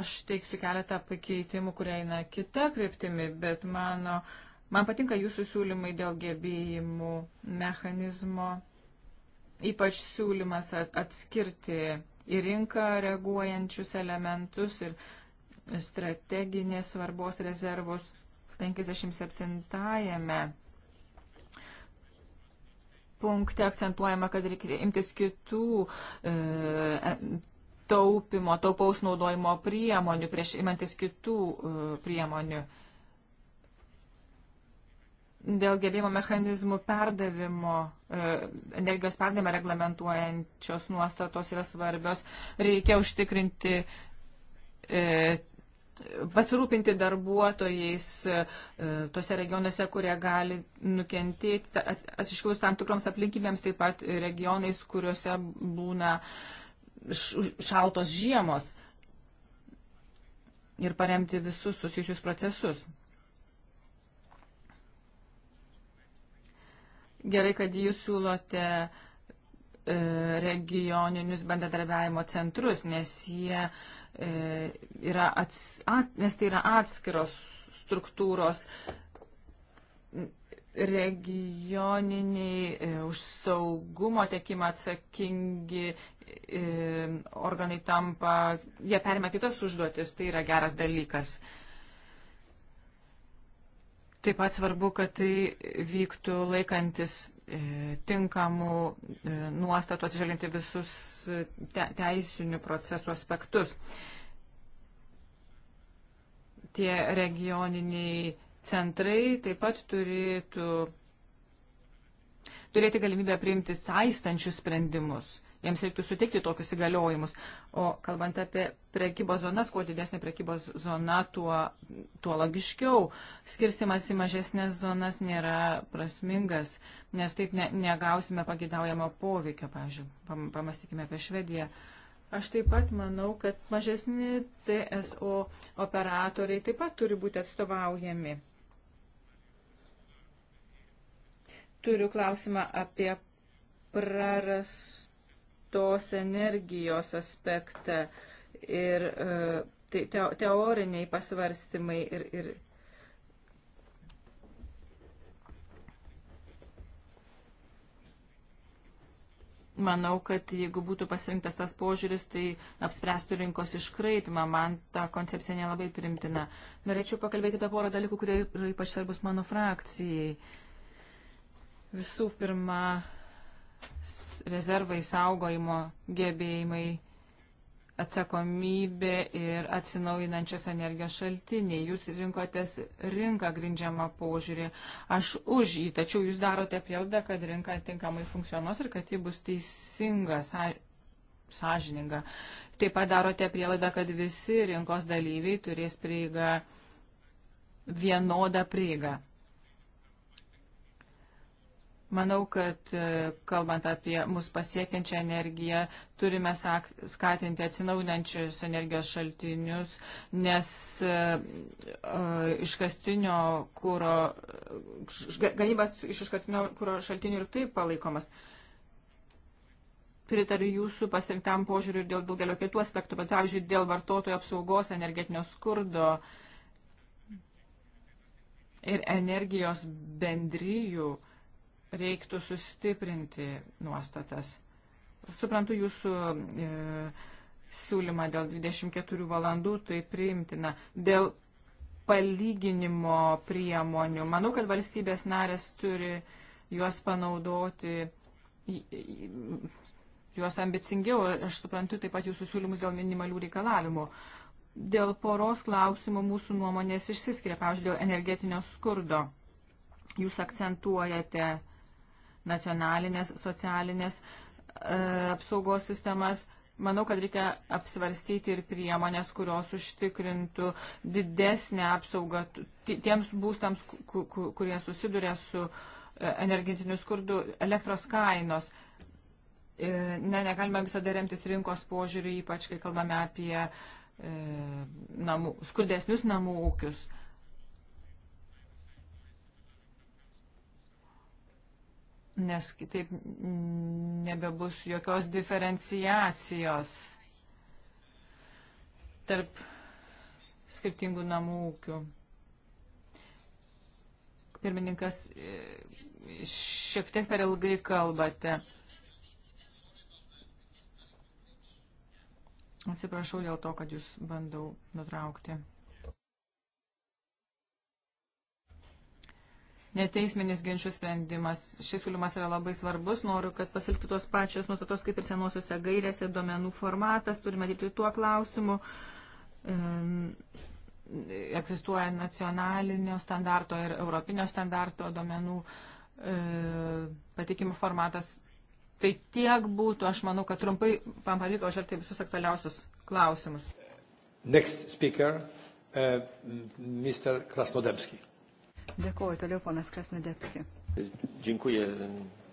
Aš teiksiu keletą pakeitimų, kurie eina kita kryptimi, bet mano, man patinka jūsų siūlymai dėl gebėjimų mechanizmo, ypač siūlymas atskirti į rinką reaguojančius elementus ir strateginės svarbos rezervus 57-ame punkte akcentuojama, kad reikia imtis kitų e, e, taupimo, taupaus naudojimo priemonių prieš imantis kitų e, priemonių. Dėl gebėjimo mechanizmų perdavimo, e, energijos perdavimą reglamentuojančios nuostatos yra svarbios, reikia užtikrinti e, pasirūpinti darbuotojais e, tose regionuose, kurie gali nukentėti, atsiškilus tam tikroms aplinkybėms, taip pat regionais, kuriuose būna šaltos žiemos ir paremti visus susijusius procesus. Gerai, kad jūs siūlote e, regioninius bendradarbiavimo centrus, nes jie uh, E, yra ats, at, nes tai yra atskiros struktūros regioniniai e, už saugumo tiekimą atsakingi e, organai tampa, jie perima kitas užduotis, tai yra geras dalykas. Taip pat svarbu, kad tai vyktų laikantis E, tinkamų e, nuostatų atsižvelginti visus e, te, teisinių procesų aspektus. Tie regioniniai centrai taip pat turėtų turėti galimybę priimti saistančius sprendimus jiems reiktų sutikti tokius įgaliojimus. O kalbant apie prekybos zonas, kuo didesnė prekybos zona, tuo, tuo logiškiau. Skirstimas į mažesnės zonas nėra prasmingas, nes taip ne, negausime pagidaujamo poveikio, pavyzdžiui, pam, pamastykime apie Švediją. Aš taip pat manau, kad mažesni TSO operatoriai taip pat turi būti atstovaujami. Turiu klausimą apie praras, tos energijos aspektą ir e, te, teoriniai pasvarstymai ir, ir manau, kad jeigu būtų pasirinktas tas požiūris, tai apspręstų rinkos iškraipimą. Man ta koncepcija nelabai primtina. Norėčiau pakalbėti apie porą dalykų, kurie yra ypač svarbus mano frakcijai. Visų pirma, rezervai saugojimo gebėjimai, atsakomybė ir atsinaujinančios energijos šaltiniai. Jūs rinkotės rinką grindžiamą požiūrį. Aš už jį, tačiau jūs darote prielaidą, kad rinka tinkamai funkcionuos ir kad ji bus teisinga, sąžininga. Taip pat darote prielaidą, kad visi rinkos dalyviai turės prieigą vienodą prieigą. Manau, kad e, kalbant apie mus pasiekiančią energiją, turime skatinti atsinaujinančius energijos šaltinius, nes e, e, iškastinio kūro, gamybas iš iškastinio kūro šaltinių ir taip palaikomas. Pritariu jūsų pasirinktam požiūriu ir dėl daugelio kitų aspektų, bet pavyzdžiui, dėl vartotojų apsaugos, energetinio skurdo ir energijos bendryjų reiktų sustiprinti nuostatas. Suprantu jūsų e, siūlymą dėl 24 valandų, tai priimtina. Dėl palyginimo priemonių, manau, kad valstybės narės turi juos panaudoti, juos ambicingiau, aš suprantu taip pat jūsų siūlymus dėl minimalių reikalavimų. Dėl poros klausimų mūsų nuomonės išsiskiria, pavyzdžiui, dėl energetinio skurdo. Jūs akcentuojate nacionalinės socialinės e, apsaugos sistemas. Manau, kad reikia apsvarstyti ir priemonės, kurios užtikrintų didesnę apsaugą tiems būstams, kurie susiduria su e, energetiniu skurdu, elektros kainos. E, ne, negalime visada remtis rinkos požiūriu, ypač kai kalbame apie namų, skurdesnius namų ūkius. nes kitaip nebebus jokios diferenciacijos tarp skirtingų namų ūkių. Pirmininkas, e, šiek tiek per ilgai kalbate. Atsiprašau dėl to, kad jūs bandau nutraukti. neteisminis ginčių sprendimas. Šis siūlymas yra labai svarbus. Noriu, kad pasilgtų tos pačios nustatos kaip ir senosiuose gairėse, duomenų formatas, turime dirbti tuo klausimu. Um, egzistuoja nacionalinio standarto ir europinio standarto duomenų e, patikimų formatas. Tai tiek būtų, aš manau, kad trumpai man pavyko apžvelgti visus aktualiausius klausimus. Next speaker, uh, e, Mr. Krasnodemski. Dėkuoju, toliau ponas Krasnodepski. Dziękuję,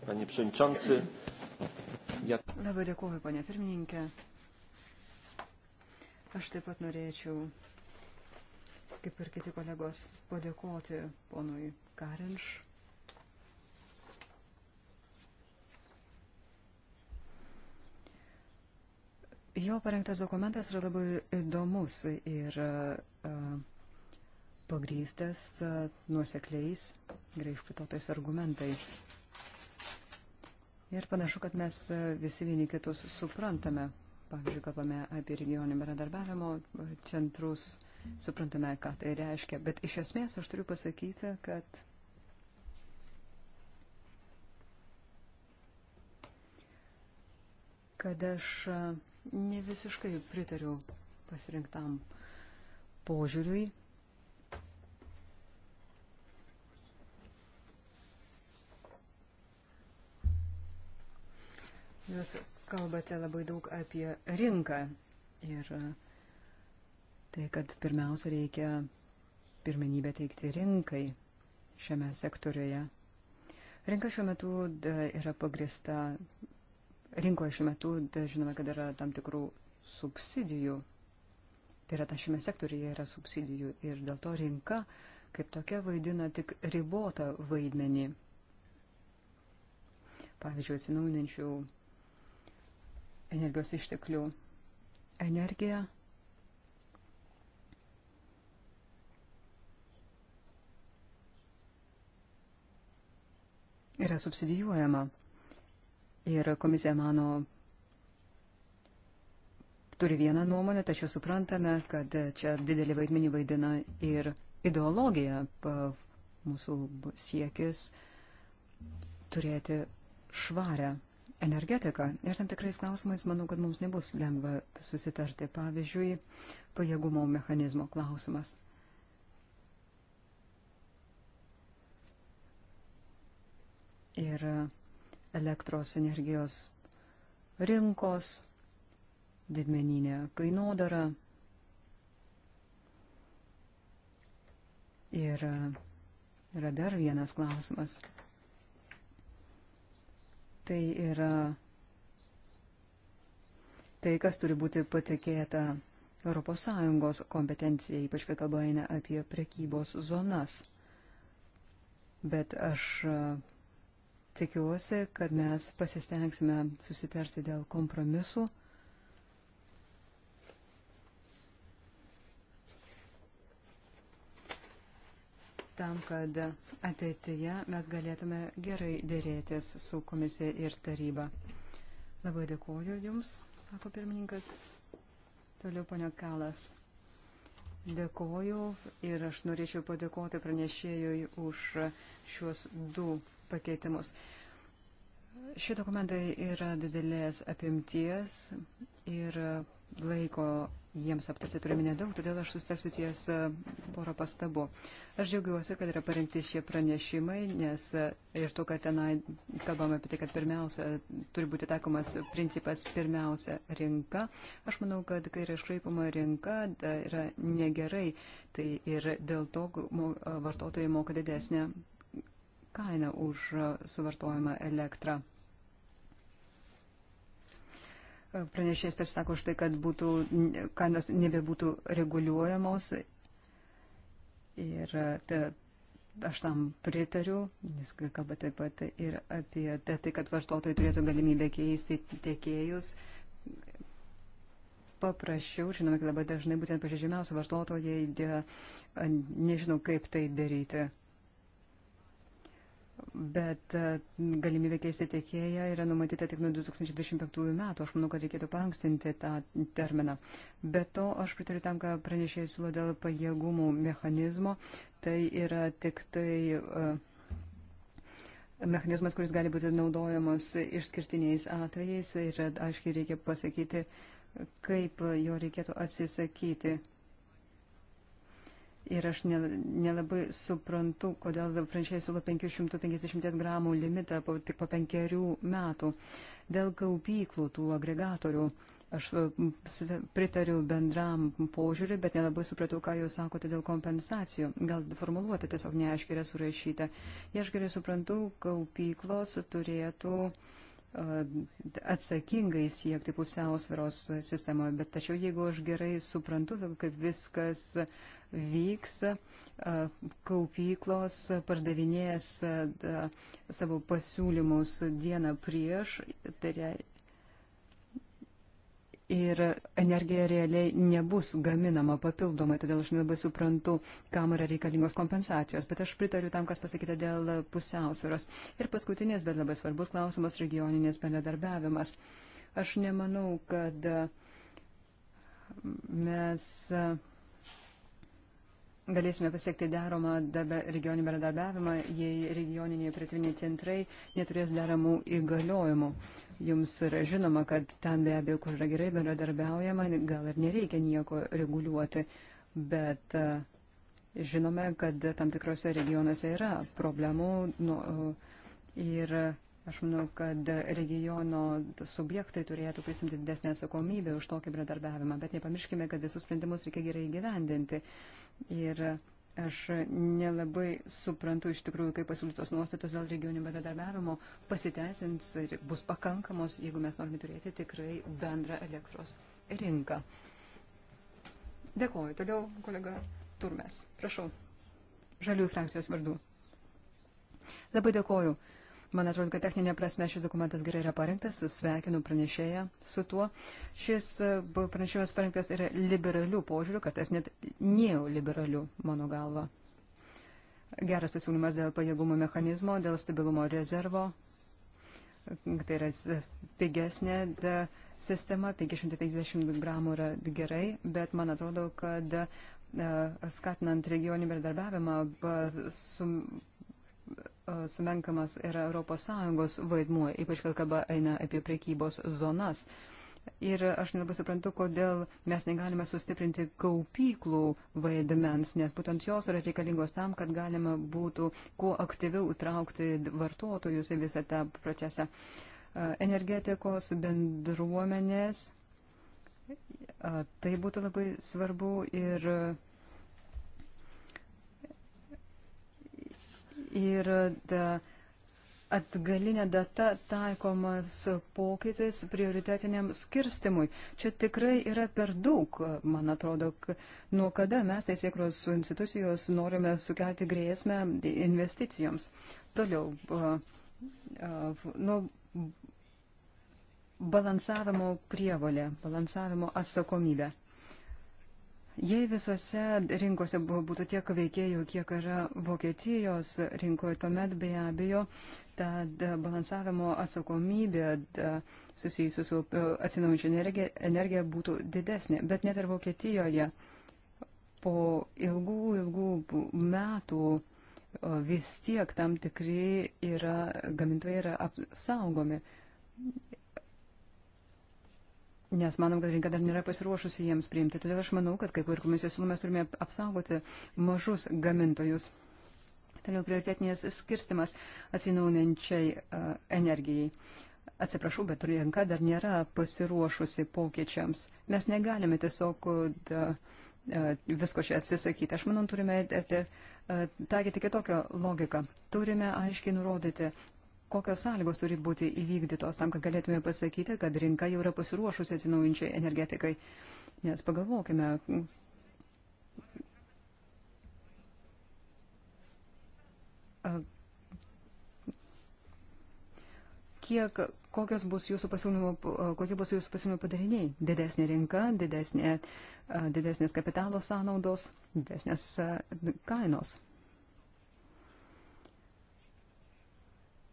panie przewodniczący. Ja... Labai dėkuoju, ponė pirmininkė. Aš taip pat norėčiau, kaip ir kiti kolegos, padėkoti ponui Karinš. Jo parengtas dokumentas yra labai įdomus ir uh, pagrystas nuosekliais, gerai išplėtotais argumentais. Ir panašu, kad mes visi vieni kitus suprantame. Pavyzdžiui, kalbame apie regioninį bendradarbiavimo centrus, suprantame, ką tai reiškia. Bet iš esmės aš turiu pasakyti, kad kad aš ne visiškai pritariu pasirinktam požiūriui Jūs kalbate labai daug apie rinką ir tai, kad pirmiausia reikia pirmenybę teikti rinkai šiame sektoriuje. Rinka šiuo metu yra pagrista, rinkoje šiuo metu žinome, kad yra tam tikrų subsidijų. Tai yra, ta šiame sektoriuje yra subsidijų ir dėl to rinka kaip tokia vaidina tik ribotą vaidmenį. Pavyzdžiui, atsinaujinančių energijos išteklių. Energija yra subsidijuojama. Ir komisija mano, turi vieną nuomonę, tačiau suprantame, kad čia didelį vaidmenį vaidina ir ideologija, mūsų siekis turėti švarę energetiką. Ir tam tikrais klausimais manau, kad mums nebus lengva susitarti. Pavyzdžiui, pajėgumo mechanizmo klausimas. Ir elektros energijos rinkos, didmeninė kainodara. Ir yra dar vienas klausimas tai yra tai, kas turi būti patikėta ES kompetencija, ypač kai kalba eina apie prekybos zonas. Bet aš e, tikiuosi, kad mes pasistengsime susitarti dėl kompromisų tam, kad ateityje mes galėtume gerai dėrėtis su komisija ir taryba. Labai dėkuoju Jums, sako pirmininkas. Toliau ponio Kalas. Dėkuoju ir aš norėčiau padėkoti pranešėjui už šiuos du pakeitimus. Šie dokumentai yra didelės apimties ir laiko jiems aptarti turime nedaug, todėl aš sustarsiu ties e, porą pastabų. Aš džiaugiuosi, kad yra parengti šie pranešimai, nes e, ir to, kad tenai kalbame apie tai, kad pirmiausia turi būti taikomas principas pirmiausia rinka. Aš manau, kad kai yra iškraipama rinka, da, yra negerai, tai ir dėl to vartotojai moka didesnę kainą už e, suvartojimą elektrą. Pranešėjas pasisako už tai, kad būtų, kainos nebebūtų reguliuojamos. Ir ta, aš tam pritariu, nes kalba taip pat ir apie tai, tai, kad vartotojai turėtų galimybę keisti tiekėjus. Paprasčiau, žinoma, kad labai dažnai būtent pažeidžiamiausi vartotojai, dė, nežinau, kaip tai daryti. Bet e, galimybė keisti tiekėją yra numatyta tik nuo 2025 metų. Aš manau, kad reikėtų pankstinti tą terminą. Be to, aš pritariu tam, ką pranešėjai siūlo dėl pajėgumų mechanizmo. Tai yra tik tai e, mechanizmas, kuris gali būti naudojamas išskirtiniais atvejais ir aiškiai reikia pasakyti, kaip jo reikėtų atsisakyti. Ir aš nelabai suprantu, kodėl pranešėjai siūlo 550 gramų limitą po, tik po penkerių metų. Dėl kaupyklų tų agregatorių aš e, pritariu bendram požiūriui, bet nelabai supratau, ką jūs sakote dėl kompensacijų. Gal formuluota tiesiog neaiškiai yra surašyta. Jei aš gerai suprantu, kaupyklos turėtų e, atsakingai siekti pusiausviros sistemoje, bet tačiau jeigu aš gerai suprantu, kaip viskas vyks, kaupyklos pardavinės savo pasiūlymus dieną prieš. Tai ir energija realiai nebus gaminama papildomai, todėl aš nelabai suprantu, kam yra reikalingos kompensacijos, bet aš pritariu tam, kas pasakyta dėl pusiausvėros. Ir paskutinis, bet labai svarbus klausimas - regioninės bendradarbiavimas. Aš nemanau, kad mes. Uh, galėsime pasiekti daromą regioninį bendradarbiavimą, jei regioniniai prietvinė centrai neturės deramų įgaliojimų. Jums yra žinoma, kad ten be abejo, kur yra gerai bendradarbiaujama, gal ir nereikia nieko reguliuoti, bet e, žinome, kad tam tikrose regionuose yra problemų nu, e, ir aš manau, kad regiono subjektai turėtų prisimti didesnę atsakomybę už tokį bendradarbiavimą, bet nepamirškime, kad visus sprendimus reikia gerai gyvendinti. Ir aš nelabai suprantu iš tikrųjų, kaip pasiūlytos nuostatos dėl regioninio bendradarbiavimo pasiteisins ir bus pakankamos, jeigu mes norime turėti tikrai bendrą elektros rinką. Dėkuoju. Toliau kolega Turmes. Prašau. Žaliųjų frakcijos vardu. Labai dėkuoju. Man atrodo, kad techninė prasme šis dokumentas gerai yra parengtas, sveikinu pranešėją su tuo. Šis e, pranešimas parengtas yra liberalių požiūrių, kartais net neoliberalių, mano galva. Geras pasiūlymas dėl pajėgumo mechanizmo, dėl stabilumo rezervo. Tai yra pigesnė sistema, 550 gramų yra gerai, bet man atrodo, kad e, skatinant regioninį bendradarbiavimą, E, sumenkamas yra ES vaidmuo, ypač kad kalba eina apie prekybos zonas. Ir aš nelabai suprantu, kodėl mes negalime sustiprinti kaupyklų vaidmens, nes būtent jos yra reikalingos tam, kad galima būtų kuo aktyviau įtraukti vartotojus į visą tą procesą. E, energetikos bendruomenės, e, tai būtų labai svarbu ir ir atgalinė data taikomas pokytis prioritetiniam skirstimui. Čia tikrai yra per daug, man atrodo, nuo kada mes teisėkros institucijos norime sukelti grėsmę investicijoms. Toliau, nuo balansavimo prievalė, balansavimo atsakomybė. Jei visose rinkose būtų tiek veikėjų, kiek yra Vokietijos rinkoje, tuomet be abejo ta balansavimo atsakomybė susijusi su e, atsinaujančia energija, energija būtų didesnė. Bet net ir Vokietijoje po ilgų, ilgų metų e, vis tiek tam tikri yra gamintojai yra apsaugomi nes manom, kad rinka dar nėra pasiruošusi jiems priimti. Todėl aš manau, kad kaip ir komisijos siūlymas turime apsaugoti mažus gamintojus. Toliau prioritetinės skirstimas atsinaujinančiai uh, energijai. Atsiprašau, bet rinka dar nėra pasiruošusi pokyčiams. Mes negalime tiesiog uh, visko čia atsisakyti. Aš manau, turime taikyti kitokią logiką. Turime aiškiai nurodyti, kokios sąlygos turi būti įvykdytos tam, kad galėtume pasakyti, kad rinka jau yra pasiruošusi atsinaujinčiai energetikai. Nes pagalvokime. Kiek, kokios bus jūsų pasiūlymo, kokie bus jūsų pasiūlymo padariniai? Didesnė rinka, didesnė, didesnės kapitalo sąnaudos, didesnės kainos.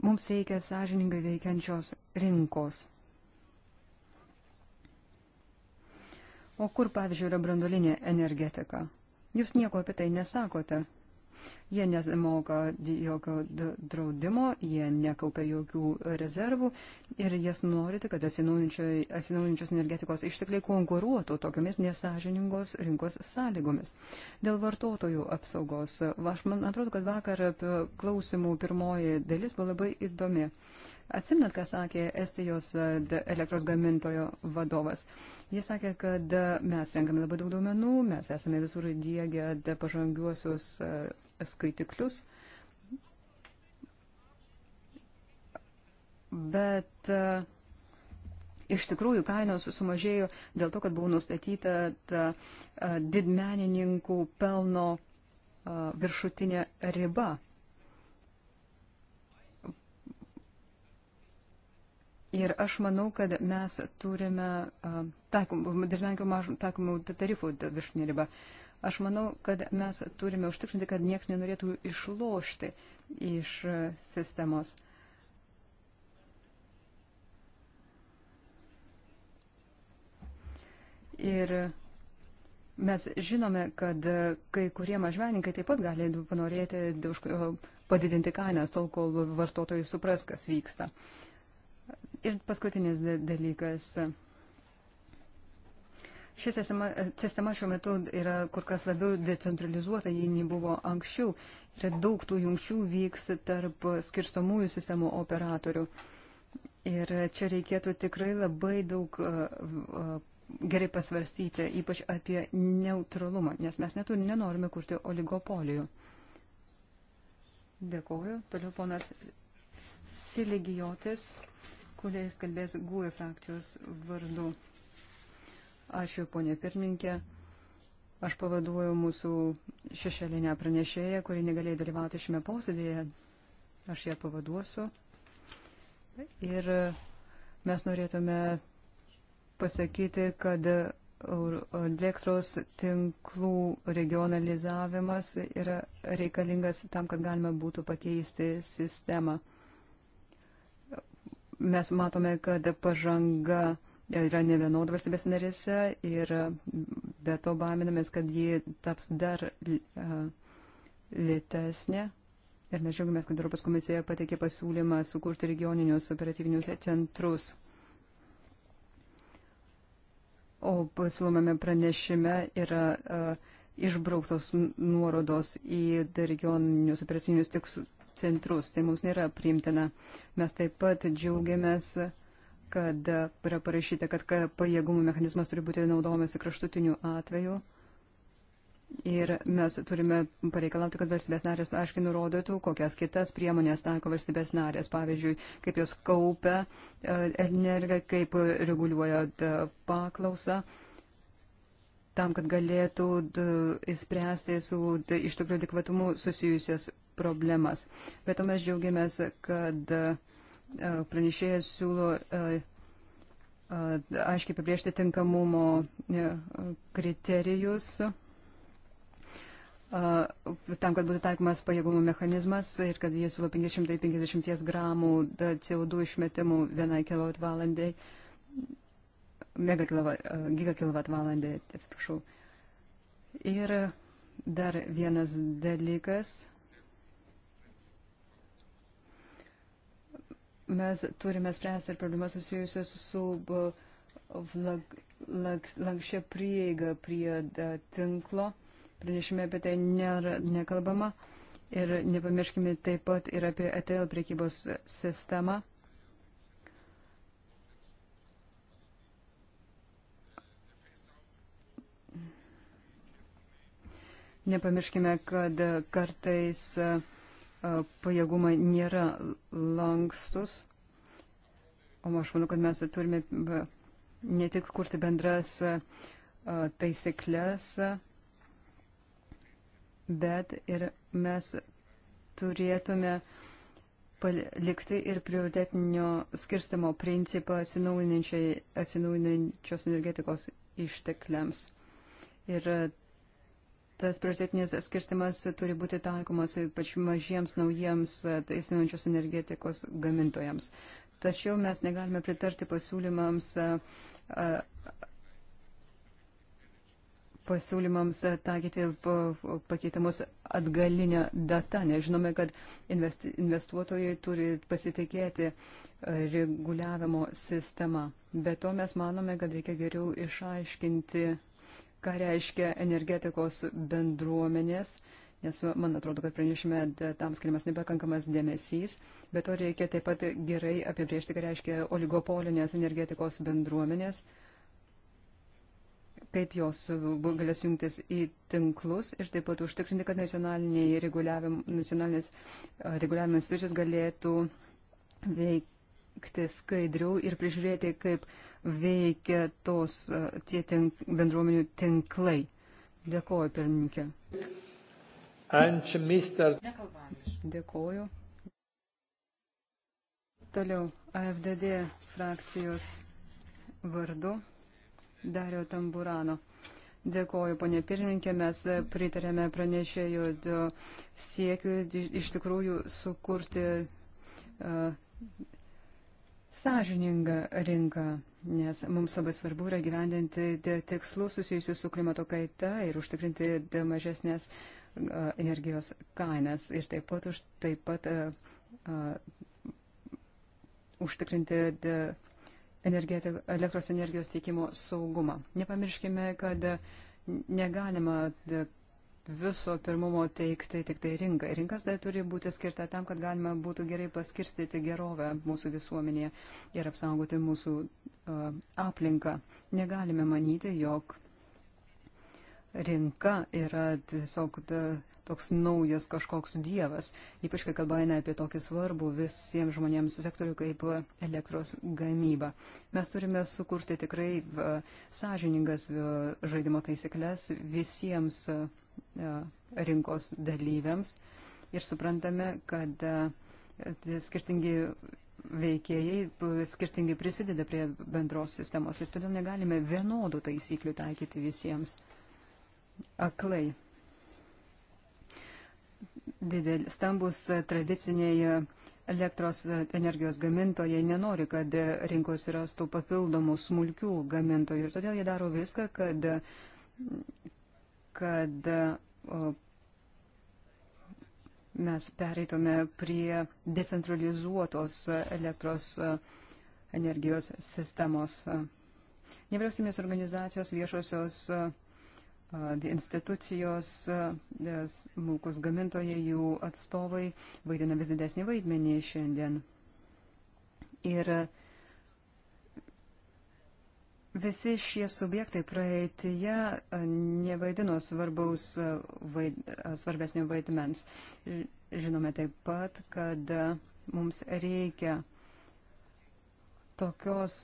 Mums reikia sąžiningai veikiančios rinkos. O kur, pavyzdžiui, yra brandolinė energetika? Jūs nieko apie tai nesakote. Jie nemoka jokio draudimo, jie nekaupia jokių rezervų ir jas norite, kad atsinaujinčios energetikos ištekliai konkuruotų tokiamis nesažiningos rinkos sąlygomis. Dėl vartotojų apsaugos, aš man atrodo, kad vakar klausimų pirmoji dalis buvo labai įdomi. Atsimnat, ką sakė Estijos e, elektros gamintojo vadovas. Jis sakė, kad e, mes renkame labai daug duomenų, mes esame visur įdėgę pažangiuosius e, skaitiklius. Bet iš tikrųjų kainos sumažėjo dėl to, kad buvo nustatyta ta, didmenininkų pelno viršutinė riba. Ir aš manau, kad mes turime dažnankių taikomų tarifų viršinį ribą. Aš manau, kad mes turime užtikrinti, kad niekas nenorėtų išlošti iš sistemos. Ir mes žinome, kad kai kurie mažmeninkai taip pat gali panorėti padidinti kainas, tol kol vartotojai supras, kas vyksta. Uh, Ir paskutinis dalykas. Ši sistema, sistema šiuo metu yra kur kas labiau decentralizuota, jei nebuvo anksčiau. Yra daug tų jungčių vyks tarp skirstomųjų sistemų operatorių. Ir čia reikėtų tikrai labai daug gerai pasvarstyti, ypač apie neutralumą, nes mes netur, nenorime kurti oligopolijų. Dėkoju. Toliau ponas Siligijotis kuris kalbės GUE frakcijos vardu. Ačiū, ponė pirmininkė. Aš pavaduoju mūsų šešėlinę pranešėją, kuri negalėjo dalyvauti šiame posėdėje. Aš ją pavaduosiu. Ir mes norėtume pasakyti, kad elektros tinklų regionalizavimas yra reikalingas tam, kad galima būtų pakeisti sistemą. Mes matome, kad pažanga yra ne vienodų valstybės narėse ir be to baiminamės, kad ji taps dar e, lėtesnė. Ir mes džiaugiamės, kad Europos komisija pateikė pasiūlymą sukurti regioninius operatyvinius centrus. O pasiūlomame pranešime yra uh, išbrauktos nuorodos į regioninius operacinius centrus. Tai mums nėra priimtina. Mes taip pat džiaugiamės kad yra parašyta, kad pajėgumų mechanizmas turi būti naudojamas kraštutiniu atveju. Ir mes turime pareikalauti, kad valstybės narės aiškiai nurodytų, kokias kitas priemonės taiko valstybės narės, pavyzdžiui, kaip jos kaupia e, energiją, kaip reguliuoja e, paklausą, tam, kad galėtų įspręsti su iš tikrųjų adekvatumu susijusias problemas. Bet to mes džiaugiamės, kad e, pranešėjas siūlo e, e, aiškiai apibriežti tinkamumo kriterijus tam, kad būtų taikomas pajėgumo mechanizmas ir kad jie siūlo 550 gramų CO2 išmetimų vienai kilovat valandai, gigakilovat valandai, atsiprašau. Ir dar vienas dalykas mes turime spręsti ir problemas susijusios su lankščia prieiga prie tinklo. Pranešime apie tai nėra, nekalbama. Ir nepamirškime taip pat ir apie ETL priekybos sistemą. Nepamirškime, kad kartais uh, pajėgumai nėra lankstus. O aš manau, kad mes turime ne tik kurti bendras taisyklės, bet ir mes turėtume palikti ir prioritetinio skirstimo principą atsinaujinančios energetikos ištekliams. Ir tas prioritetinis skirstimas turi būti taikomas ypač mažiems naujiems teisinančios energetikos gamintojams. Tačiau mes negalime pritarti pasiūlymams, pasiūlymams taikyti pakeitimus atgalinę datą, nes žinome, kad investuotojai turi pasitikėti reguliavimo sistema. Be to mes manome, kad reikia geriau išaiškinti ką reiškia energetikos bendruomenės, nes man atrodo, kad pranešime tam skirimas nepakankamas dėmesys, bet to reikia taip pat gerai apibriežti, ką reiškia oligopolinės energetikos bendruomenės, kaip jos galės jungtis į tinklus ir taip pat užtikrinti, kad nacionaliniai reguliavim, nacionalinės reguliavimo institucijos galėtų veikti skaidriau ir prižiūrėti, kaip uh, veikia tos e, tie tink, bendruomenių tinklai. Dėkoju, pirmininkė. Mister... Dėkoju. Toliau AFDD frakcijos vardu Dario Tamburano. Dėkoju, ponė pirmininkė, mes pritarėme pranešėjų siekiu iš tikrųjų sukurti uh, sąžiningą rinką nes mums labai svarbu yra gyvendinti tikslus susijusius su klimato kaita ir užtikrinti mažesnės energijos kainas ir taip pat, už, taip pat uh, uh, užtikrinti elektros energijos tiekimo saugumą. Nepamirškime, kad negalima viso pirmumo teikti tik tai rinkai. Rinkas tai turi būti skirta tam, kad galima būtų gerai paskirstyti gerovę mūsų visuomenėje ir apsaugoti mūsų uh, aplinką. Negalime manyti, jog rinka yra tiesiog da, toks naujas kažkoks dievas, ypač kai kalba eina apie tokį svarbų visiems žmonėms sektorių kaip elektros gamyba. Mes turime sukurti tikrai uh, sąžiningas uh, žaidimo taisyklės visiems. Uh, E, rinkos dalyviams ir suprantame, kad e, skirtingi veikėjai skirtingai prisideda prie bendros sistemos ir todėl negalime vienodų taisyklių taikyti visiems aklai. Didel, stambus e, tradiciniai elektros energijos gamintojai nenori, kad rinkos rastų papildomų smulkių gamintojų ir todėl jie daro viską, kad kad mes pereitume prie decentralizuotos elektros energijos sistemos. Nevyriausybės organizacijos, viešosios institucijos, smulkus gamintojai, jų atstovai vaidina vis didesnį vaidmenį šiandien. Ir uh, Visi šie subjektai praeitėje e, nevaidino svarbaus, e, vaid, e, svarbesnio vaidmens. Žinome taip pat, kad mums reikia tokios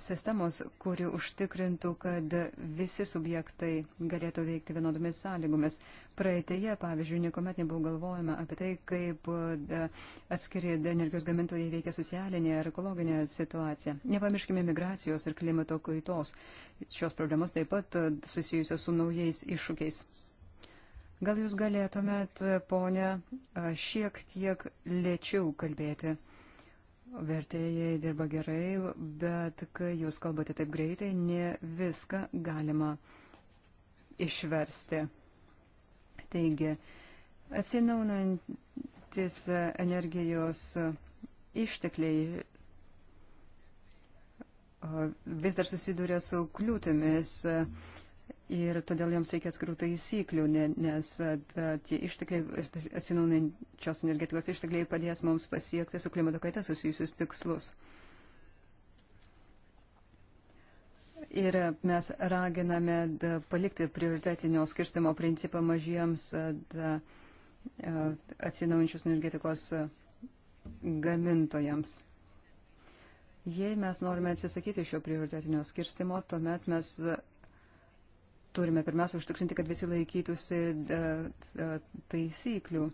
sistemos, kuri užtikrintų, kad visi subjektai galėtų veikti vienodomis sąlygomis. Praeitėje, pavyzdžiui, niekuomet nebuvo galvojama apie tai, kaip atskiri energijos gamintojai veikia socialinė ar ekologinė situacija. Nepamirškime migracijos ir klimato kaitos. Šios problemos taip pat susijusios su naujais iššūkiais. Gal jūs galėtumėt, ponia, šiek tiek lėčiau kalbėti? Vertėjai dirba gerai, bet kai jūs kalbate taip greitai, ne viską galima išversti. Taigi, atsinaujantis energijos ištekliai vis dar susiduria su kliūtimis. Mm ir todėl joms reikia atskirų taisyklių, nes tie ištekliai, atsinaujinančios energetikos ištekliai padės mums pasiekti su klimato kaita susijusius tikslus. Ir mes raginame da, palikti prioritetinio skirstimo principą mažiems atsinaujančios energetikos gamintojams. Jei mes norime atsisakyti šio prioritetinio skirstimo, tuomet mes turime pirmiausia užtikrinti, kad visi laikytųsi e, e, taisyklių.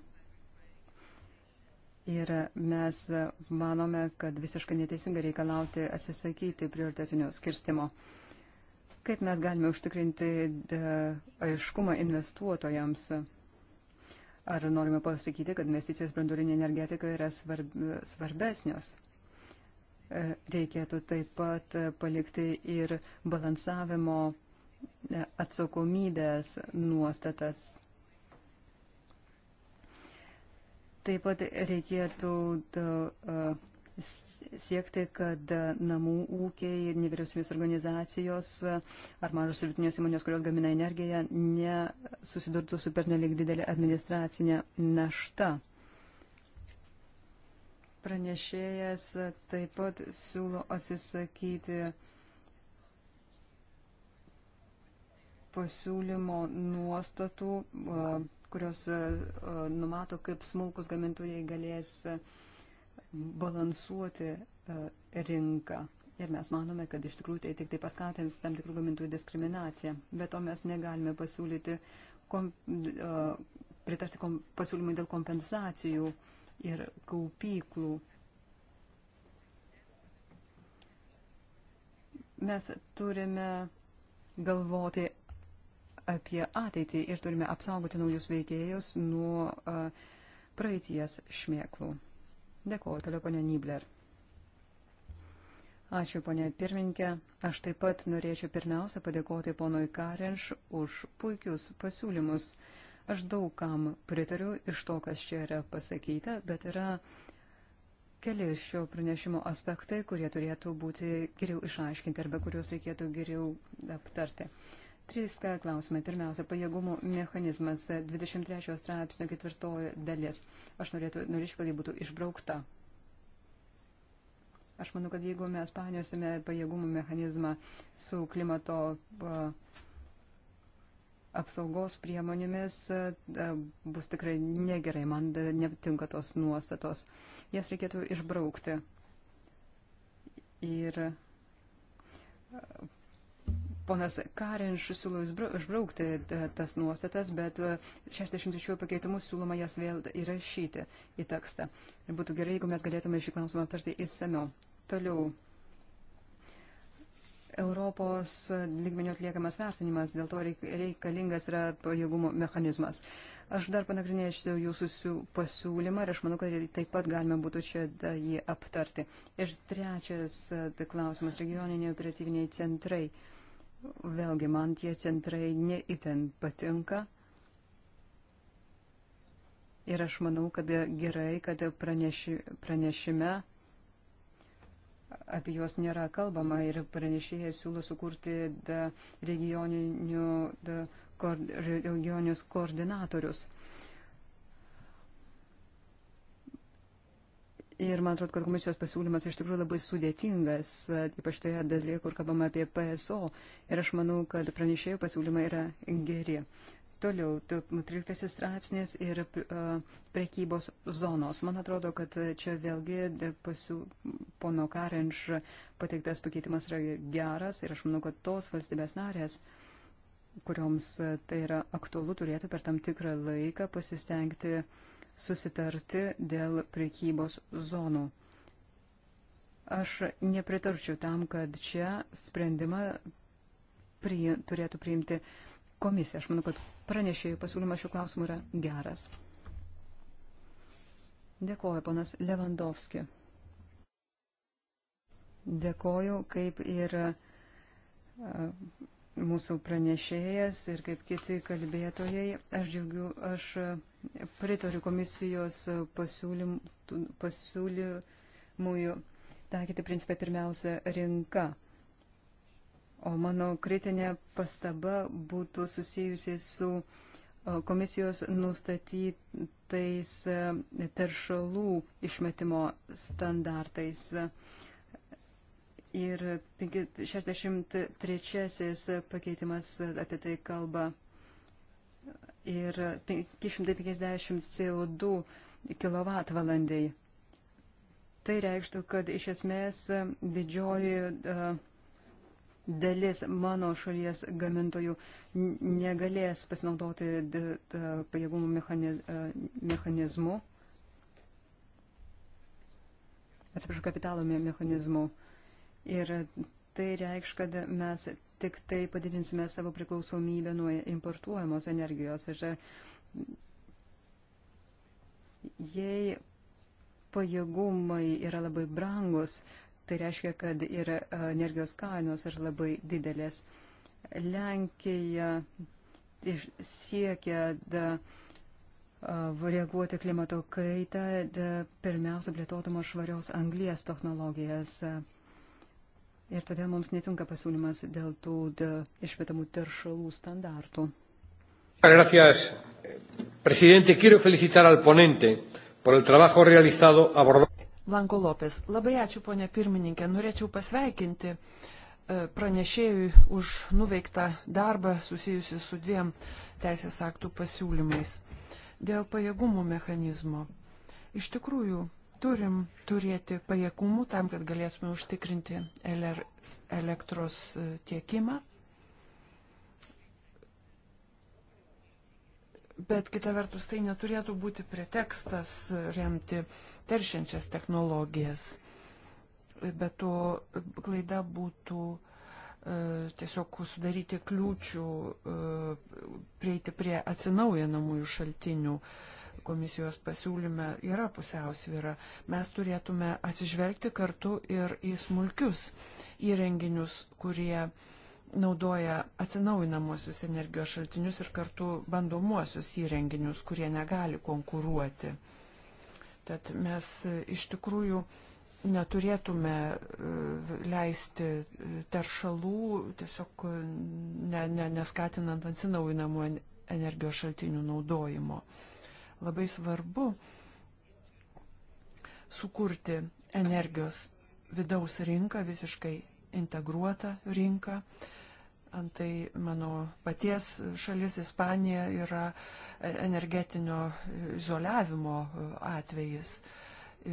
Ir mes manome, kad visiškai neteisinga reikalauti atsisakyti prioritetinio skirstimo. Kaip mes galime užtikrinti e, aiškumą investuotojams? Ar norime pasakyti, kad investicijos branduolinė energetika yra svarb, svarbesnios? Reikėtų taip pat palikti ir balansavimo atsakomybės nuostatas. Taip pat reikėtų siekti, kad namų ūkiai ir nevyriausybės organizacijos ar mažos ir vidutinės įmonės, kurios gamina energiją, nesusidurtų su pernelik didelė administracinė našta. Pranešėjas taip pat siūlo atsisakyti pasiūlymo nuostatų, kurios numato, kaip smulkus gamintojai galės balansuoti rinką. Ir mes manome, kad iš tikrųjų tai tik tai paskatins tam tikrų gamintojų diskriminaciją. Bet to mes negalime pasiūlyti, kom, pritarti kom, pasiūlymui dėl kompensacijų ir kaupyklų. Mes turime galvoti apie ateitį ir turime apsaugoti naujus veikėjus nuo praeities šmėklų. Dėkuoju, toliau ponė Nibler. Ačiū, ponė pirmininkė. Aš taip pat norėčiau pirmiausia padėkoti ponui Karenš už puikius pasiūlymus. Aš daug kam pritariu iš to, kas čia yra pasakyta, bet yra keli šio pranešimo aspektai, kurie turėtų būti geriau išaiškinti arba kuriuos reikėtų geriau aptarti. Uh, Trys e, klausimai. Pirmiausia, pajėgumų mechanizmas 23 e, straipsnio ketvirtojo dalis. Aš norėtų, norėčiau, kad jį būtų išbraukta. Aš manau, kad jeigu mes paniosime pajėgumų mechanizmą su klimato e, apsaugos priemonėmis, bus tikrai negerai. Man netinka tos nuostatos. Jas reikėtų išbraukti. Ir Ponas Karinš siūlo išbraukti e, tas nuostatas, bet 63 e, pakeitimus siūloma jas vėl įrašyti į tekstą. Ir būtų gerai, jeigu mes galėtume šį klausimą aptarti įsameu. Toliau. Europos lygmenio atliekamas vertinimas, dėl to reikalingas yra pajėgumo mechanizmas. Aš dar panagrinėsiu jūsų pasiūlymą ir aš manau, kad taip pat galima būtų čia jį aptarti. Ir trečias tai klausimas - regioniniai operatyviniai centrai. Uh, Vėlgi, man tie centrai neįten patinka. Ir aš manau, kad gerai, kad praneši, pranešime apie juos nėra kalbama ir pranešėjai siūlo sukurti da, regioninių, da, ko, regioninius koordinatorius. Uh, Ir man atrodo, kad komisijos pasiūlymas iš tikrųjų labai sudėtingas, ypač toje dalyje, kur kalbama apie PSO. Ir aš manau, kad pranešėjų pasiūlymai yra geri. Toliau, 13 straipsnis ir e, prekybos zonos. Man atrodo, kad čia vėlgi pasiū, pono Karenš pateiktas pakeitimas yra geras ir aš manau, kad tos valstybės narės kurioms e, tai yra aktualu, turėtų per tam tikrą laiką pasistengti uh, susitarti dėl prekybos zonų. Aš nepritarčiau tam, kad čia sprendimą prie, turėtų priimti komisija. Aš manau, kad pranešėjų pasiūlymas šiuo klausimu yra geras. Dėkoju, ponas Levandovski. Dėkoju, kaip ir mūsų pranešėjas ir kaip kiti kalbėtojai. Aš džiaugiu, aš pritariu komisijos pasiūlymui taikyti principą pirmiausia rinka. O mano kritinė pastaba būtų susijusi su komisijos nustatytais e, teršalų išmetimo standartais. Ir 63 pakeitimas apie tai kalba ir 550 CO2 kWh. Tai reikštų, kad iš esmės e, didžioji e, dalis mano šalies gamintojų negalės pasinaudoti pajėgumų e, mechanizmu, atsiprašau, kapitalo mechanizmu. Ir tai reikš, kad mes tik tai padidinsime savo priklausomybę nuo importuojamos energijos. Ir jei pajėgumai yra labai brangus, tai reiškia, kad ir e, energijos kainos yra labai didelės. Lenkija siekia da, e, reaguoti klimato kaitą, da, pirmiausia, plėtotama švarios anglies technologijas. Da, Ir todėl mums netinka pasiūlymas dėl tų išmetamų teršalų standartų. Gracias, presidente. Quiero felicitar al ponente por el trabajo realizado abordando. Blanko Lopes, labai ačiū, ponė pirmininkė. Norėčiau pasveikinti e, pranešėjui už nuveiktą darbą susijusi su dviem teisės aktų pasiūlymais. Dėl pajėgumų mechanizmo. Iš tikrųjų, turim turėti pajėgumų tam, kad galėtume užtikrinti elektros e, tiekimą. Bet kita vertus, tai neturėtų būti pretekstas remti teršiančias technologijas. Bet to klaida būtų e, tiesiog sudaryti kliūčių e, prieiti prie atsinaujinamųjų šaltinių uh, komisijos pasiūlyme yra pusiausvyra, mes turėtume atsižvelgti kartu ir į smulkius įrenginius, kurie naudoja atsinaujinamosius energijos šaltinius ir kartu bandomuosius įrenginius, kurie negali konkuruoti. Tad mes e, iš tikrųjų neturėtume e, leisti e, teršalų, tiesiog ne, ne, neskatinant atsinaujinamų energijos šaltinių naudojimo. Uh, labai svarbu sukurti energijos vidaus rinką, visiškai integruotą rinką. Antai mano paties šalis Ispanija yra energetinio izoliavimo atvejis.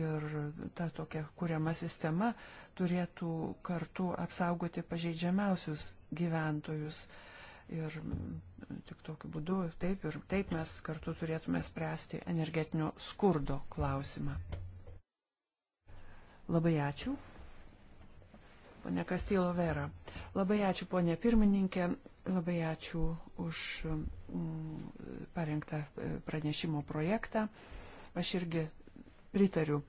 Ir ta tokia kuriama sistema turėtų kartu apsaugoti pažeidžiamiausius gyventojus. Ir tik tokiu būdu, taip ir taip mes kartu turėtume spręsti energetinio skurdo klausimą. Labai ačiū. Pone Kastilo Vera. Labai ačiū, ponė pirmininkė. Labai ačiū už mm, parengtą e, pranešimo projektą. Aš irgi pritariu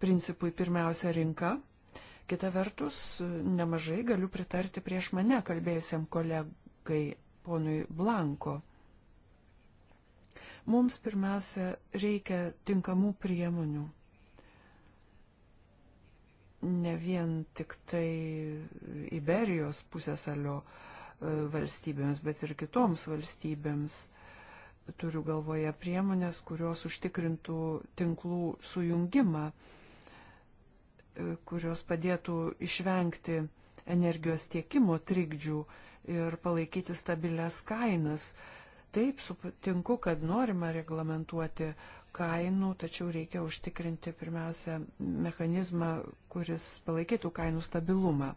principui pirmiausia rinka. Kita vertus, nemažai galiu pritarti prieš mane kalbėjusiam kolegai ponui Blanko. Mums pirmiausia reikia tinkamų priemonių. Ne vien tik tai Iberijos pusėsalio e, valstybėms, bet ir kitoms valstybėms turiu galvoje priemonės, kurios užtikrintų tinklų sujungimą, e, kurios padėtų išvengti energijos tiekimo trikdžių ir palaikyti stabilias kainas. Taip, sutinku, kad norima reglamentuoti kainų, tačiau reikia užtikrinti pirmiausia mechanizmą, kuris palaikytų kainų stabilumą.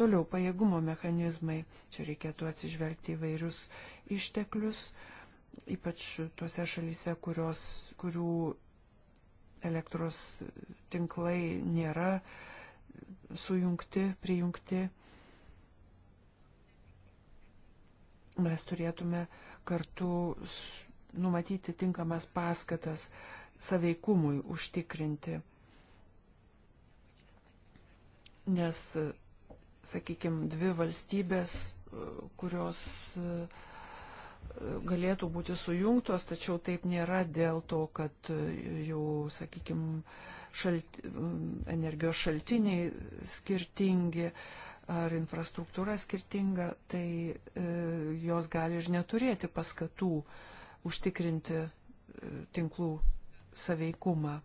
Toliau pajėgumo mechanizmai. Čia reikėtų atsižvelgti įvairius išteklius, ypač tuose šalyse, kurios, kurių elektros tinklai nėra sujungti, prijungti mes turėtume kartu numatyti tinkamas paskatas saveikumui užtikrinti. Nes, sakykime, dvi valstybės, e, kurios e, galėtų būti sujungtos, tačiau taip nėra dėl to, kad e, jau, sakykime, šalti, energijos šaltiniai skirtingi, ar infrastruktūra skirtinga, tai e, jos gali ir neturėti paskatų užtikrinti e, tinklų saveikumą.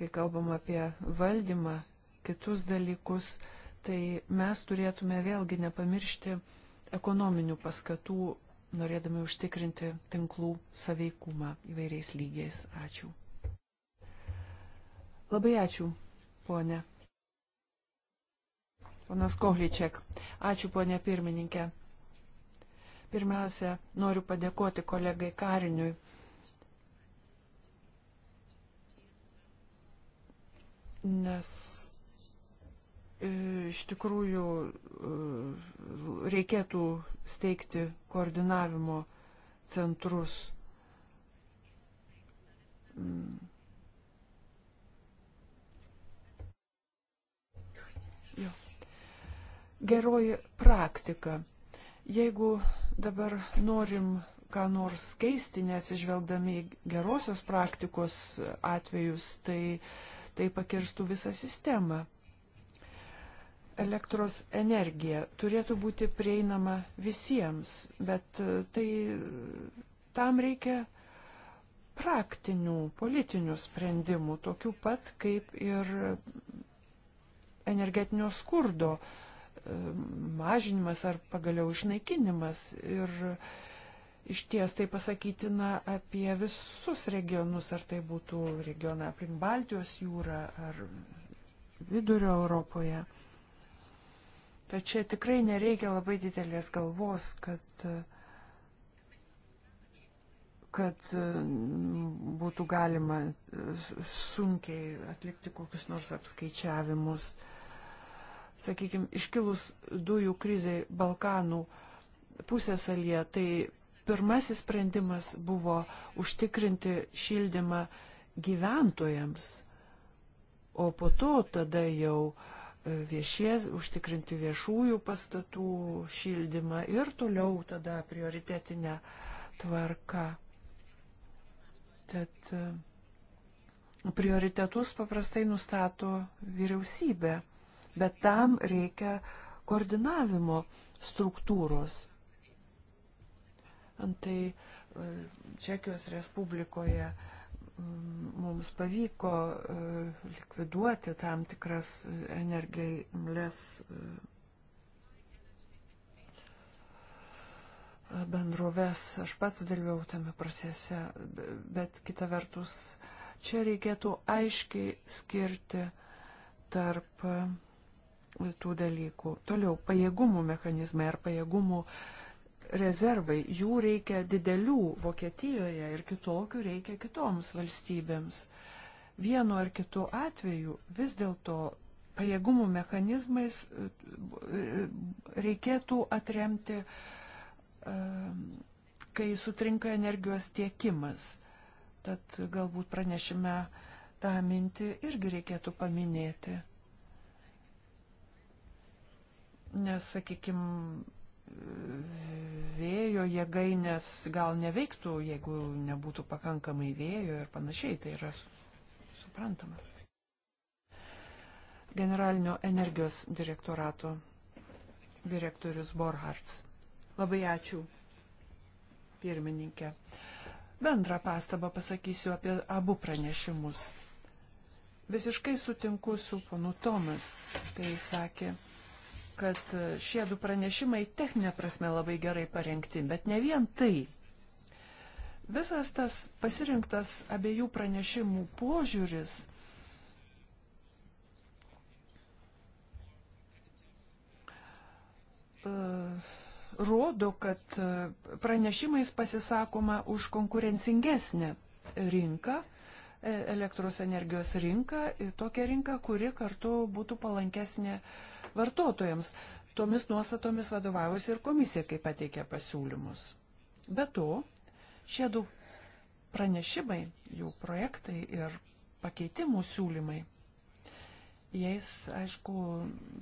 Kai kalbam apie valdymą, kitus dalykus, tai mes turėtume vėlgi nepamiršti ekonominių paskatų, norėdami užtikrinti tinklų saveikumą įvairiais lygiais. Ačiū. Labai ačiū, ponė. Ponas Kohličiak. Ačiū, ponė pirmininkė. Pirmiausia, noriu padėkoti kolegai Kariniui. Nes e, iš tikrųjų e, reikėtų steigti koordinavimo centrus. Mm Jo. Geroji praktika. Jeigu dabar norim ką nors keisti, neatsižvelgdami į gerosios praktikos atvejus, tai, tai pakirstų visą sistemą. Elektros energija turėtų būti prieinama visiems, bet e, tai tam reikia praktinių, politinių sprendimų, tokių pat kaip ir energetinio skurdo e, mažinimas ar pagaliau išnaikinimas. Ir iš ties tai pasakytina apie visus regionus, ar tai būtų regionai aplink Baltijos jūrą ar vidurio Europoje. Tai čia tikrai nereikia labai didelės galvos, kad, kad e, būtų galima e, sunkiai atlikti kokius nors apskaičiavimus. Uh, sakykime, iškilus dujų kriziai Balkanų pusėsalyje, tai pirmasis sprendimas buvo užtikrinti šildymą gyventojams, o po to tada jau viešies, užtikrinti viešųjų pastatų šildymą ir toliau tada prioritetinę tvarką. Tad e, prioritetus paprastai nustato vyriausybė bet tam reikia koordinavimo struktūros. Antai e, Čekijos Respublikoje mm, mums pavyko e, likviduoti tam tikras energijas e, bendrovės, aš pats dalyvau tame procese, bet kita vertus, čia reikėtų aiškiai skirti tarp tų dalykų. Toliau, pajėgumų mechanizmai ar pajėgumų rezervai. Jų reikia didelių Vokietijoje ir kitokių reikia kitoms valstybėms. Vienu ar kitu atveju vis dėlto pajėgumų mechanizmais e, e, reikėtų atremti, e, kai sutrinka energijos tiekimas. Tad galbūt pranešime tą mintį irgi reikėtų paminėti. Nes, sakykime, vėjo jėgainės gal neveiktų, jeigu nebūtų pakankamai vėjo ir panašiai, tai yra suprantama. Generalinio energijos direktorato direktorius Borhards. Labai ačiū, pirmininkė. Bendrą pastabą pasakysiu apie abu pranešimus. Visiškai sutinku su ponu Tomas, kai sakė, kad šie du pranešimai techninė prasme labai gerai parengti, bet ne vien tai. Visas tas pasirinktas abiejų pranešimų požiūris e, rodo, kad pranešimais pasisakoma už konkurencingesnę rinką, e, elektros energijos rinką, tokią rinką, kuri kartu būtų palankesnė uh, vartotojams. Tomis nuostatomis vadovavosi ir komisija, kai pateikė pasiūlymus. Be to, šie du pranešimai, jų projektai ir pakeitimų siūlymai, jais, aišku,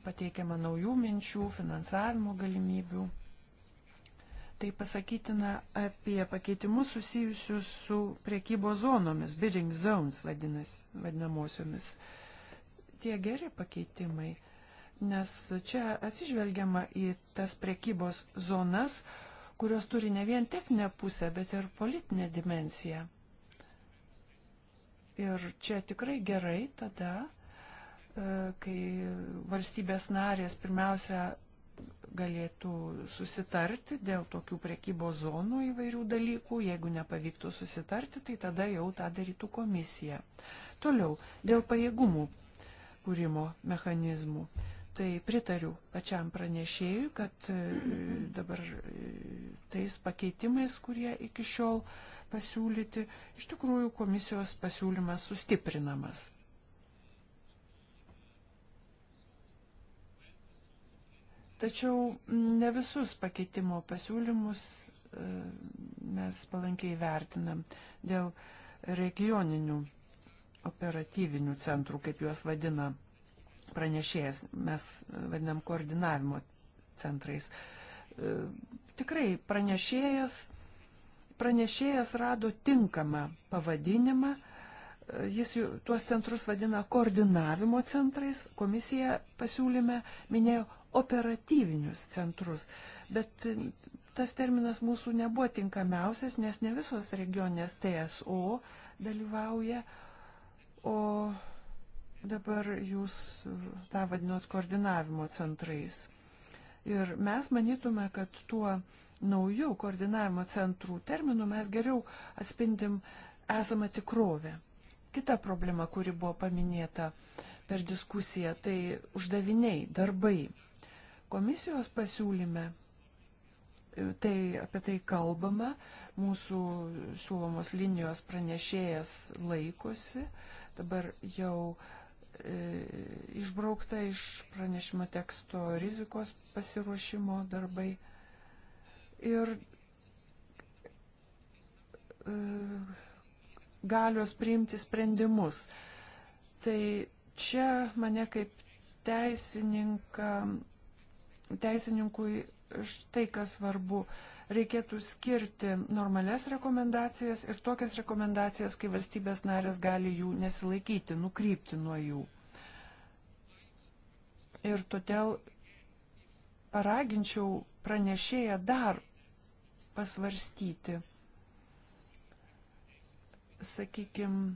pateikiama naujų minčių, finansavimo galimybių. Tai pasakytina apie pakeitimus susijusius su priekybo zonomis, bidding zones vadinas, vadinamosiomis. Tie geri pakeitimai nes čia atsižvelgiama į tas prekybos zonas, kurios turi ne vien techninę pusę, bet ir politinę dimenciją. Ir čia tikrai gerai tada, e, kai valstybės narės pirmiausia galėtų susitarti dėl tokių prekybos zonų įvairių dalykų. Jeigu nepavyktų susitarti, tai tada jau tą darytų komisija. Toliau, dėl pajėgumų kūrimo mechanizmų. Tai pritariu pačiam pranešėjui, kad e, dabar e, tais pakeitimais, kurie iki šiol pasiūlyti, iš tikrųjų komisijos pasiūlymas sustiprinamas. Tačiau ne visus pakeitimo pasiūlymus e, mes palankiai vertinam dėl regioninių operatyvinių centrų, kaip juos vadinam pranešėjas, mes vadinam koordinavimo centrais. E, tikrai pranešėjas, pranešėjas rado tinkamą pavadinimą, e, jis tuos centrus vadina koordinavimo centrais, komisija pasiūlyme minėjo operatyvinius centrus, bet e, tas terminas mūsų nebuvo tinkamiausias, nes ne visos regionės TSO dalyvauja, o Dabar jūs tą vadinot koordinavimo centrais. Ir mes manytume, kad tuo naujų koordinavimo centrų terminų mes geriau atspindim esamą tikrovę. Kita problema, kuri buvo paminėta per diskusiją, tai uždaviniai, darbai. Komisijos pasiūlyme e, tai apie tai kalbama, mūsų siūlomos linijos pranešėjas laikosi, dabar jau E, išbraukta iš pranešimo teksto rizikos pasiruošimo darbai. Ir e, galios priimti sprendimus. Tai čia mane kaip teisininką, teisininkui štai kas svarbu. E, reikėtų skirti normales rekomendacijas ir tokias rekomendacijas, kai valstybės narės gali jų nesilaikyti, nukrypti nuo jų. Ir todėl paraginčiau pranešėją dar pasvarstyti, sakykime,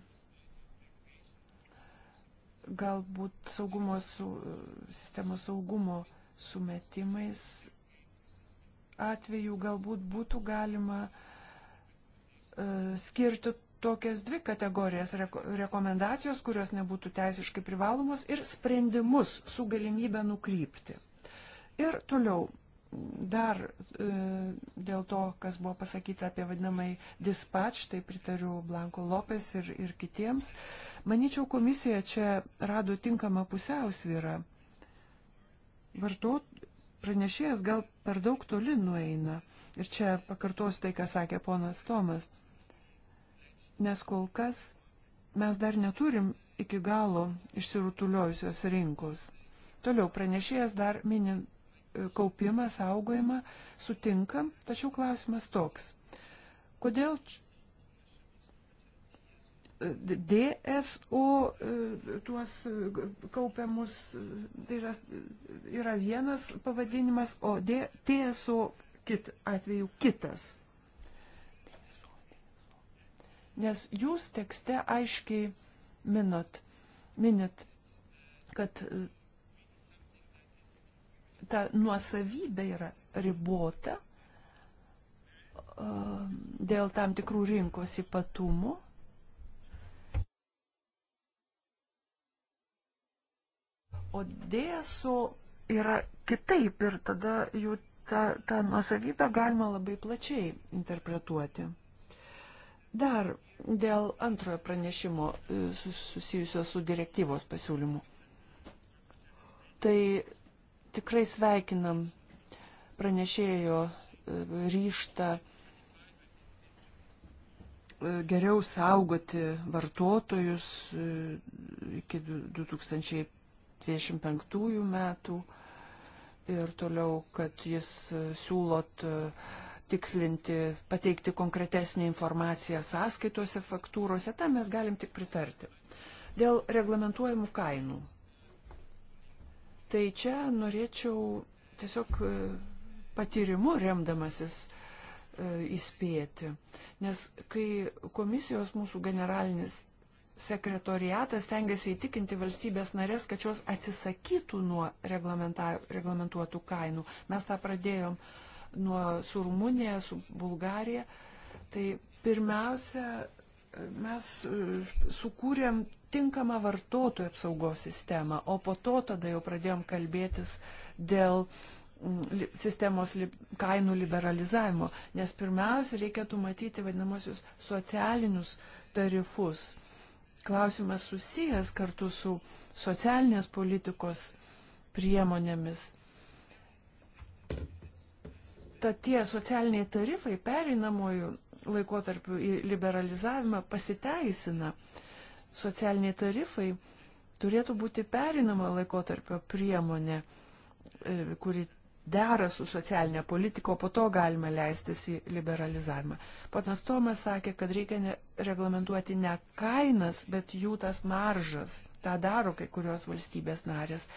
galbūt saugumo su, sistemos saugumo sumetimais atveju galbūt būtų galima e, skirti tokias dvi kategorijas reko, - rekomendacijos, kurios nebūtų teisiškai privalomos, ir sprendimus su galimybė nukrypti. Ir toliau dar e, dėl to, kas buvo pasakyta apie vadinamai dispatch, tai pritariu Blanko Lopes ir, ir kitiems. Manyčiau, komisija čia rado tinkamą pusiausvyrą. Vartot, pranešėjas gal per daug toli nueina. Ir čia pakartosiu tai, ką sakė ponas Tomas. Nes kol kas mes dar neturim iki galo išsirutuliojusios rinkos. Toliau pranešėjas dar mini e, kaupimą, saugojimą, sutinkam, tačiau klausimas toks. Kodėl DSO e, tuos e, kaupiamus, e, tai yra, yra vienas pavadinimas, o D, TSO kit, atveju kitas. Nes jūs tekste aiškiai minot, minit, kad ta nuosavybė yra ribota dėl tam tikrų rinkos ypatumų O dėsų yra kitaip ir tada jų tą, tą nuosavybę galima labai plačiai interpretuoti. Dar dėl antrojo pranešimo e, susijusio su direktyvos pasiūlymu. Tai tikrai sveikinam pranešėjo e, ryštą e, geriau saugoti vartotojus iki 2000 25 metų ir toliau, kad jis e, siūlot e, tikslinti, pateikti konkretesnį informaciją sąskaitose, faktūrose, tam mes galim tik pritarti. Dėl reglamentuojamų kainų. Tai čia norėčiau tiesiog e, patyrimu remdamasis įspėti. Nes kai komisijos mūsų generalinis sekretoriatas tengiasi įtikinti valstybės narės, kad šios atsisakytų nuo reglamentuotų kainų. Mes tą pradėjom nuo, su Rumunija, su Bulgarija. Tai pirmiausia, mes e, sukūrėm tinkamą vartotojų apsaugos sistemą, o po to tada jau pradėjom kalbėtis dėl sistemos li, kainų liberalizavimo, nes pirmiausia reikėtų matyti vadinamosius socialinius tarifus klausimas susijęs kartu su socialinės politikos priemonėmis. Tad tie socialiniai tarifai pereinamojų laikotarpių į liberalizavimą pasiteisina. Socialiniai tarifai turėtų būti pereinamo laikotarpio priemonė, e, kuri dera su socialinė politika, o po to galima leistis į liberalizavimą. Ponas Tomas sakė, kad reikia reglamentuoti ne kainas, bet jų tas maržas. Ta daro kai kurios valstybės narės.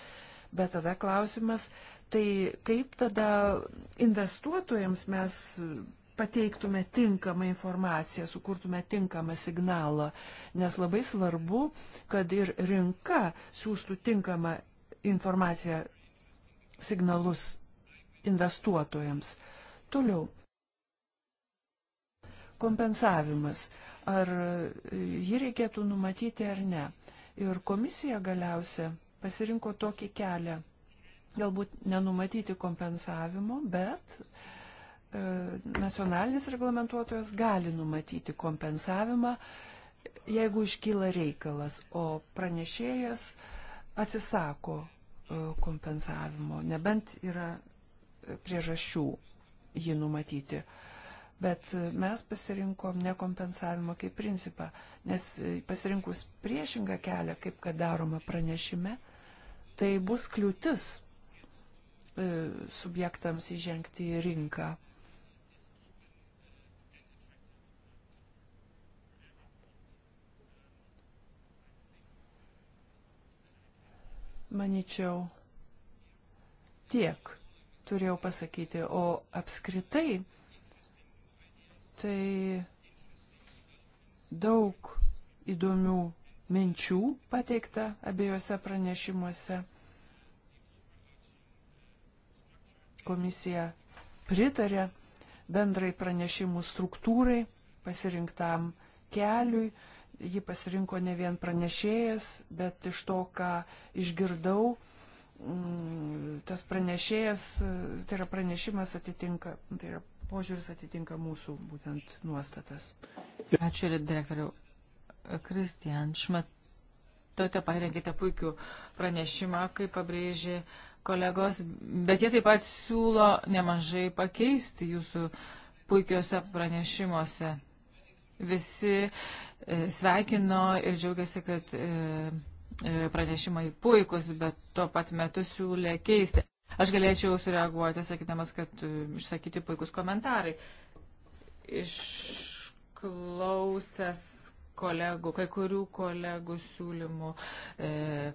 Bet tada klausimas, tai kaip tada investuotojams mes pateiktume tinkamą informaciją, sukurtume tinkamą signalą, nes labai svarbu, kad ir rinka siūstų tinkamą informaciją signalus investuotojams. Toliau. Kompensavimas. Ar jį reikėtų numatyti ar ne. Ir komisija galiausia pasirinko tokį kelią. Galbūt nenumatyti kompensavimo, bet e, nacionalinis reglamentuotojas gali numatyti kompensavimą, jeigu iškyla reikalas, o pranešėjas atsisako e, kompensavimo, nebent yra priežasčių jį numatyti. Bet mes pasirinkom nekompensavimą kaip principą, nes pasirinkus priešingą kelią, kaip kad daroma pranešime, tai bus kliūtis e, subjektams įžengti į rinką. Maničiau, tiek turėjau pasakyti, o apskritai tai daug įdomių minčių pateikta abiejose pranešimuose. Komisija pritarė bendrai pranešimų struktūrai, pasirinktam keliui. Ji pasirinko ne vien pranešėjas, bet iš to, ką išgirdau, tas pranešėjas, tai yra pranešimas atitinka, tai yra požiūris atitinka mūsų būtent nuostatas. Ačiū, direktoriau. Kristian Šmat, tote parengėte puikių pranešimą, kaip pabrėžė kolegos, bet jie taip pat siūlo nemažai pakeisti jūsų puikiuose pranešimuose. Visi e, sveikino ir džiaugiasi, kad e, E, pranešimai puikus, bet tuo pat metu siūlė keisti. Aš galėčiau sureaguoti, sakydamas, kad e, išsakyti puikus komentarai. Išklausęs kolegų, kai kurių kolegų siūlymų, e,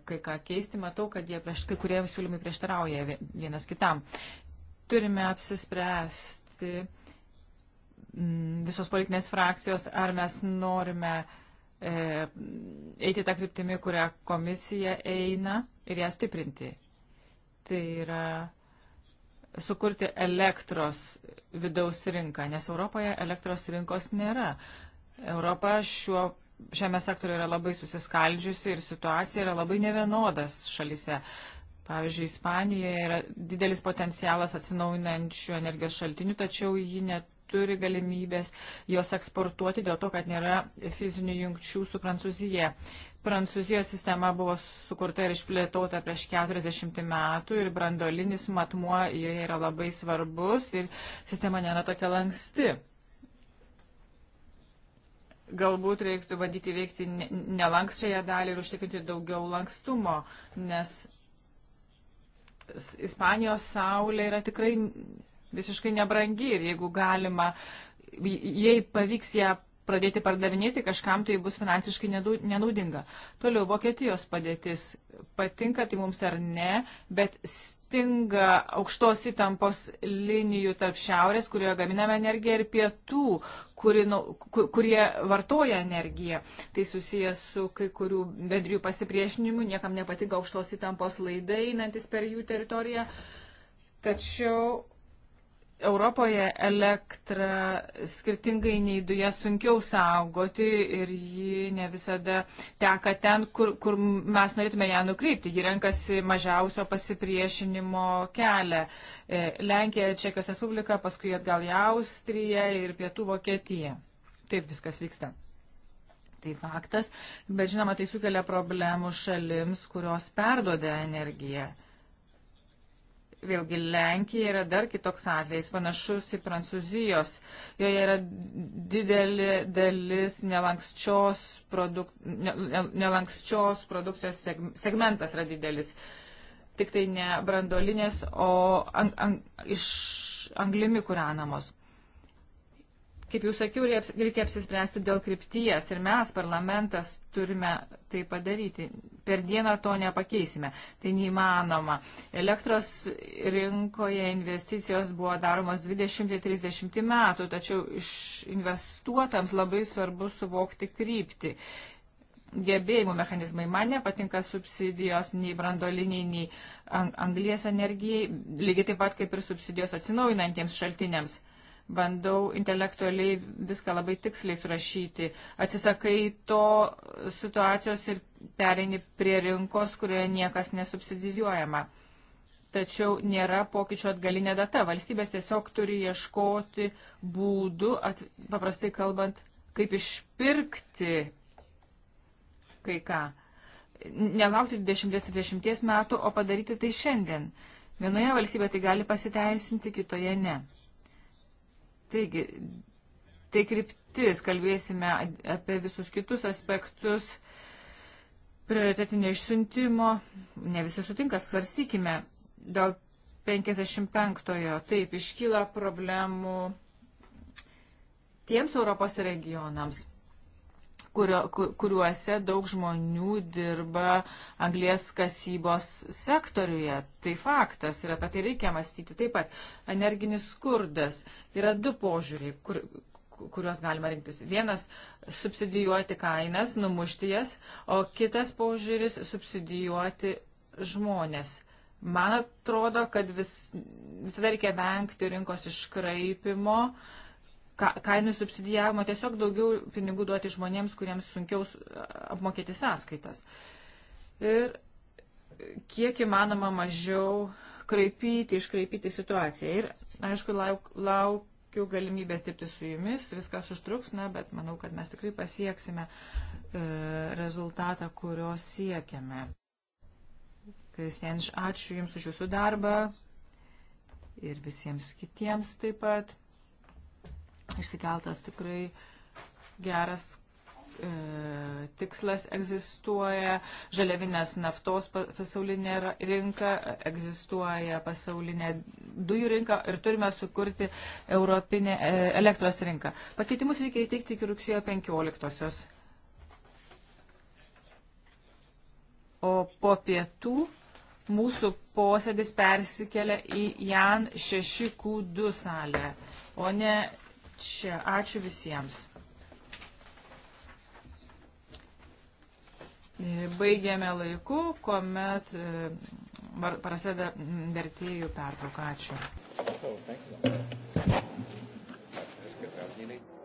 kai ką keisti, matau, kad jie prieš, kai kurie siūlymai prieštarauja vienas kitam. Turime apsispręsti visos politinės frakcijos, ar mes norime e, E, eiti tą kryptimį, kurią komisija eina ir ją stiprinti. Tai yra sukurti elektros vidaus rinką, nes Europoje elektros rinkos nėra. Europa šiuo, šiame sektoriu yra labai susiskaldžiusi ir situacija yra labai nevienodas šalise. Pavyzdžiui, Ispanijoje yra didelis potencialas atsinaujinančių energijos šaltinių, tačiau ji net turi galimybės jos eksportuoti dėl to, kad nėra fizinių jungčių su Prancūzija. Prancūzijos sistema buvo sukurta ir išplėtota prieš 40 metų ir brandolinis matmuo joje yra labai svarbus ir sistema nėra tokia lanksti. Galbūt reiktų bandyti veikti nelankščiąją dalį ir užtikrinti daugiau lankstumo, nes Ispanijos saulė yra tikrai visiškai nebrangi ir jeigu galima, jei pavyks ją pradėti pardavinėti kažkam, tai bus finansiškai nenaudinga. Toliau, Vokietijos padėtis. Patinka tai mums ar ne, bet stinga aukštos įtampos linijų tarp šiaurės, kurioje gaminame energiją, ir pietų, kuri, nu, kur, kurie vartoja energiją. Tai susijęs su kai kurių bendrių pasipriešinimu, niekam nepatinka aukštos įtampos laidai einantis per jų teritoriją. Tačiau Europoje elektrą skirtingai nei dujas sunkiau saugoti ir ji ne visada teka ten, kur, kur mes norėtume ją nukreipti. Ji renkasi mažiausio pasipriešinimo kelią. E, Lenkija, Čekijos Respublika, paskui atgal į Austriją ir Pietų Vokietiją. Taip viskas vyksta. Tai faktas, bet žinoma, tai sukelia problemų šalims, kurios perdoda energiją. Vėlgi Lenkija yra dar kitoks atvejis, panašus į Prancūzijos. Joje yra didelė dalis nelankščios, produk, nelankščios produkcijos seg, segmentas yra didelis. Tik tai ne brandolinės, o ang, ang, iš anglimi kūrenamos. Kaip jau sakiau, reikia apsispręsti dėl krypties ir mes, parlamentas, turime tai padaryti. Per dieną to nepakeisime. Tai neįmanoma. Elektros rinkoje investicijos buvo daromos 20-30 metų, tačiau iš investuotams labai svarbu suvokti kryptį gebėjimų mechanizmai. Man nepatinka subsidijos nei brandoliniai, nei anglies energijai, lygiai taip pat kaip ir subsidijos atsinaujinantiems šaltiniams bandau intelektualiai viską labai tiksliai surašyti. Atsisakai to situacijos ir pereini prie rinkos, kurioje niekas nesubsidijuojama. Tačiau nėra pokyčio atgalinė data. Valstybės tiesiog turi ieškoti būdų, at, paprastai kalbant, kaip išpirkti kai ką. Nelaukti 20-30 metų, o padaryti tai šiandien. Vienoje valstybėje tai gali pasiteisinti, kitoje ne. Taigi, tai kryptis, kalbėsime apie visus kitus aspektus prioritetinio išsiuntimo. Ne visi sutinka, svarstykime. Dėl 55-ojo taip iškyla problemų tiems Europos regionams kurio, kuriuose daug žmonių dirba anglės kasybos sektoriuje. Tai faktas ir apie tai reikia mąstyti. Taip pat energinis skurdas yra du požiūriai, kur, kuriuos galima rinktis. Vienas - subsidijuoti kainas, numušti jas, o kitas požiūris - subsidijuoti žmonės. Man atrodo, kad vis, visada reikia vengti rinkos iškraipimo. Uh, kainų subsidijavimo, tiesiog daugiau pinigų duoti žmonėms, kuriems sunkiau apmokėti sąskaitas. Ir kiek įmanoma mažiau kraipyti, iškraipyti situaciją. Ir aišku, lauk, laukiu galimybės dirbti su jumis, viskas užtruks, na, bet manau, kad mes tikrai pasieksime e, rezultatą, kurio siekiame. Kristianš, ačiū Jums už Jūsų darbą ir visiems kitiems taip pat išsikeltas tikrai geras e, tikslas egzistuoja, žaliavinės naftos pasaulinė rinka, e, egzistuoja pasaulinė dujų rinka ir turime sukurti europinę e, elektros rinką. Pakeitimus reikia įteikti iki rugsėjo 15-osios. O po pietų mūsų posėdis persikelia į Jan 6Q2 salę, o ne čia. Ačiū visiems. Baigėme laiku, kuomet e, prasideda vertėjų pertrauka. Ačiū. So,